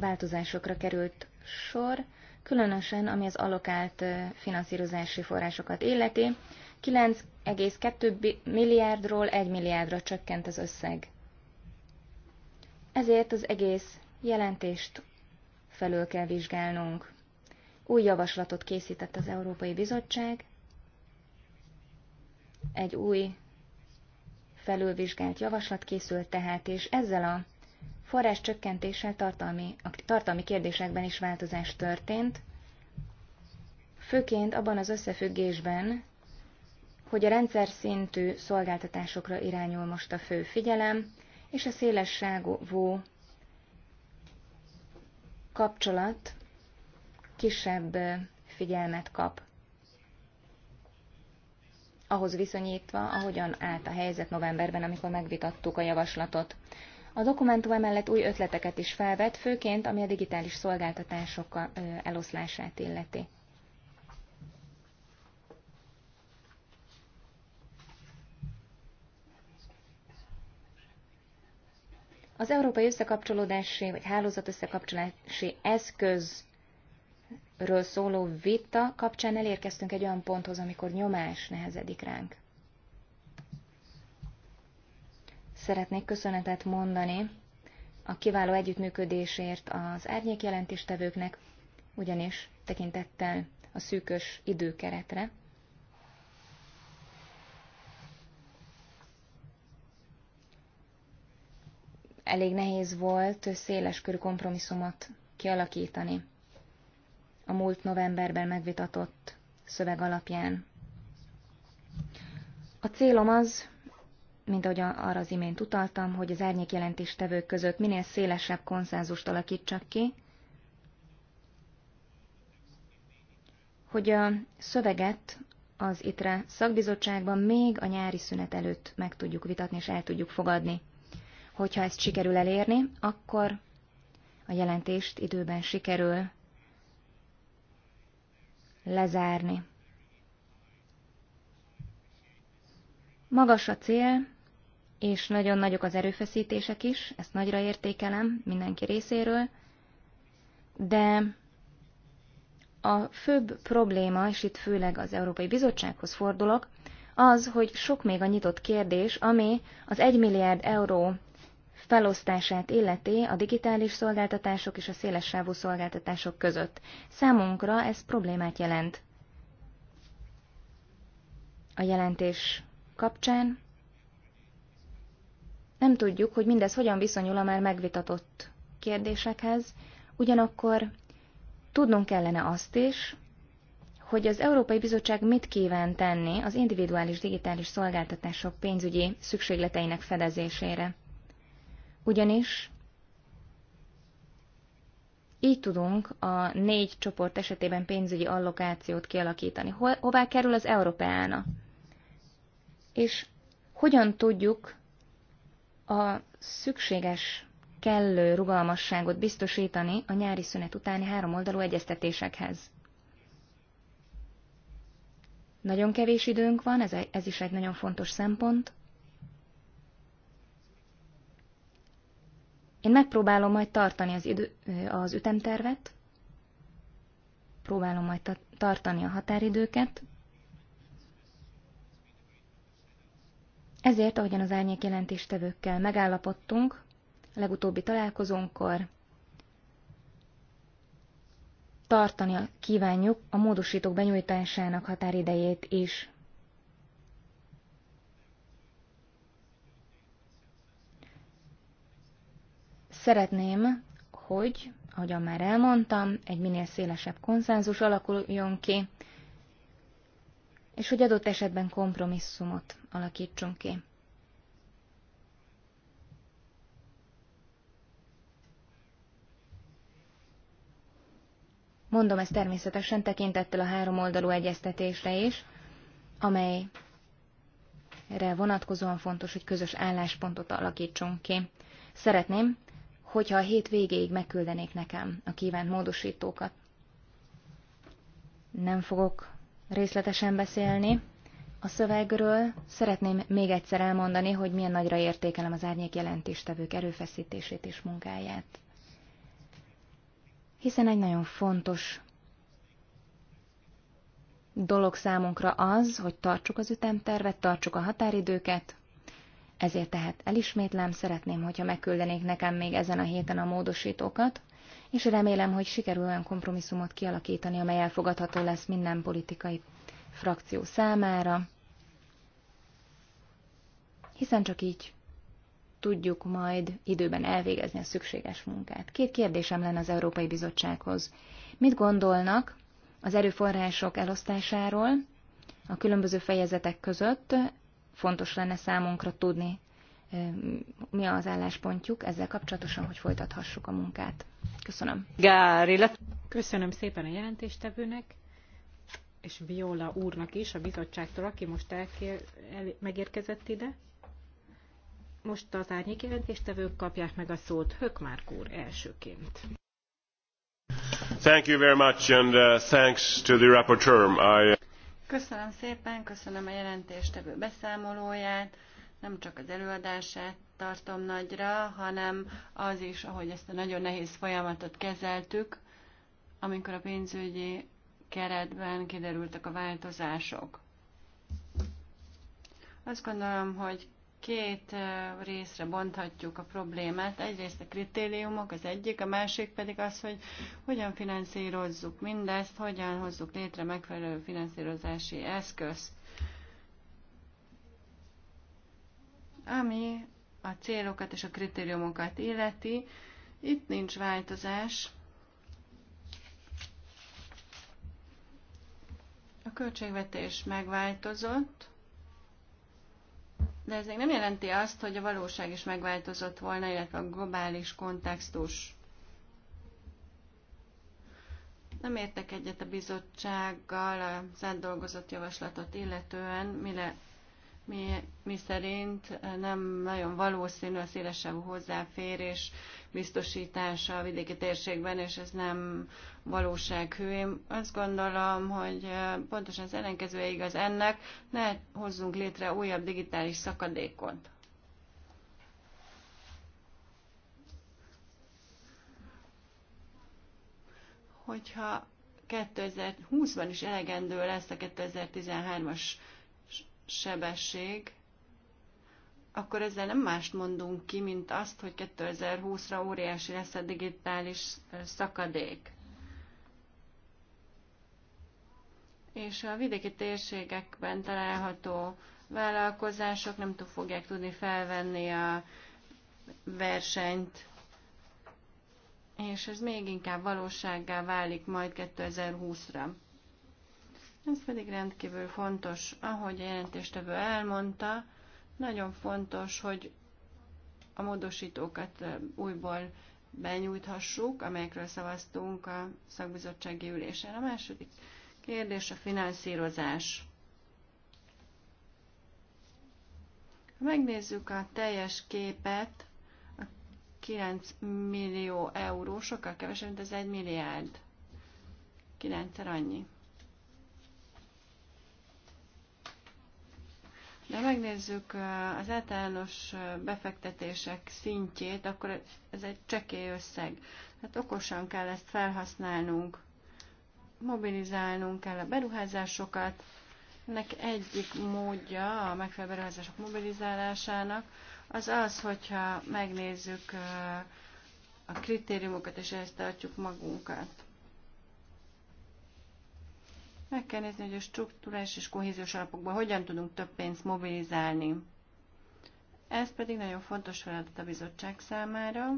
C: változásokra került sor, különösen ami az alokált eh, finanszírozási forrásokat illeti. 9,2 milliárdról 1 milliárdra csökkent az összeg. Ezért az egész jelentést felől kell vizsgálnunk. Új javaslatot készített az Európai Bizottság, egy új felülvizsgált javaslat készült tehát, és ezzel a forrás csökkentéssel tartalmi, a tartalmi kérdésekben is változás történt, főként abban az összefüggésben, hogy a rendszer szintű szolgáltatásokra irányul most a fő figyelem, és a szélesságú kapcsolat kisebb figyelmet kap. Ahhoz viszonyítva, ahogyan állt a helyzet novemberben, amikor megvitattuk a javaslatot. A dokumentum emellett új ötleteket is felvet, főként ami a digitális szolgáltatások eloszlását illeti. Az európai összekapcsolódási vagy hálózat összekapcsolási eszközről szóló vita kapcsán elérkeztünk egy olyan ponthoz, amikor nyomás nehezedik ránk. Szeretnék köszönetet mondani a kiváló együttműködésért az árnyék jelentéstevőknek, ugyanis tekintettel a szűkös időkeretre elég nehéz volt körű kompromisszumot kialakítani a múlt novemberben megvitatott szöveg alapján. A célom az, mint ahogy arra az imént utaltam, hogy az árnyék jelentéstevők között minél szélesebb konszenzust alakítsak ki, hogy a szöveget az ITRE szakbizottságban még a nyári szünet előtt meg tudjuk vitatni és el tudjuk fogadni. Hogyha ezt sikerül elérni, akkor a jelentést időben sikerül lezárni. Magas a cél, és nagyon nagyok az erőfeszítések is, ezt nagyra értékelem mindenki részéről, de a főbb probléma, és itt főleg az Európai Bizottsághoz fordulok, az, hogy sok még a nyitott kérdés, ami az 1 milliárd euró felosztását illeti a digitális szolgáltatások és a szélessávú szolgáltatások között. Számunkra ez problémát jelent. A jelentés kapcsán nem tudjuk, hogy mindez hogyan viszonyul a már megvitatott kérdésekhez, ugyanakkor tudnunk kellene azt is, hogy az Európai Bizottság mit kíván tenni az individuális digitális szolgáltatások pénzügyi szükségleteinek fedezésére ugyanis így tudunk a négy csoport esetében pénzügyi allokációt kialakítani. hová kerül az Európeána? És hogyan tudjuk a szükséges, kellő rugalmasságot biztosítani a nyári szünet utáni háromoldalú egyeztetésekhez? Nagyon kevés időnk van, ez, ez is egy nagyon fontos szempont. Én megpróbálom majd tartani az, idő, az ütemtervet, próbálom majd tartani a határidőket. Ezért, ahogyan az árnyék jelentéstevőkkel megállapodtunk, a legutóbbi találkozónkor tartani kívánjuk a módosítók benyújtásának határidejét is. Szeretném, hogy, ahogyan már elmondtam, egy minél szélesebb konszenzus alakuljon ki, és hogy adott esetben kompromisszumot alakítsunk ki. Mondom ezt természetesen tekintettel a három oldalú egyeztetésre is, amelyre vonatkozóan fontos, hogy közös álláspontot alakítsunk ki. Szeretném, hogyha a hét végéig megküldenék nekem a kívánt módosítókat. Nem fogok részletesen beszélni a szövegről. Szeretném még egyszer elmondani, hogy milyen nagyra értékelem az árnyék jelentéstevők erőfeszítését és munkáját. Hiszen egy nagyon fontos dolog számunkra az, hogy tartsuk az ütemtervet, tartsuk a határidőket, ezért tehát elismétlem, szeretném, hogyha megküldenék nekem még ezen a héten a módosítókat, és remélem, hogy sikerül olyan kompromisszumot kialakítani, amely elfogadható lesz minden politikai frakció számára, hiszen csak így tudjuk majd időben elvégezni a szükséges munkát. Két kérdésem lenne az Európai Bizottsághoz. Mit gondolnak az erőforrások elosztásáról a különböző fejezetek között? fontos lenne számunkra tudni, mi az álláspontjuk ezzel kapcsolatosan, hogy folytathassuk a munkát. Köszönöm.
B: Gárilla. Köszönöm szépen a jelentéstevőnek, és Viola úrnak is, a bizottságtól, aki most elkér, el, megérkezett ide. Most az árnyék jelentéstevők kapják meg a szót Hökmárk úr elsőként.
A: Thank you very much and uh, thanks to the rapporteur. I uh, Köszönöm szépen, köszönöm a jelentéstevő beszámolóját, nem csak az előadását tartom nagyra, hanem az is, ahogy ezt a nagyon nehéz folyamatot kezeltük, amikor a pénzügyi keretben kiderültek a változások. Azt gondolom, hogy két részre bonthatjuk a problémát. Egyrészt a kritériumok, az egyik, a másik pedig az, hogy hogyan finanszírozzuk mindezt, hogyan hozzuk létre megfelelő finanszírozási eszközt. Ami a célokat és a kritériumokat illeti, itt nincs változás. A költségvetés megváltozott, de ez még nem jelenti azt, hogy a valóság is megváltozott volna, illetve a globális kontextus. Nem értek egyet a bizottsággal az átdolgozott javaslatot illetően, mire mi, mi szerint nem nagyon valószínű a szélesebb hozzáférés biztosítása a vidéki térségben, és ez nem valósághű. Én azt gondolom, hogy pontosan az ellenkezője igaz ennek, ne hozzunk létre újabb digitális szakadékot. Hogyha 2020-ban is elegendő lesz a 2013-as sebesség, akkor ezzel nem mást mondunk ki, mint azt, hogy 2020-ra óriási lesz a digitális szakadék. És a vidéki térségekben található vállalkozások nem tud fogják tudni felvenni a versenyt, és ez még inkább valósággá válik majd 2020-ra. Ez pedig rendkívül fontos, ahogy a jelentéstevő elmondta, nagyon fontos, hogy a módosítókat újból benyújthassuk, amelyekről szavaztunk a szakbizottsági ülésen. A második kérdés a finanszírozás. Ha megnézzük a teljes képet, a 9 millió euró sokkal kevesebb, mint az 1 milliárd. 9 annyi. De ha megnézzük az általános befektetések szintjét, akkor ez egy csekély összeg. Tehát okosan kell ezt felhasználnunk, mobilizálnunk kell a beruházásokat. Ennek egyik módja a megfelelő beruházások mobilizálásának az az, hogyha megnézzük a kritériumokat és ehhez tartjuk magunkat. Meg kell nézni, hogy a struktúrás és kohéziós alapokban hogyan tudunk több pénzt mobilizálni. Ez pedig nagyon fontos feladat a bizottság számára,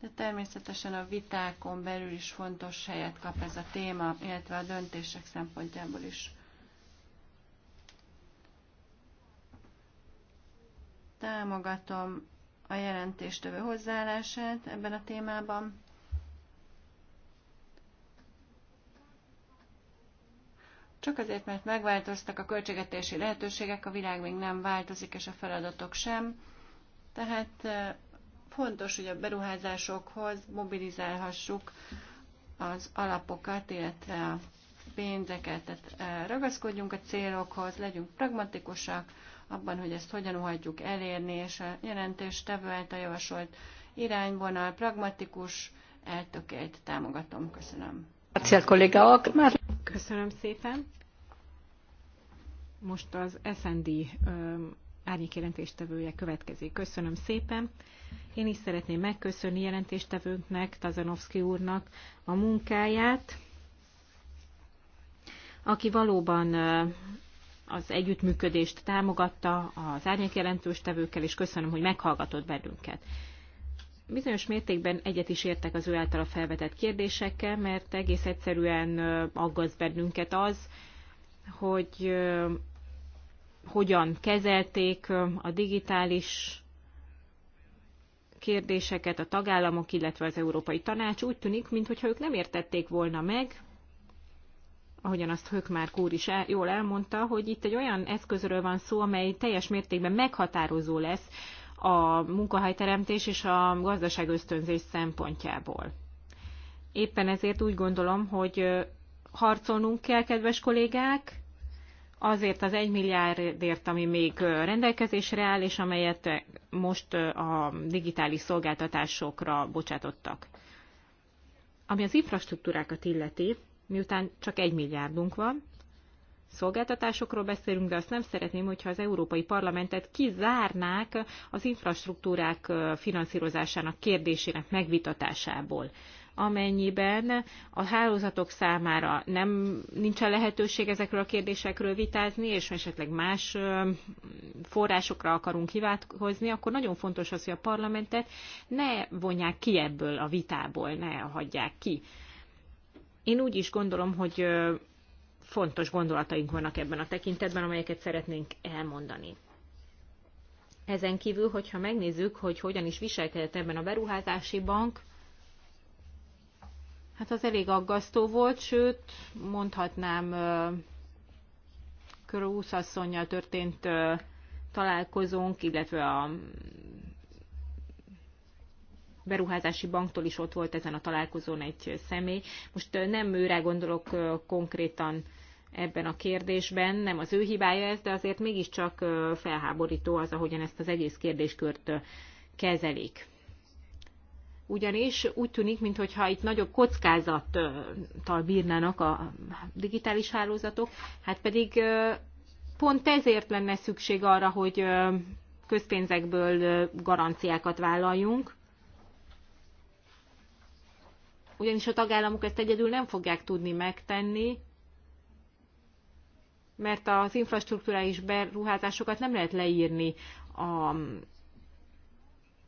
A: de természetesen a vitákon belül is fontos helyet kap ez a téma, illetve a döntések szempontjából is. Támogatom a jelentéstövő hozzáállását ebben a témában. Csak azért, mert megváltoztak a költségetési lehetőségek, a világ még nem változik, és a feladatok sem. Tehát fontos, hogy a beruházásokhoz mobilizálhassuk az alapokat, illetve a pénzeket. Tehát ragaszkodjunk a célokhoz, legyünk pragmatikusak abban, hogy ezt hogyan hagyjuk elérni, és a jelentéstevő a javasolt irányvonal pragmatikus, eltökélt
B: támogatom. Köszönöm. Köszönöm szépen. Most az SND árnyékjelentéstevője következik. Köszönöm szépen. Én is szeretném megköszönni jelentéstevőnknek, Tazanovszki úrnak a munkáját, aki valóban az együttműködést támogatta az árnyékjelentőstevőkkel, és köszönöm, hogy meghallgatott bennünket bizonyos mértékben egyet is értek az ő a felvetett kérdésekkel, mert egész egyszerűen aggaszt bennünket az, hogy hogyan kezelték a digitális kérdéseket a tagállamok, illetve az Európai Tanács. Úgy tűnik, mintha ők nem értették volna meg, ahogyan azt már kúr is jól elmondta, hogy itt egy olyan eszközről van szó, amely teljes mértékben meghatározó lesz a munkahelyteremtés és a gazdaság ösztönzés szempontjából. Éppen ezért úgy gondolom, hogy harcolnunk kell, kedves kollégák, azért az egy milliárdért, ami még rendelkezésre áll, és amelyet most a digitális szolgáltatásokra bocsátottak. Ami az infrastruktúrákat illeti, miután csak egy milliárdunk van, szolgáltatásokról beszélünk, de azt nem szeretném, hogyha az Európai Parlamentet kizárnák az infrastruktúrák finanszírozásának kérdésének megvitatásából amennyiben a hálózatok számára nem nincsen lehetőség ezekről a kérdésekről vitázni, és esetleg más forrásokra akarunk hivatkozni, akkor nagyon fontos az, hogy a parlamentet ne vonják ki ebből a vitából, ne hagyják ki. Én úgy is gondolom, hogy fontos gondolataink vannak ebben a tekintetben, amelyeket szeretnénk elmondani. Ezen kívül, hogyha megnézzük, hogy hogyan is viselkedett ebben a beruházási bank, hát az elég aggasztó volt, sőt, mondhatnám, Krúz asszonynal történt találkozónk, illetve a beruházási banktól is ott volt ezen a találkozón egy személy. Most nem őre gondolok konkrétan ebben a kérdésben. Nem az ő hibája ez, de azért mégiscsak felháborító az, ahogyan ezt az egész kérdéskört kezelik. Ugyanis úgy tűnik, mintha itt nagyobb kockázattal bírnának a digitális hálózatok, hát pedig pont ezért lenne szükség arra, hogy közpénzekből garanciákat vállaljunk, ugyanis a tagállamok ezt egyedül nem fogják tudni megtenni, mert az infrastruktúrális beruházásokat nem lehet leírni a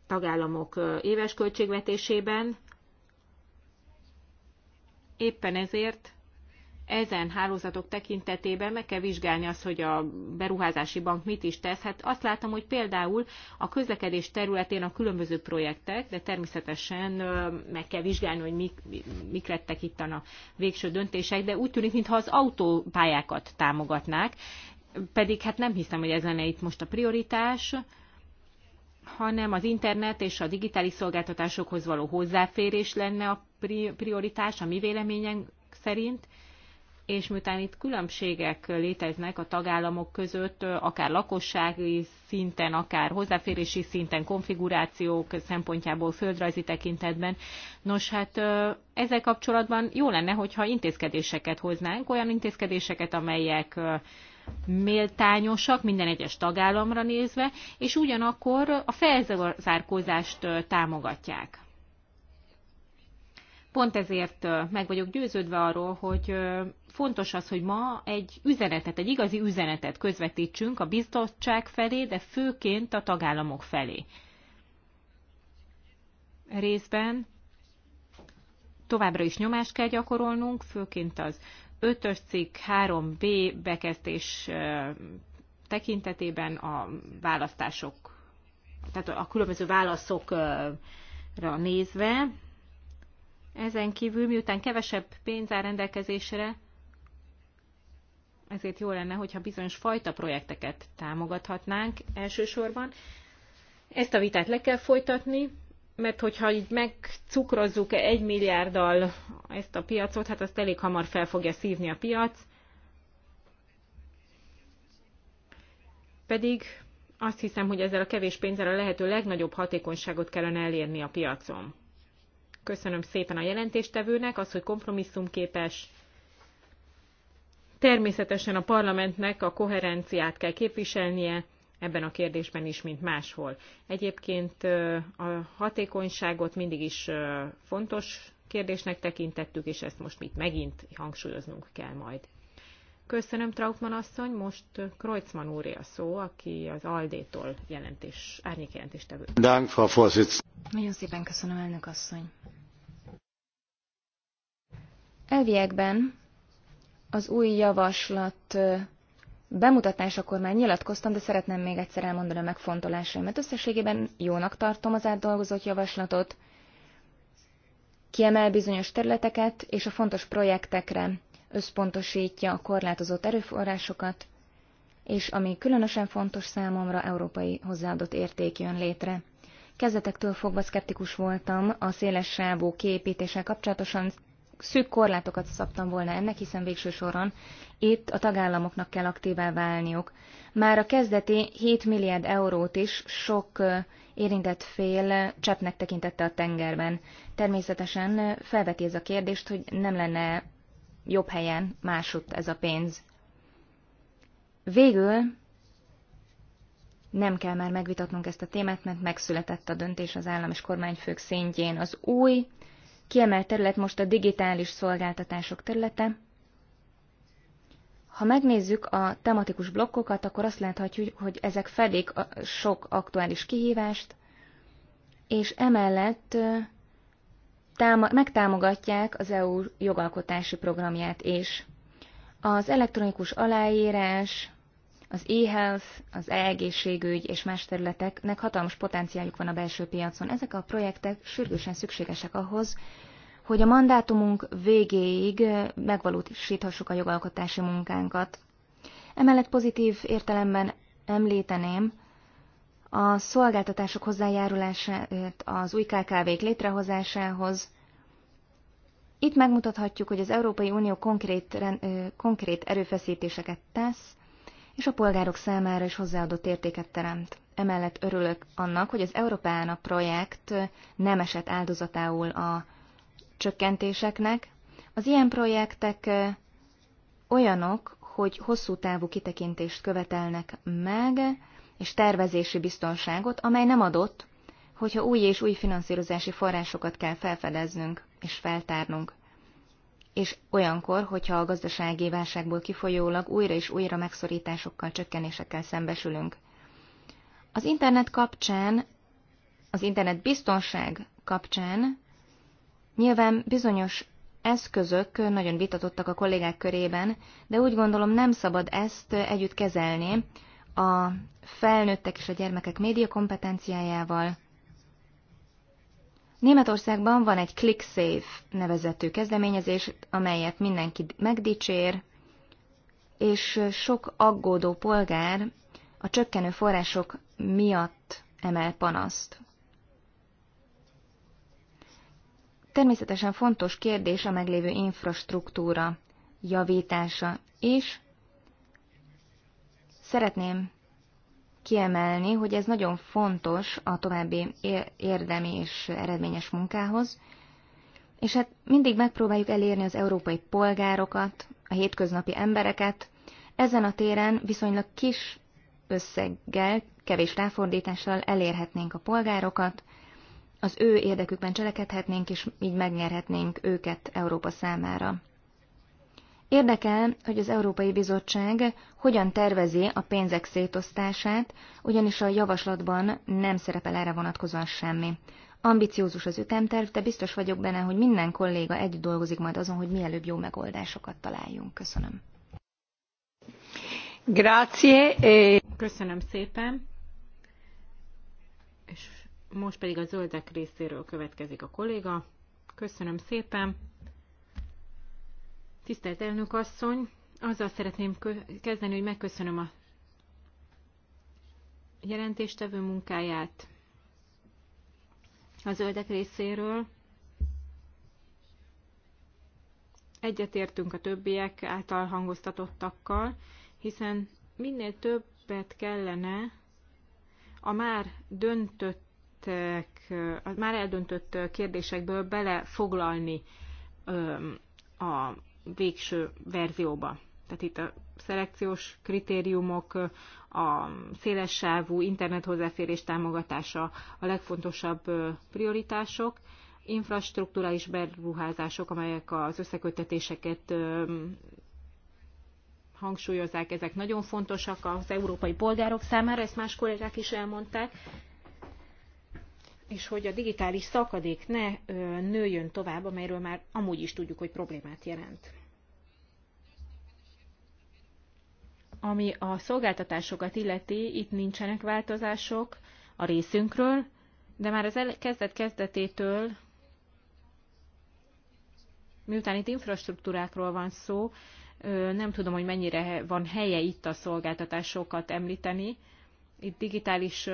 B: tagállamok éves költségvetésében. Éppen ezért ezen hálózatok tekintetében meg kell vizsgálni azt, hogy a beruházási bank mit is tesz. Hát azt látom, hogy például a közlekedés területén a különböző projektek, de természetesen meg kell vizsgálni, hogy mik, mik lettek itt a végső döntések, de úgy tűnik, mintha az autópályákat támogatnák, pedig hát nem hiszem, hogy ez lenne itt most a prioritás hanem az internet és a digitális szolgáltatásokhoz való hozzáférés lenne a prioritás, a mi véleményen szerint és miután itt különbségek léteznek a tagállamok között, akár lakossági szinten, akár hozzáférési szinten, konfigurációk szempontjából, földrajzi tekintetben, nos hát ezzel kapcsolatban jó lenne, hogyha intézkedéseket hoznánk, olyan intézkedéseket, amelyek méltányosak minden egyes tagállamra nézve, és ugyanakkor a felzárkózást támogatják. Pont ezért meg vagyok győződve arról, hogy fontos az, hogy ma egy üzenetet, egy igazi üzenetet közvetítsünk a biztonság felé, de főként a tagállamok felé. Részben továbbra is nyomást kell gyakorolnunk, főként az 5-ös cikk 3B bekezdés tekintetében a választások, tehát a különböző válaszokra nézve, ezen kívül, miután kevesebb pénz áll rendelkezésre, ezért jó lenne, hogyha bizonyos fajta projekteket támogathatnánk elsősorban. Ezt a vitát le kell folytatni, mert hogyha így megcukrozzuk egy milliárddal ezt a piacot, hát azt elég hamar fel fogja szívni a piac. Pedig azt hiszem, hogy ezzel a kevés pénzzel a lehető legnagyobb hatékonyságot kellene elérni a piacon. Köszönöm szépen a jelentéstevőnek, az, hogy kompromisszumképes. Természetesen a parlamentnek a koherenciát kell képviselnie, ebben a kérdésben is, mint máshol. Egyébként a hatékonyságot mindig is fontos kérdésnek tekintettük, és ezt most itt megint hangsúlyoznunk kell majd. Köszönöm, Trautmann asszony. Most Kreuzmann úré a szó, aki az Aldétól jelentés, jelentéstevő. Dank,
C: Frau Vorsitz. Nagyon szépen köszönöm, elnök asszony. Elviekben az új javaslat bemutatásakor már nyilatkoztam, de szeretném még egyszer elmondani a megfontolásaimat. Összességében jónak tartom az átdolgozott javaslatot, kiemel bizonyos területeket, és a fontos projektekre összpontosítja a korlátozott erőforrásokat, és ami különösen fontos számomra, európai hozzáadott érték jön létre. Kezdetektől fogva szkeptikus voltam a széles sávú kiépítéssel kapcsolatosan, szűk korlátokat szabtam volna ennek, hiszen végső soron itt a tagállamoknak kell aktívá válniuk. Már a kezdeti 7 milliárd eurót is sok érintett fél cseppnek tekintette a tengerben. Természetesen felveti ez a kérdést, hogy nem lenne jobb helyen másutt ez a pénz. Végül nem kell már megvitatnunk ezt a témát, mert megszületett a döntés az állam és kormányfők szintjén. Az új kiemelt terület most a digitális szolgáltatások területe. Ha megnézzük a tematikus blokkokat, akkor azt láthatjuk, hogy ezek fedik a sok aktuális kihívást, és emellett megtámogatják az EU jogalkotási programját is. Az elektronikus aláírás, az e-health, az e-egészségügy és más területeknek hatalmas potenciáljuk van a belső piacon. Ezek a projektek sürgősen szükségesek ahhoz, hogy a mandátumunk végéig megvalósíthassuk a jogalkotási munkánkat. Emellett pozitív értelemben említeném a szolgáltatások hozzájárulását az új KKV-k létrehozásához. Itt megmutathatjuk, hogy az Európai Unió konkrét, konkrét erőfeszítéseket tesz, és a polgárok számára is hozzáadott értéket teremt. Emellett örülök annak, hogy az a projekt nem esett áldozatául a csökkentéseknek. Az ilyen projektek olyanok, hogy hosszú távú kitekintést követelnek meg, és tervezési biztonságot, amely nem adott, hogyha új és új finanszírozási forrásokat kell felfedeznünk és feltárnunk és olyankor, hogyha a gazdasági válságból kifolyólag újra és újra megszorításokkal, csökkenésekkel szembesülünk. Az internet kapcsán, az internet biztonság kapcsán nyilván bizonyos eszközök nagyon vitatottak a kollégák körében, de úgy gondolom nem szabad ezt együtt kezelni a felnőttek és a gyermekek média kompetenciájával, Németországban van egy ClickSafe nevezetű kezdeményezés, amelyet mindenki megdicsér, és sok aggódó polgár a csökkenő források miatt emel panaszt. Természetesen fontos kérdés a meglévő infrastruktúra javítása, és szeretném kiemelni, hogy ez nagyon fontos a további érdemi és eredményes munkához, és hát mindig megpróbáljuk elérni az európai polgárokat, a hétköznapi embereket. Ezen a téren viszonylag kis összeggel, kevés ráfordítással elérhetnénk a polgárokat, az ő érdekükben cselekedhetnénk, és így megnyerhetnénk őket Európa számára. Érdekel, hogy az Európai Bizottság hogyan tervezi a pénzek szétosztását, ugyanis a javaslatban nem szerepel erre vonatkozóan semmi. Ambiciózus az ütemterv, de biztos vagyok benne, hogy minden kolléga együtt dolgozik majd azon, hogy mielőbb jó megoldásokat találjunk. Köszönöm. Grazie. Eh. Köszönöm szépen.
B: És most pedig a zöldek részéről következik a kolléga. Köszönöm szépen. Tisztelt elnök asszony, azzal szeretném kezdeni, hogy megköszönöm a jelentéstevő munkáját a zöldek részéről. Egyetértünk a többiek által hangoztatottakkal, hiszen minél többet kellene a már döntöttek, a már eldöntött kérdésekből belefoglalni a végső verzióba. Tehát itt a szelekciós kritériumok, a széles sávú internet hozzáférés támogatása a legfontosabb prioritások, infrastruktúrális beruházások, amelyek az összeköttetéseket hangsúlyozzák, ezek nagyon fontosak az európai polgárok számára, ezt más kollégák is elmondták, és hogy a digitális szakadék ne nőjön tovább, amelyről már amúgy is tudjuk, hogy problémát jelent. Ami a szolgáltatásokat illeti, itt nincsenek változások a részünkről, de már az kezdet-kezdetétől, miután itt infrastruktúrákról van szó, nem tudom, hogy mennyire van helye itt a szolgáltatásokat említeni. Itt digitális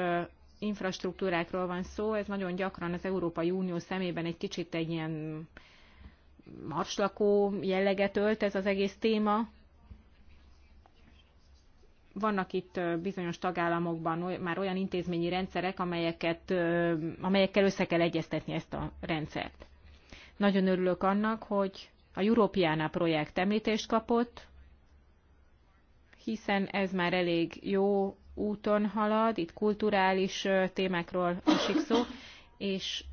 B: infrastruktúrákról van szó, ez nagyon gyakran az Európai Unió szemében egy kicsit egy ilyen marslakó jelleget ölt ez az egész téma. Vannak itt bizonyos tagállamokban már olyan intézményi rendszerek, amelyeket, amelyekkel össze kell egyeztetni ezt a rendszert. Nagyon örülök annak, hogy a Európiána projekt említést kapott, hiszen ez már elég jó úton halad, itt kulturális témákról esik szó, és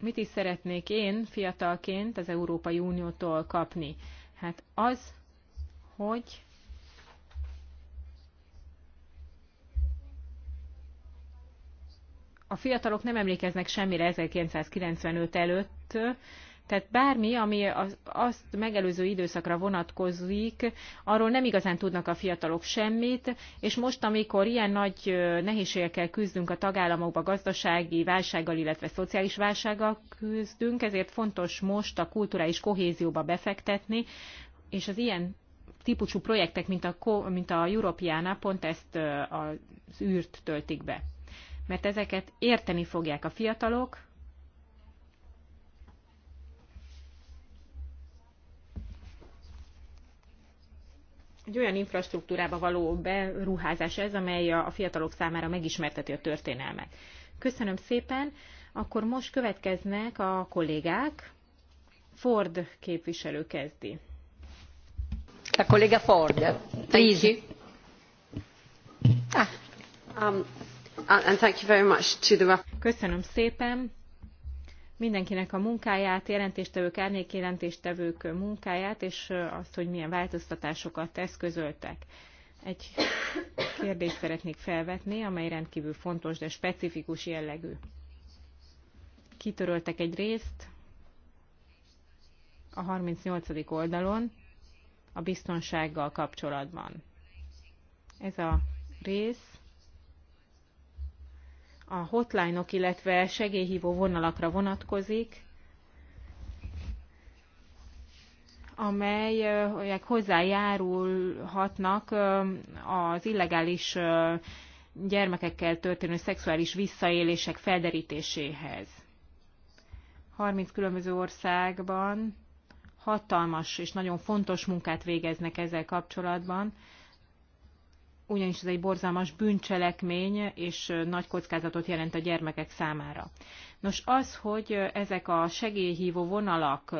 B: mit is szeretnék én fiatalként az Európai Uniótól kapni? Hát az, hogy a fiatalok nem emlékeznek semmire 1995 előtt, tehát bármi, ami azt megelőző időszakra vonatkozik, arról nem igazán tudnak a fiatalok semmit, és most, amikor ilyen nagy nehézségekkel küzdünk a tagállamokba, gazdasági válsággal, illetve szociális válsággal küzdünk, ezért fontos most a kulturális kohézióba befektetni, és az ilyen típusú projektek, mint a, mint a Európiána, pont ezt az űrt töltik be. Mert ezeket érteni fogják a fiatalok, egy olyan infrastruktúrába való beruházás ez, amely a fiatalok számára megismerteti a történelmet. Köszönöm szépen. Akkor most következnek a kollégák. Ford képviselő kezdi. A kolléga Ford. Please. Ah. Um, uh, and thank you very much to the... Köszönöm szépen mindenkinek a munkáját, jelentéstevők, árnyékjelentéstevők munkáját, és azt, hogy milyen változtatásokat eszközöltek. Egy kérdést szeretnék felvetni, amely rendkívül fontos, de specifikus jellegű. Kitöröltek egy részt a 38. oldalon a biztonsággal kapcsolatban. Ez a rész a hotline-ok, illetve segélyhívó vonalakra vonatkozik, amelyek hozzájárulhatnak az illegális gyermekekkel történő szexuális visszaélések felderítéséhez. 30 különböző országban hatalmas és nagyon fontos munkát végeznek ezzel kapcsolatban, ugyanis ez egy borzalmas bűncselekmény, és nagy kockázatot jelent a gyermekek számára. Nos, az, hogy ezek a segélyhívó vonalak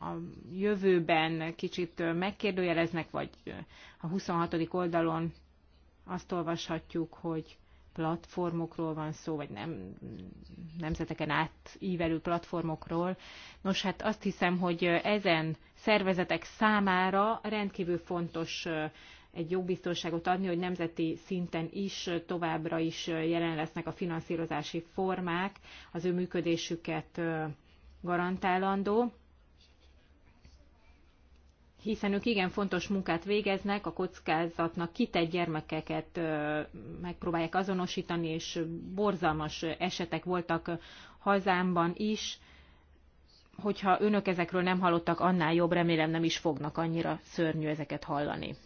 B: a jövőben kicsit megkérdőjeleznek, vagy a 26. oldalon azt olvashatjuk, hogy platformokról van szó, vagy nem, nemzeteken átívelő platformokról. Nos, hát azt hiszem, hogy ezen szervezetek számára rendkívül fontos egy jogbiztonságot adni, hogy nemzeti szinten is továbbra is jelen lesznek a finanszírozási formák, az ő működésüket garantálandó, hiszen ők igen fontos munkát végeznek, a kockázatnak kitett gyermekeket megpróbálják azonosítani, és borzalmas esetek voltak hazámban is. Hogyha önök ezekről nem hallottak, annál jobb, remélem nem is fognak annyira szörnyű ezeket hallani.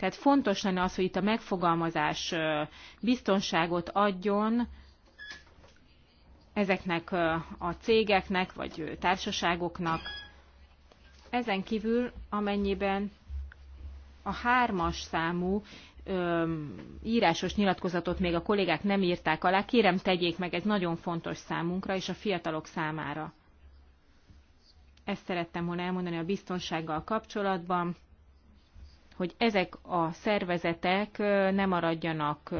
B: Tehát fontos lenne az, hogy itt a megfogalmazás biztonságot adjon ezeknek a cégeknek vagy társaságoknak. Ezen kívül, amennyiben a hármas számú írásos nyilatkozatot még a kollégák nem írták alá, kérem tegyék meg, ez nagyon fontos számunkra és a fiatalok számára. Ezt szerettem volna elmondani a biztonsággal kapcsolatban hogy ezek a szervezetek nem maradjanak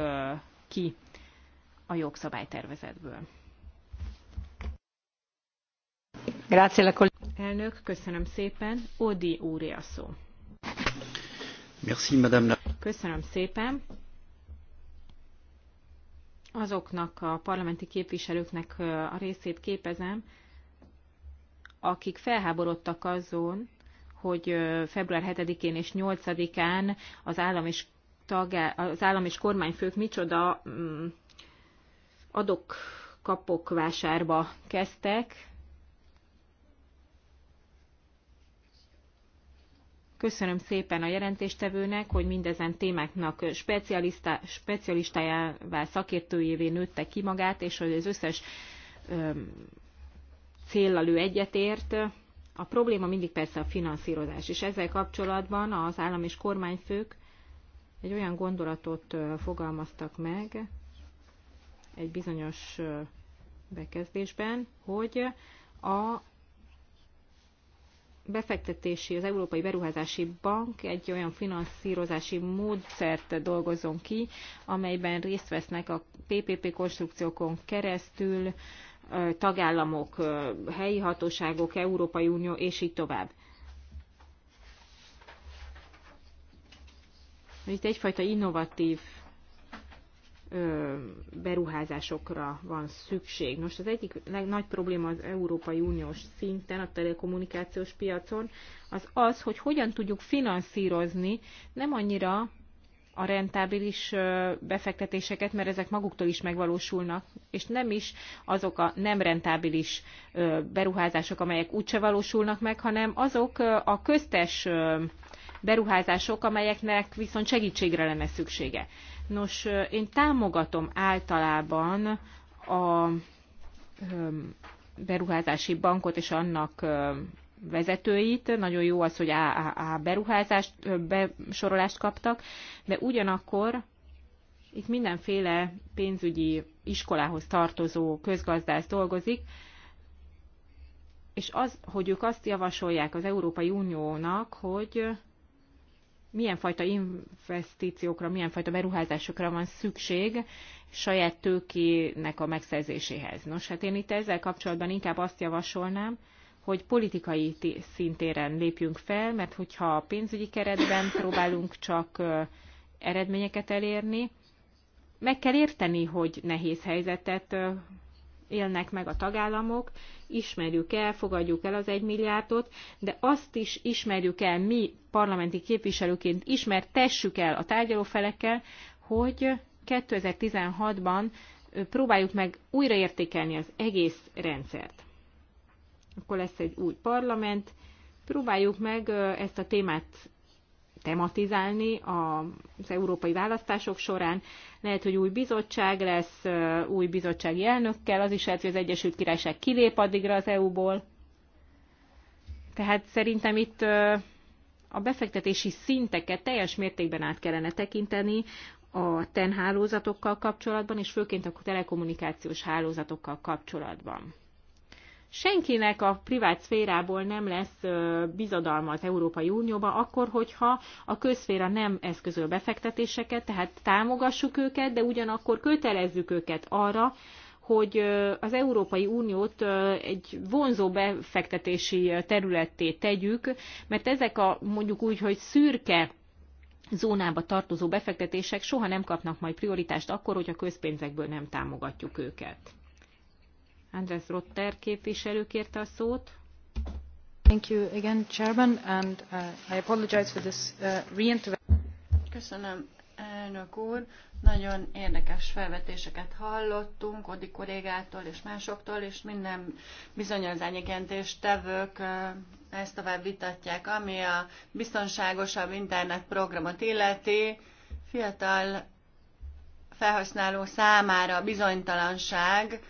B: ki a jogszabálytervezetből. Grazie, Elnök, köszönöm szépen. Odi úré a szó. Merci, madame. Köszönöm szépen azoknak a parlamenti képviselőknek a részét képezem, akik felháborodtak azon, hogy február 7-én és 8-án az állam és, tagá, az állam és kormányfők micsoda mm, adok-kapok vásárba kezdtek. Köszönöm szépen a jelentéstevőnek, hogy mindezen témáknak specialista, specialistájává, szakértőjévé nőtte ki magát, és hogy az összes céllal ő egyetért a probléma mindig persze a finanszírozás, és ezzel kapcsolatban az állam és kormányfők egy olyan gondolatot fogalmaztak meg egy bizonyos bekezdésben, hogy a befektetési, az Európai Beruházási Bank egy olyan finanszírozási módszert dolgozon ki, amelyben részt vesznek a PPP konstrukciókon keresztül tagállamok, helyi hatóságok, Európai Unió, és így tovább. Itt egyfajta innovatív beruházásokra van szükség. Most az egyik nagy probléma az Európai Uniós szinten, a telekommunikációs piacon, az az, hogy hogyan tudjuk finanszírozni nem annyira a rentábilis befektetéseket, mert ezek maguktól is megvalósulnak, és nem is azok a nem rentábilis beruházások, amelyek úgyse valósulnak meg, hanem azok a köztes beruházások, amelyeknek viszont segítségre lenne szüksége. Nos, én támogatom általában a beruházási bankot és annak vezetőit. Nagyon jó az, hogy a beruházást, besorolást kaptak, de ugyanakkor itt mindenféle pénzügyi iskolához tartozó közgazdász dolgozik, és az, hogy ők azt javasolják az Európai Uniónak, hogy milyen fajta investíciókra, milyen fajta beruházásokra van szükség saját tőkének a megszerzéséhez. Nos, hát én itt ezzel kapcsolatban inkább azt javasolnám, hogy politikai szintéren lépjünk fel, mert hogyha a pénzügyi keretben próbálunk csak eredményeket elérni, meg kell érteni, hogy nehéz helyzetet élnek meg a tagállamok, ismerjük el, fogadjuk el az egy milliárdot, de azt is ismerjük el mi parlamenti képviselőként is, mert tessük el a tárgyalófelekkel, hogy 2016-ban próbáljuk meg újraértékelni az egész rendszert akkor lesz egy új parlament. Próbáljuk meg ezt a témát tematizálni az európai választások során. Lehet, hogy új bizottság lesz, új bizottsági elnökkel, az is lehet, hogy az Egyesült Királyság kilép addigra az EU-ból. Tehát szerintem itt a befektetési szinteket teljes mértékben át kellene tekinteni a TEN hálózatokkal kapcsolatban, és főként a telekommunikációs hálózatokkal kapcsolatban senkinek a privát szférából nem lesz bizadalma az Európai Unióba, akkor, hogyha a közszféra nem eszközöl befektetéseket, tehát támogassuk őket, de ugyanakkor kötelezzük őket arra, hogy az Európai Uniót egy vonzó befektetési területté tegyük, mert ezek a mondjuk úgy, hogy szürke zónába tartozó befektetések soha nem kapnak majd prioritást akkor, hogy a közpénzekből nem támogatjuk őket. András Rotter képviselő kérte a szót. Thank you again, Chairman, and uh, I apologize for this uh, reintervention.
A: Köszönöm, elnök úr. Nagyon érdekes felvetéseket hallottunk Odi kollégától és másoktól, és minden bizonyos tevők uh, ezt tovább vitatják, ami a biztonságosabb internetprogramot illeti. Fiatal felhasználó számára bizonytalanság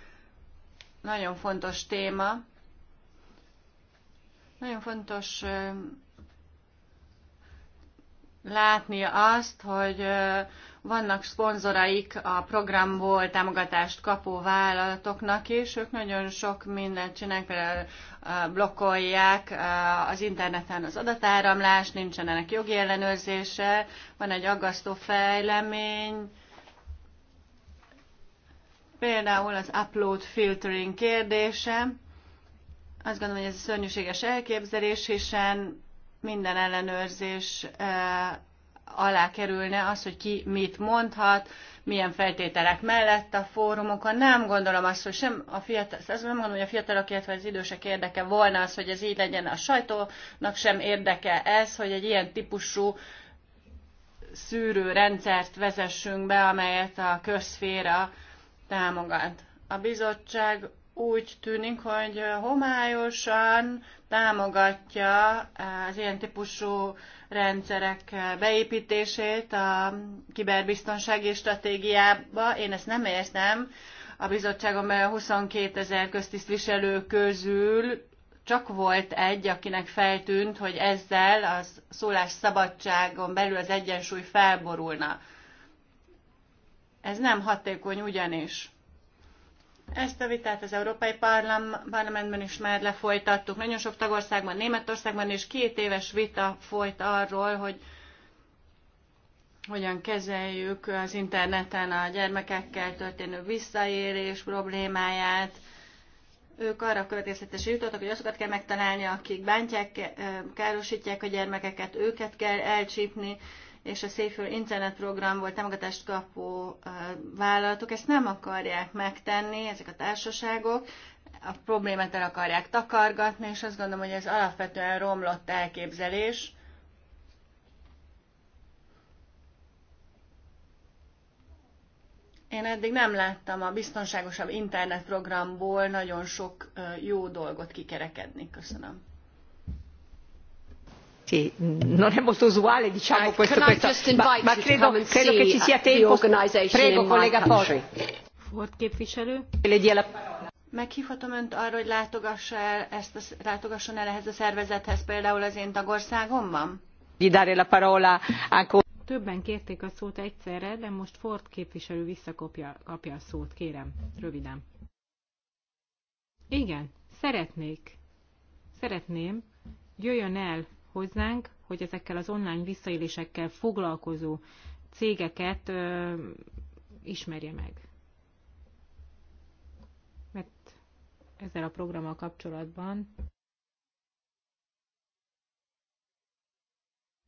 A: nagyon fontos téma. Nagyon fontos látni azt, hogy vannak szponzoraik a programból támogatást kapó vállalatoknak is, ők nagyon sok mindent csinálnak, például blokkolják az interneten az adatáramlást, nincsenek jogi ellenőrzése, van egy aggasztó fejlemény, Például az upload filtering kérdése. Azt gondolom, hogy ez a szörnyűséges elképzelés, hiszen minden ellenőrzés e, alá kerülne az, hogy ki mit mondhat, milyen feltételek mellett a fórumokon. Nem gondolom azt, hogy sem a fiatal, azt nem gondolom, hogy a fiatalok, illetve az idősek érdeke volna az, hogy ez így legyen a sajtónak sem érdeke ez, hogy egy ilyen típusú szűrő rendszert vezessünk be, amelyet a közszféra támogat. A bizottság úgy tűnik, hogy homályosan támogatja az ilyen típusú rendszerek beépítését a kiberbiztonsági stratégiába. Én ezt nem értem. A bizottságon belül 22 ezer köztisztviselő közül csak volt egy, akinek feltűnt, hogy ezzel a szólás szabadságon belül az egyensúly felborulna. Ez nem hatékony ugyanis. Ezt a vitát az Európai Parlamentben is már lefolytattuk. Nagyon sok tagországban, Németországban is két éves vita folyt arról, hogy hogyan kezeljük az interneten a gyermekekkel történő visszaérés problémáját. Ők arra következtetésre jutottak, hogy azokat kell megtalálni, akik bántják, károsítják a gyermekeket, őket kell elcsípni, és a Safer Internet programból támogatást kapó vállalatok ezt nem akarják megtenni, ezek a társaságok, a problémát el akarják takargatni, és azt gondolom, hogy ez alapvetően romlott elképzelés. Én eddig nem láttam a biztonságosabb internetprogramból nagyon sok jó dolgot kikerekedni. Köszönöm
C: che non è molto usuale diciamo questo, questo ma, credo, credo che ci sia tempo prego collega Ford
B: volt
A: Önt arra, hogy látogassa el, ezt a, látogasson el ehhez a szervezethez, például az én tagországomban?
B: Többen kérték a szót egyszerre, de most Ford képviselő visszakapja kapja a szót, kérem, röviden. Igen, szeretnék, szeretném, jöjjön el hozzánk, hogy ezekkel az online visszaélésekkel foglalkozó cégeket ö, ismerje meg. Mert ezzel a programmal kapcsolatban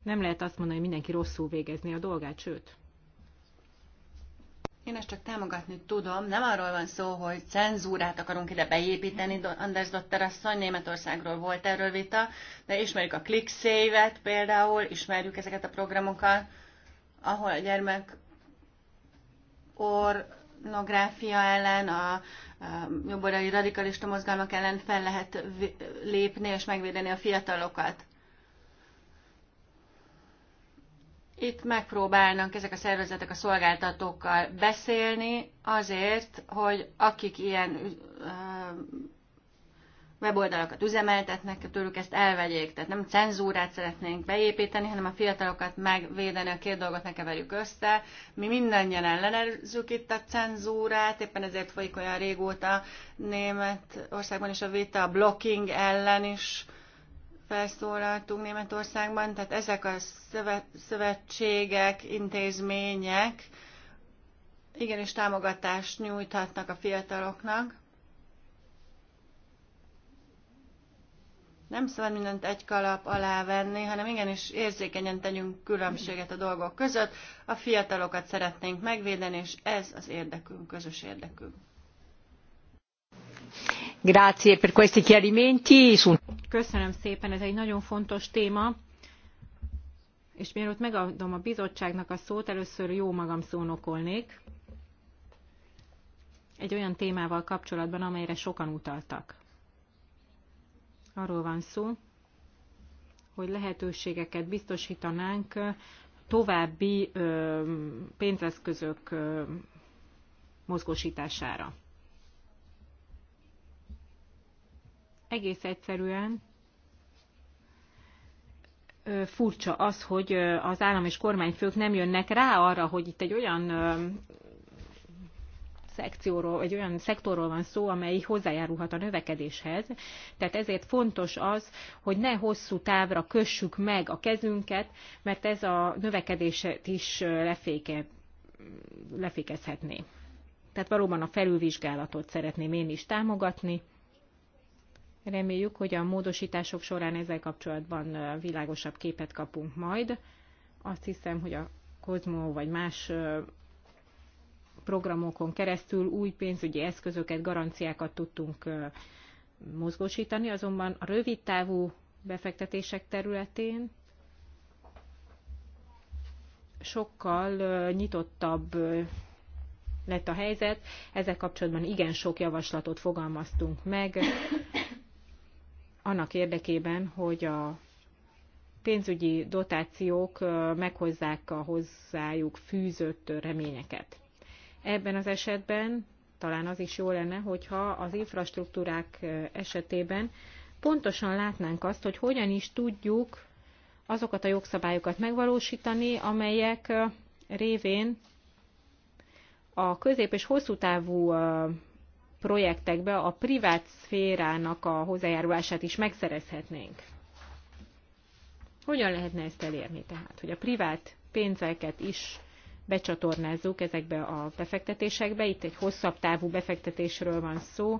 B: nem lehet azt mondani, hogy mindenki rosszul végezni a dolgát, sőt, én
A: ezt csak támogatni tudom. Nem arról van szó, hogy cenzúrát akarunk ide beépíteni. Anders Dotter asszony Németországról volt erről vita, de ismerjük a ClickSave-et például, ismerjük ezeket a programokat, ahol a gyermek pornográfia ellen, a, jobborai radikalista mozgalmak ellen fel lehet lépni és megvédeni a fiatalokat. Itt megpróbálnak ezek a szervezetek a szolgáltatókkal beszélni azért, hogy akik ilyen weboldalakat üzemeltetnek, tőlük ezt elvegyék. Tehát nem cenzúrát szeretnénk beépíteni, hanem a fiatalokat megvédeni, a két dolgot ne keverjük össze. Mi mindannyian ellenezzük itt a cenzúrát, éppen ezért folyik olyan régóta Németországban is a vita a blocking ellen is, felszólaltunk Németországban, tehát ezek a szövetségek, intézmények igenis támogatást nyújthatnak a fiataloknak. Nem szabad mindent egy kalap alá venni, hanem igenis érzékenyen tegyünk különbséget a dolgok között. A fiatalokat szeretnénk megvédeni, és ez
B: az érdekünk, közös érdekünk. Köszönöm szépen, ez egy nagyon fontos téma. És mielőtt megadom a bizottságnak a szót, először jó magam szónokolnék egy olyan témával kapcsolatban, amelyre sokan utaltak. Arról van szó, hogy lehetőségeket biztosítanánk további pénzeszközök mozgósítására. egész egyszerűen furcsa az, hogy az állam és kormányfők nem jönnek rá arra, hogy itt egy olyan szekcióról, egy olyan szektorról van szó, amely hozzájárulhat a növekedéshez. Tehát ezért fontos az, hogy ne hosszú távra kössük meg a kezünket, mert ez a növekedéset is leféke, lefékezhetné. Tehát valóban a felülvizsgálatot szeretném én is támogatni, Reméljük, hogy a módosítások során ezzel kapcsolatban világosabb képet kapunk majd. Azt hiszem, hogy a Kozmo vagy más programokon keresztül új pénzügyi eszközöket, garanciákat tudtunk mozgósítani, azonban a rövid távú befektetések területén sokkal nyitottabb lett a helyzet. Ezzel kapcsolatban igen sok javaslatot fogalmaztunk meg, annak érdekében, hogy a pénzügyi dotációk meghozzák a hozzájuk fűzött reményeket. Ebben az esetben talán az is jó lenne, hogyha az infrastruktúrák esetében pontosan látnánk azt, hogy hogyan is tudjuk azokat a jogszabályokat megvalósítani, amelyek révén a közép- és hosszú távú projektekbe a privát szférának a hozzájárulását is megszerezhetnénk. Hogyan lehetne ezt elérni tehát, hogy a privát pénzeket is becsatornázzuk ezekbe a befektetésekbe. Itt egy hosszabb távú befektetésről van szó,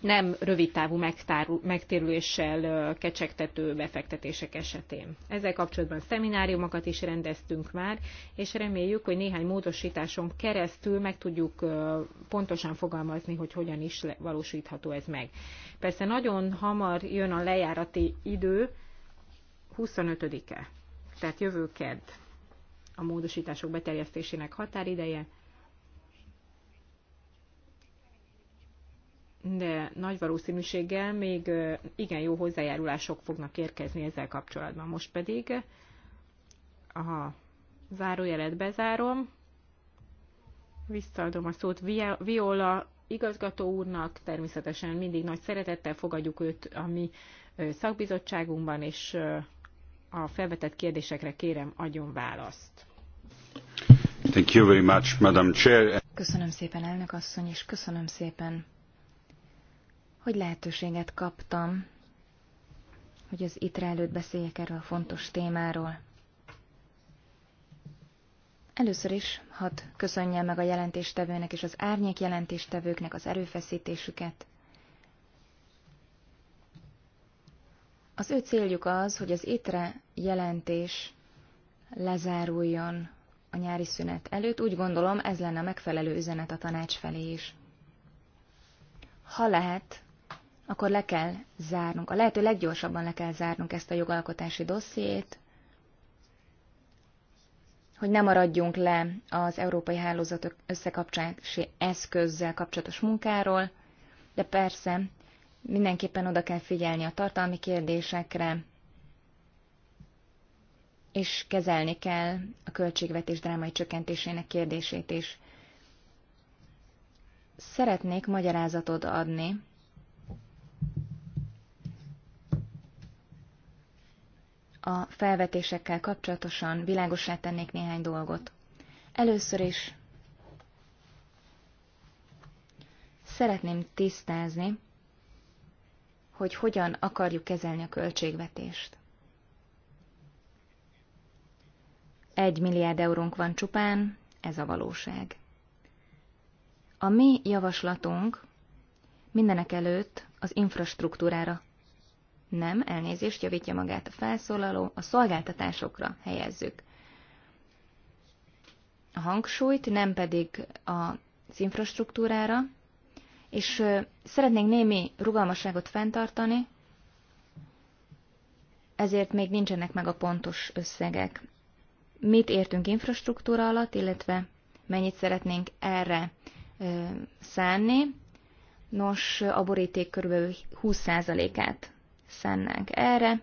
B: nem rövidtávú megtérüléssel kecsegtető befektetések esetén. Ezzel kapcsolatban szemináriumokat is rendeztünk már, és reméljük, hogy néhány módosításon keresztül meg tudjuk pontosan fogalmazni, hogy hogyan is valósítható ez meg. Persze nagyon hamar jön a lejárati idő, 25-e, tehát jövő kedd a módosítások beterjesztésének határideje, de nagy valószínűséggel még igen jó hozzájárulások fognak érkezni ezzel kapcsolatban. Most pedig a zárójelet bezárom, visszaadom a szót Viola igazgató úrnak, természetesen mindig nagy szeretettel fogadjuk őt a mi szakbizottságunkban, és a felvetett kérdésekre kérem adjon választ.
A: Thank you very much, Madam Chair.
C: Köszönöm szépen, elnök asszony, és köszönöm szépen hogy lehetőséget kaptam, hogy az ITRE előtt beszéljek erről a fontos témáról. Először is hadd köszönjem meg a jelentéstevőnek és az árnyék jelentéstevőknek az erőfeszítésüket. Az ő céljuk az, hogy az étre jelentés lezáruljon a nyári szünet előtt. Úgy gondolom, ez lenne a megfelelő üzenet a tanács felé is. Ha lehet, akkor le kell zárnunk, a lehető leggyorsabban le kell zárnunk ezt a jogalkotási dossziét, hogy ne maradjunk le az európai hálózatok összekapcsolási eszközzel kapcsolatos munkáról, de persze mindenképpen oda kell figyelni a tartalmi kérdésekre, és kezelni kell a költségvetés drámai csökkentésének kérdését is. Szeretnék magyarázatot adni a felvetésekkel kapcsolatosan világosá tennék néhány dolgot. Először is szeretném tisztázni, hogy hogyan akarjuk kezelni a költségvetést. Egy milliárd eurónk van csupán, ez a valóság. A mi javaslatunk mindenek előtt az infrastruktúrára nem, elnézést javítja magát a felszólaló, a szolgáltatásokra helyezzük. A hangsúlyt nem pedig az infrastruktúrára, és szeretnénk némi rugalmasságot fenntartani, ezért még nincsenek meg a pontos összegek. Mit értünk infrastruktúra alatt, illetve mennyit szeretnénk erre szánni. Nos, a boríték körülbelül 20%-át szánnánk erre.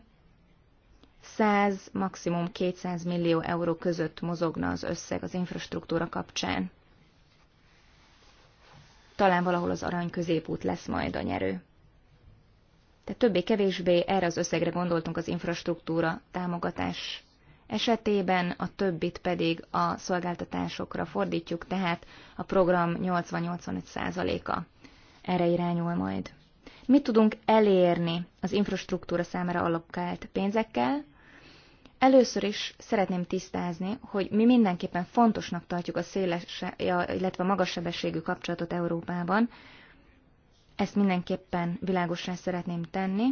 C: 100, maximum 200 millió euró között mozogna az összeg az infrastruktúra kapcsán. Talán valahol az arany középút lesz majd a nyerő. Tehát többé-kevésbé erre az összegre gondoltunk az infrastruktúra támogatás esetében, a többit pedig a szolgáltatásokra fordítjuk, tehát a program 80-85%-a erre irányul majd mit tudunk elérni az infrastruktúra számára allokált pénzekkel. Először is szeretném tisztázni, hogy mi mindenképpen fontosnak tartjuk a széles, illetve a magas sebességű kapcsolatot Európában. Ezt mindenképpen világosan szeretném tenni.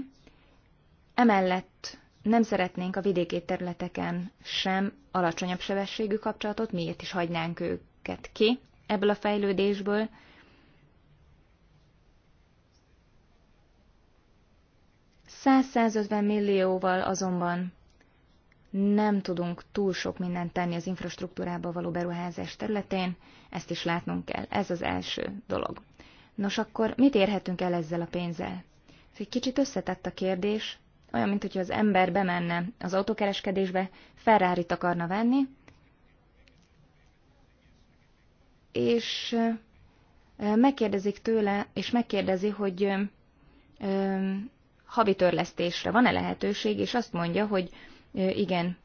C: Emellett nem szeretnénk a vidéki területeken sem alacsonyabb sebességű kapcsolatot, miért is hagynánk őket ki ebből a fejlődésből, 100-150 millióval azonban nem tudunk túl sok mindent tenni az infrastruktúrába való beruházás területén, ezt is látnunk kell. Ez az első dolog. Nos, akkor mit érhetünk el ezzel a pénzzel? Ez egy kicsit összetett a kérdés, olyan, mint hogyha az ember bemenne az autókereskedésbe, ferrari akarna venni, és megkérdezik tőle, és megkérdezi, hogy havi törlesztésre van-e lehetőség, és azt mondja, hogy igen,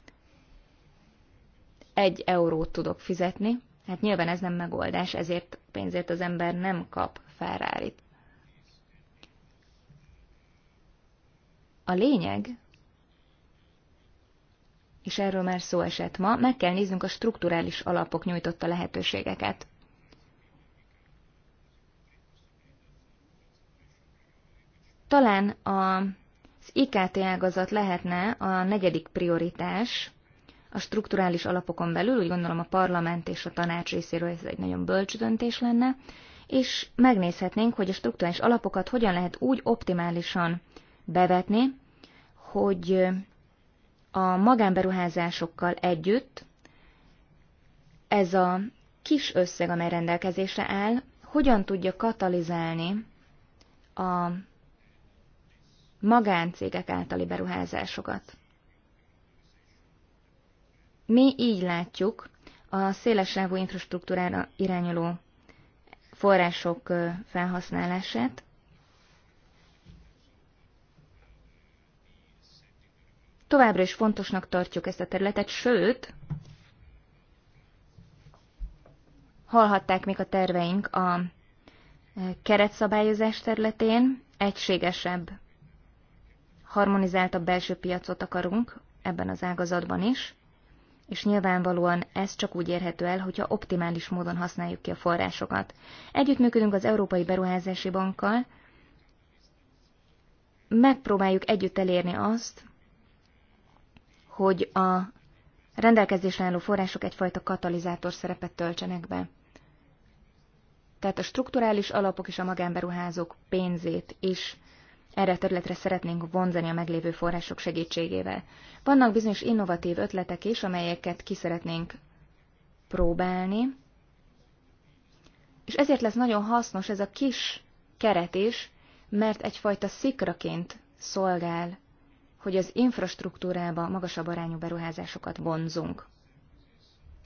C: egy eurót tudok fizetni, hát nyilván ez nem megoldás, ezért pénzért az ember nem kap ferrari -t. A lényeg, és erről már szó esett ma, meg kell néznünk a strukturális alapok nyújtotta lehetőségeket. Talán a, az IKT ágazat lehetne a negyedik prioritás a strukturális alapokon belül, úgy gondolom a parlament és a tanács részéről ez egy nagyon bölcs döntés lenne, és megnézhetnénk, hogy a strukturális alapokat hogyan lehet úgy optimálisan bevetni, hogy a magánberuházásokkal együtt ez a kis összeg, amely rendelkezésre áll, hogyan tudja katalizálni a magáncégek általi beruházásokat. Mi így látjuk a szélesávú infrastruktúrára irányuló források felhasználását, Továbbra is fontosnak tartjuk ezt a területet, sőt, hallhatták még a terveink a keretszabályozás területén, egységesebb harmonizáltabb belső piacot akarunk ebben az ágazatban is, és nyilvánvalóan ez csak úgy érhető el, hogyha optimális módon használjuk ki a forrásokat. Együttműködünk az Európai Beruházási Bankkal, megpróbáljuk együtt elérni azt, hogy a rendelkezésre álló források egyfajta katalizátor szerepet töltsenek be. Tehát a strukturális alapok és a magánberuházók pénzét is erre a területre szeretnénk vonzani a meglévő források segítségével. Vannak bizonyos innovatív ötletek is, amelyeket ki szeretnénk próbálni, és ezért lesz nagyon hasznos ez a kis keret is, mert egyfajta szikraként szolgál, hogy az infrastruktúrába magasabb arányú beruházásokat vonzunk.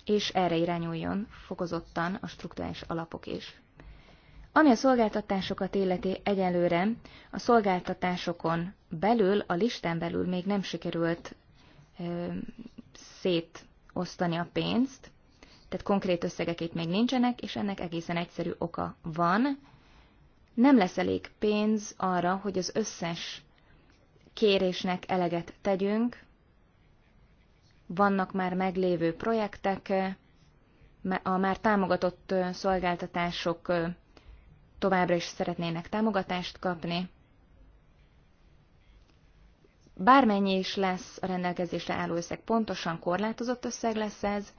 C: És erre irányuljon fokozottan a struktúrális alapok is. Ami a szolgáltatásokat illeti egyelőre, a szolgáltatásokon belül, a listán belül még nem sikerült ö, szétosztani a pénzt, tehát konkrét összegek itt még nincsenek, és ennek egészen egyszerű oka van. Nem lesz elég pénz arra, hogy az összes kérésnek eleget tegyünk. Vannak már meglévő projektek, a már támogatott szolgáltatások továbbra is szeretnének támogatást kapni. Bármennyi is lesz a rendelkezésre álló összeg, pontosan korlátozott összeg lesz ez,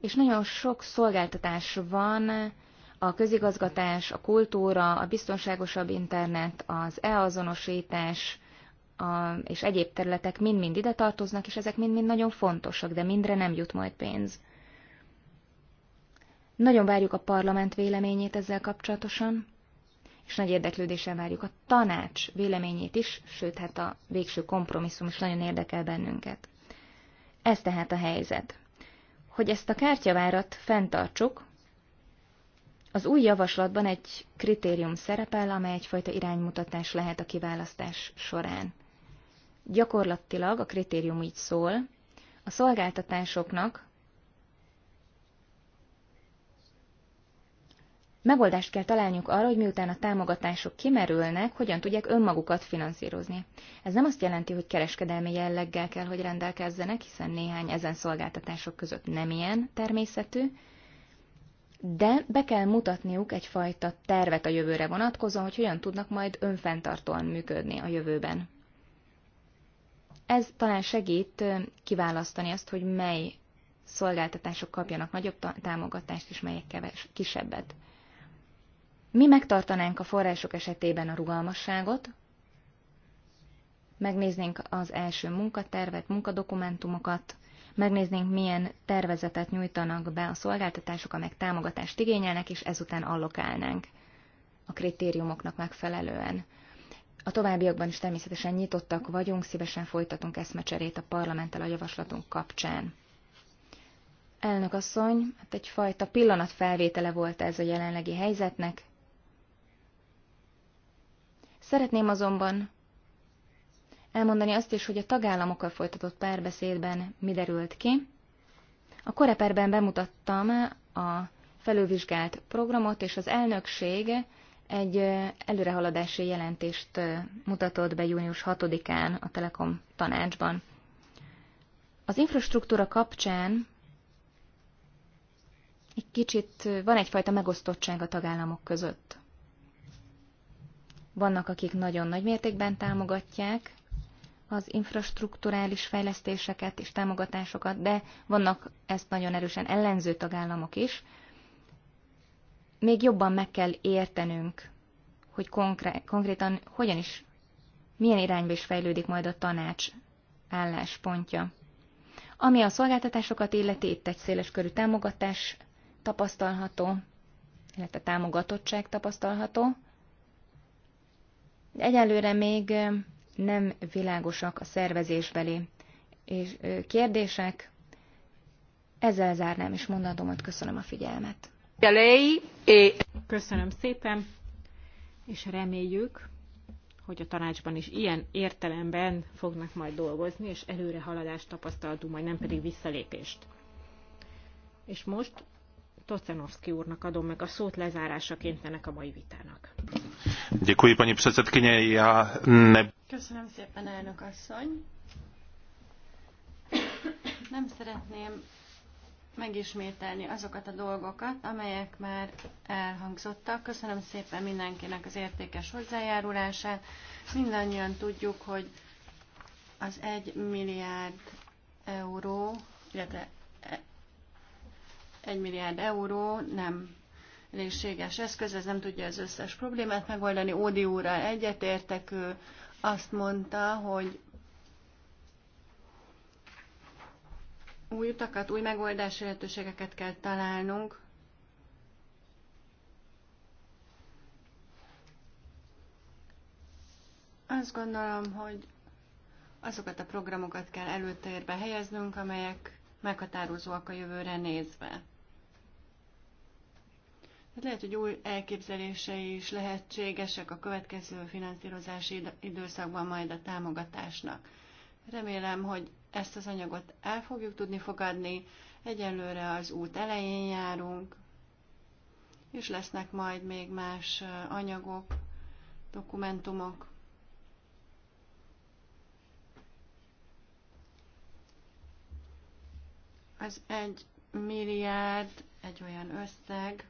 C: és nagyon sok szolgáltatás van, a közigazgatás, a kultúra, a biztonságosabb internet, az e-azonosítás a, és egyéb területek mind-mind ide tartoznak, és ezek mind-mind nagyon fontosak, de mindre nem jut majd pénz. Nagyon várjuk a parlament véleményét ezzel kapcsolatosan és nagy érdeklődéssel várjuk a tanács véleményét is, sőt, hát a végső kompromisszum is nagyon érdekel bennünket. Ez tehát a helyzet. Hogy ezt a kártyavárat fenntartsuk, az új javaslatban egy kritérium szerepel, amely egyfajta iránymutatás lehet a kiválasztás során. Gyakorlatilag a kritérium így szól, a szolgáltatásoknak Megoldást kell találniuk arra, hogy miután a támogatások kimerülnek, hogyan tudják önmagukat finanszírozni. Ez nem azt jelenti, hogy kereskedelmi jelleggel kell, hogy rendelkezzenek, hiszen néhány ezen szolgáltatások között nem ilyen természetű, de be kell mutatniuk egyfajta tervet a jövőre vonatkozóan, hogy hogyan tudnak majd önfenntartóan működni a jövőben. Ez talán segít kiválasztani azt, hogy mely szolgáltatások kapjanak nagyobb támogatást, és melyek keves, kisebbet. Mi megtartanánk a források esetében a rugalmasságot, megnéznénk az első munkatervet, munkadokumentumokat, megnéznénk, milyen tervezetet nyújtanak be a szolgáltatások, amelyek támogatást igényelnek, és ezután allokálnánk a kritériumoknak megfelelően. A továbbiakban is természetesen nyitottak vagyunk, szívesen folytatunk eszmecserét a parlamenttel a javaslatunk kapcsán. Elnök asszony, hát egyfajta pillanatfelvétele volt ez a jelenlegi helyzetnek, Szeretném azonban elmondani azt is, hogy a tagállamokkal folytatott párbeszédben mi derült ki. A koreperben bemutattam a felülvizsgált programot, és az elnökség egy előrehaladási jelentést mutatott be június 6-án a Telekom tanácsban. Az infrastruktúra kapcsán egy kicsit van egyfajta megosztottság a tagállamok között. Vannak, akik nagyon nagy mértékben támogatják az infrastruktúrális fejlesztéseket és támogatásokat, de vannak ezt nagyon erősen ellenző tagállamok is. Még jobban meg kell értenünk, hogy konkré- konkrétan hogyan is, milyen irányba is fejlődik majd a tanács álláspontja. Ami a szolgáltatásokat illeti, itt egy körű támogatás tapasztalható, illetve támogatottság tapasztalható. Egyelőre még nem világosak a szervezésbeli és kérdések. Ezzel zárnám is mondatomat. Köszönöm a figyelmet.
B: Köszönöm szépen, és reméljük, hogy a tanácsban is ilyen értelemben fognak majd dolgozni, és előre haladást tapasztaltunk, majd nem pedig visszalépést. És most Tocenovsky úrnak adom meg a szót lezárásaként ennek a mai vitának.
A: Děkuji, paní předsedkyně. Já ne... Köszönöm szépen, elnök asszony. Nem szeretném megismételni azokat a dolgokat, amelyek már elhangzottak. Köszönöm szépen mindenkinek az értékes hozzájárulását. Mindannyian tudjuk, hogy az 1 milliárd euró, illetve 1 milliárd euró nem elégséges eszköz, ez nem tudja az összes problémát megoldani. Ódi úrral egyetértek, ő azt mondta, hogy új utakat, új megoldási lehetőségeket kell találnunk. Azt gondolom, hogy azokat a programokat kell előtérbe helyeznünk, amelyek meghatározóak a jövőre nézve. Tehát lehet, hogy új elképzelései is lehetségesek a következő finanszírozási időszakban majd a támogatásnak. Remélem, hogy ezt az anyagot el fogjuk tudni fogadni, egyelőre az út elején járunk, és lesznek majd még más anyagok, dokumentumok, Az egy milliárd egy olyan összeg,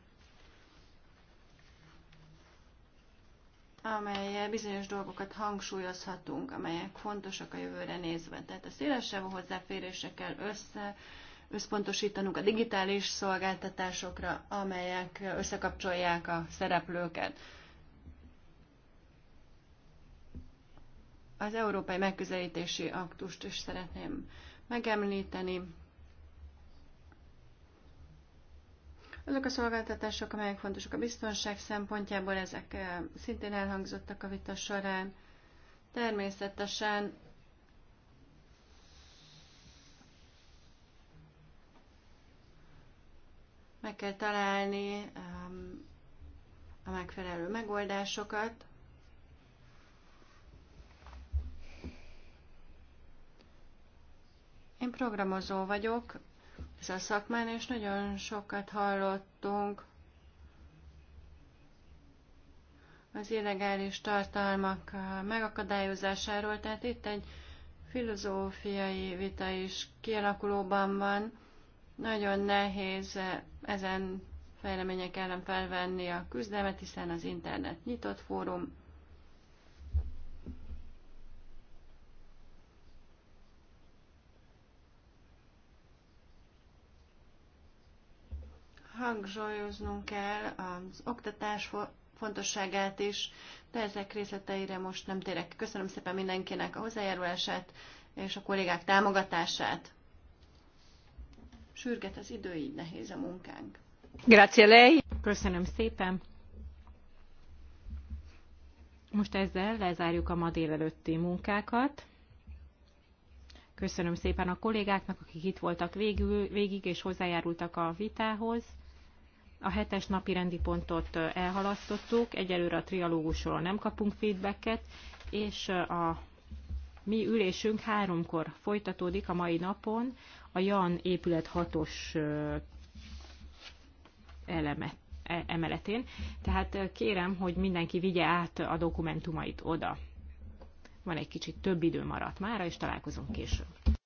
A: amelyel bizonyos dolgokat hangsúlyozhatunk, amelyek fontosak a jövőre nézve. Tehát a szélesebb hozzáférésre kell össze, összpontosítanunk a digitális szolgáltatásokra, amelyek összekapcsolják a szereplőket. Az európai megközelítési aktust is szeretném megemlíteni. Azok a szolgáltatások, amelyek fontosak a biztonság szempontjából, ezek eh, szintén elhangzottak a vita során. Természetesen meg kell találni ehm, a megfelelő megoldásokat. Én programozó vagyok, ez a szakmán, és nagyon sokat hallottunk az illegális tartalmak megakadályozásáról, tehát itt egy filozófiai vita is kialakulóban van. Nagyon nehéz ezen fejlemények ellen felvenni a küzdelmet, hiszen az internet nyitott fórum, hangsúlyoznunk kell az oktatás fontosságát is, de ezek részleteire most nem térek. Köszönöm szépen mindenkinek a hozzájárulását és a kollégák támogatását. Sürget az idő, így nehéz a
B: munkánk. Grazie lei. Köszönöm szépen. Most ezzel lezárjuk a ma délelőtti munkákat. Köszönöm szépen a kollégáknak, akik itt voltak végül, végig és hozzájárultak a vitához. A hetes napi rendi pontot elhalasztottuk, egyelőre a trialógusról nem kapunk feedbacket, és a mi ülésünk háromkor folytatódik a mai napon a Jan épület hatos eleme, e, emeletén. Tehát kérem, hogy mindenki vigye át a dokumentumait oda. Van egy kicsit több idő maradt mára, és találkozunk később.